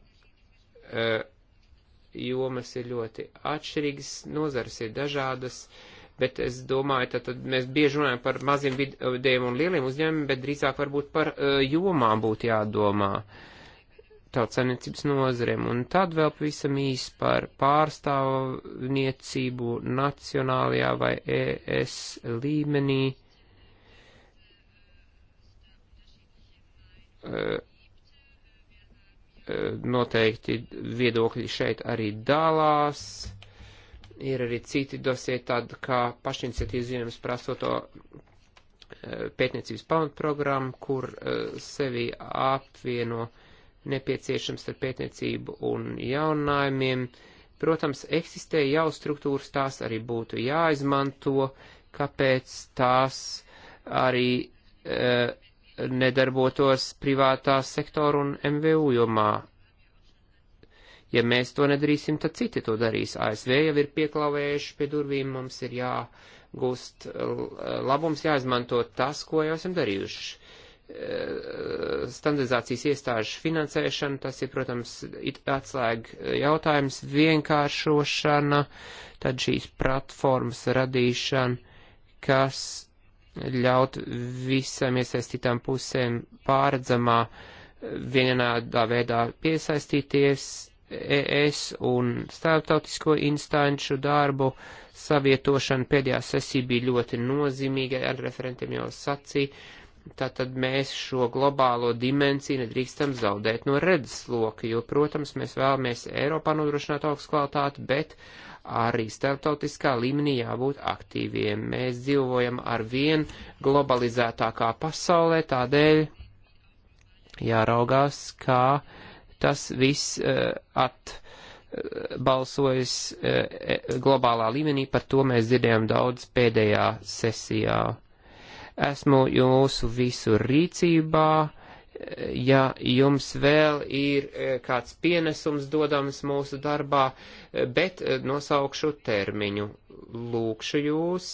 jomas ir ļoti atšķirīgas, nozars ir dažādas, bet es domāju, tad, tad mēs bieži runājam par maziem vidējiem un lieliem uzņēmumiem, bet drīzāk varbūt par uh, jomām būtu jādomā tautsainicības nozarēm. Un tad vēl pavisam īsi par pārstāvniecību nacionālajā vai ES līmenī. Uh, Eh, noteikti viedokļi šeit arī dalās. Ir arī citi dosie tādi, kā pašiniciatīvas ziņojums prasoto eh, pētniecības pamatprogrammu, kur eh, sevi apvieno nepieciešams ar pētniecību un jauninājumiem. Protams, eksistē jau struktūras, tās arī būtu jāizmanto, kāpēc tās arī uh, nedarbotos privātā sektora un MVU jomā. Ja mēs to nedarīsim, tad citi to darīs. ASV jau ir pieklavējuši pie durvīm, mums ir jāgūst labums, jāizmanto tas, ko jau esam darījuši. E, standardizācijas iestāžu finansēšana, tas ir, protams, atslēga jautājums, vienkāršošana, tad šīs platformas radīšana, kas ļaut visam iesaistītām pusēm pāredzamā vienādā veidā piesaistīties ES un starptautisko instanču darbu savietošana pēdējā sesija bija ļoti nozīmīga, ar referentiem jau sacīja, tātad mēs šo globālo dimensiju nedrīkstam zaudēt no redzesloka, jo, protams, mēs vēlamies Eiropā nodrošināt augstu kvalitāti, bet uh, arī starptautiskā līmenī jābūt aktīviem. Mēs dzīvojam ar vien globalizētākā pasaulē, tādēļ jāraugās, kā tas viss uh, atbalsojas uh, globālā līmenī, par to mēs dzirdējām daudz pēdējā sesijā. Esmu jūsu visu rīcībā ja jums vēl ir e, kāds pienesums dodams mūsu darbā, e, bet e, nosaukšu termiņu. Lūkšu jūs,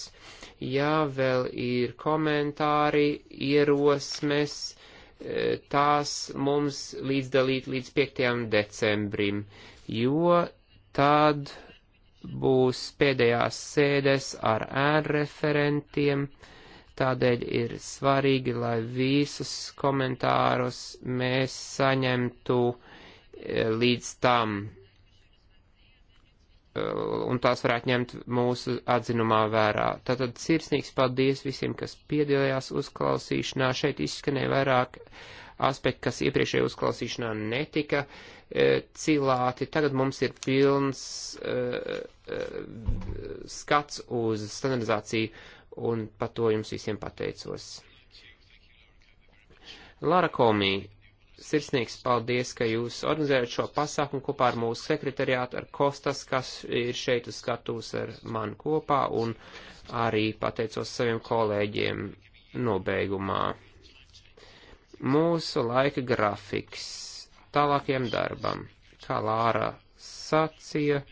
ja vēl ir komentāri, ierosmes, tās mums līdzdalīt līdz 5. decembrim, jo tad būs pēdējās sēdes ar ēnreferentiem referentiem Tādēļ ir svarīgi, lai visus komentārus mēs saņemtu e, līdz tam, e, un tās varētu ņemt mūsu atzinumā vērā. Tātad sirsnīgs paldies visiem, kas piedalījās uzklausīšanā. Šeit izskanēja vairāk aspekti, kas iepriekšējā uzklausīšanā netika e, cilāti. Tagad mums ir pilns e, e, skats uz standardizāciju un par to jums visiem pateicos. Lara Komī, sirsnīgs paldies, ka jūs organizējat šo pasākumu kopā ar mūsu sekretariātu, ar Kostas, kas ir šeit uz skatuves ar mani kopā, un arī pateicos saviem kolēģiem nobeigumā. Mūsu laika grafiks tālākiem darbam, kā Lāra sacīja,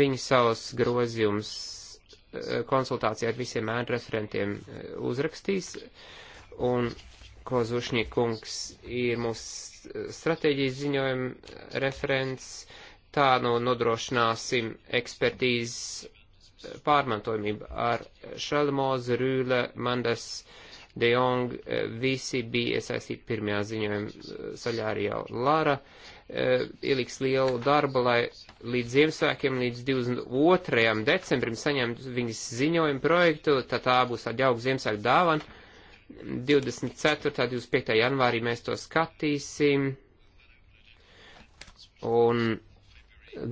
viņa savus grozījumus Eh, konsultācijā ar visiem ēnu referentiem eh, uzrakstīs, un Kozušņī kungs ir mūsu stratēģijas ziņojuma referents, tā nu nodrošināsim ekspertīzes eh, pārmantojumību ar Šalmoz, Rūle, Mandas, De Jong, visi bija iesaistīti pirmajā ziņojuma saļā arī jau Lara. Uh, E, ieliks lielu darbu, lai līdz Ziemassvētkiem, līdz 22. decembrim saņemtu viņas ziņojumu projektu, tad tā būs tāda jauka Ziemassvētku dāvana. 24. 25. janvārī mēs to skatīsim. Un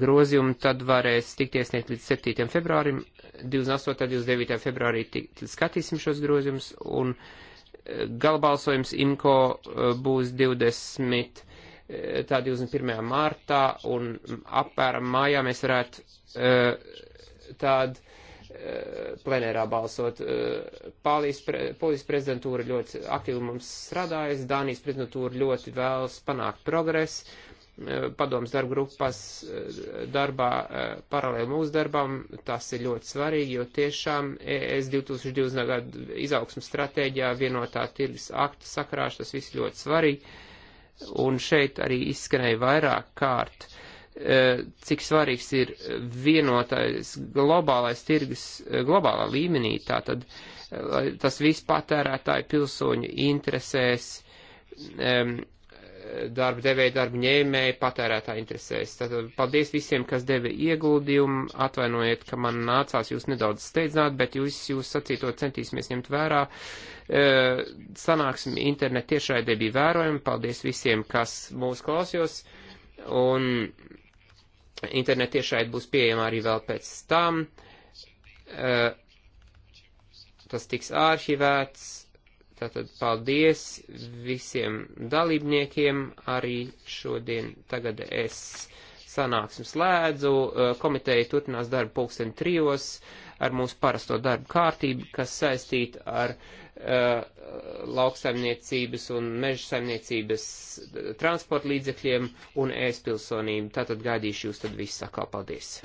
grozījumi tad varēs tikt iesniegt līdz 7. februārim, 28. 29. februārī tikt, skatīsim šos grozījumus, un e, galbalsojums IMCO e, būs 20 tā 21. martā un apmēram mājā mēs varētu eh, tādu eh, plenērā balsot. Eh, polijas, pre, polijas prezidentūra ļoti aktīvi mums strādājas, Dānijas prezidentūra ļoti vēlas panākt progresu, padoms darba grupas darbā paralēli mūsu darbam, tas ir ļoti svarīgi, jo tiešām ES 2020. gada izaugsmas stratēģijā vienotā tirgus akta sakrāš, tas viss ļoti svarīgi un šeit arī izskanēja vairāk kārt, e, cik svarīgs ir vienotais globālais tirgus e, globālā līmenī, tātad e, tas viss patērētāju pilsoņu interesēs, darba devēja, darba ņēmēja, patērētā interesēs. Tātad uh, paldies visiem, kas deva ieguldījumu, atvainojiet, ka man nācās jūs nedaudz steidzināt, bet jūs, jūs sacīto centīsimies ņemt vērā. E, sanāksim internet tiešai debija vērojumi, paldies visiem, kas mūs klausījos, un internet tiešai būs pieejama arī vēl pēc tam. E, tas tiks arhivēts Tātad paldies visiem dalībniekiem arī šodien. Tagad es sanāksmu slēdzu. Eh, komiteja turpinās darbu pulksten trijos ar mūsu parasto darbu kārtību, kas saistīta ar uh, lauksaimniecības un meža saimniecības eh, transporta līdzekļiem un ēstpilsonību. Tātad gaidīšu jūs tad visus sakā. Paldies!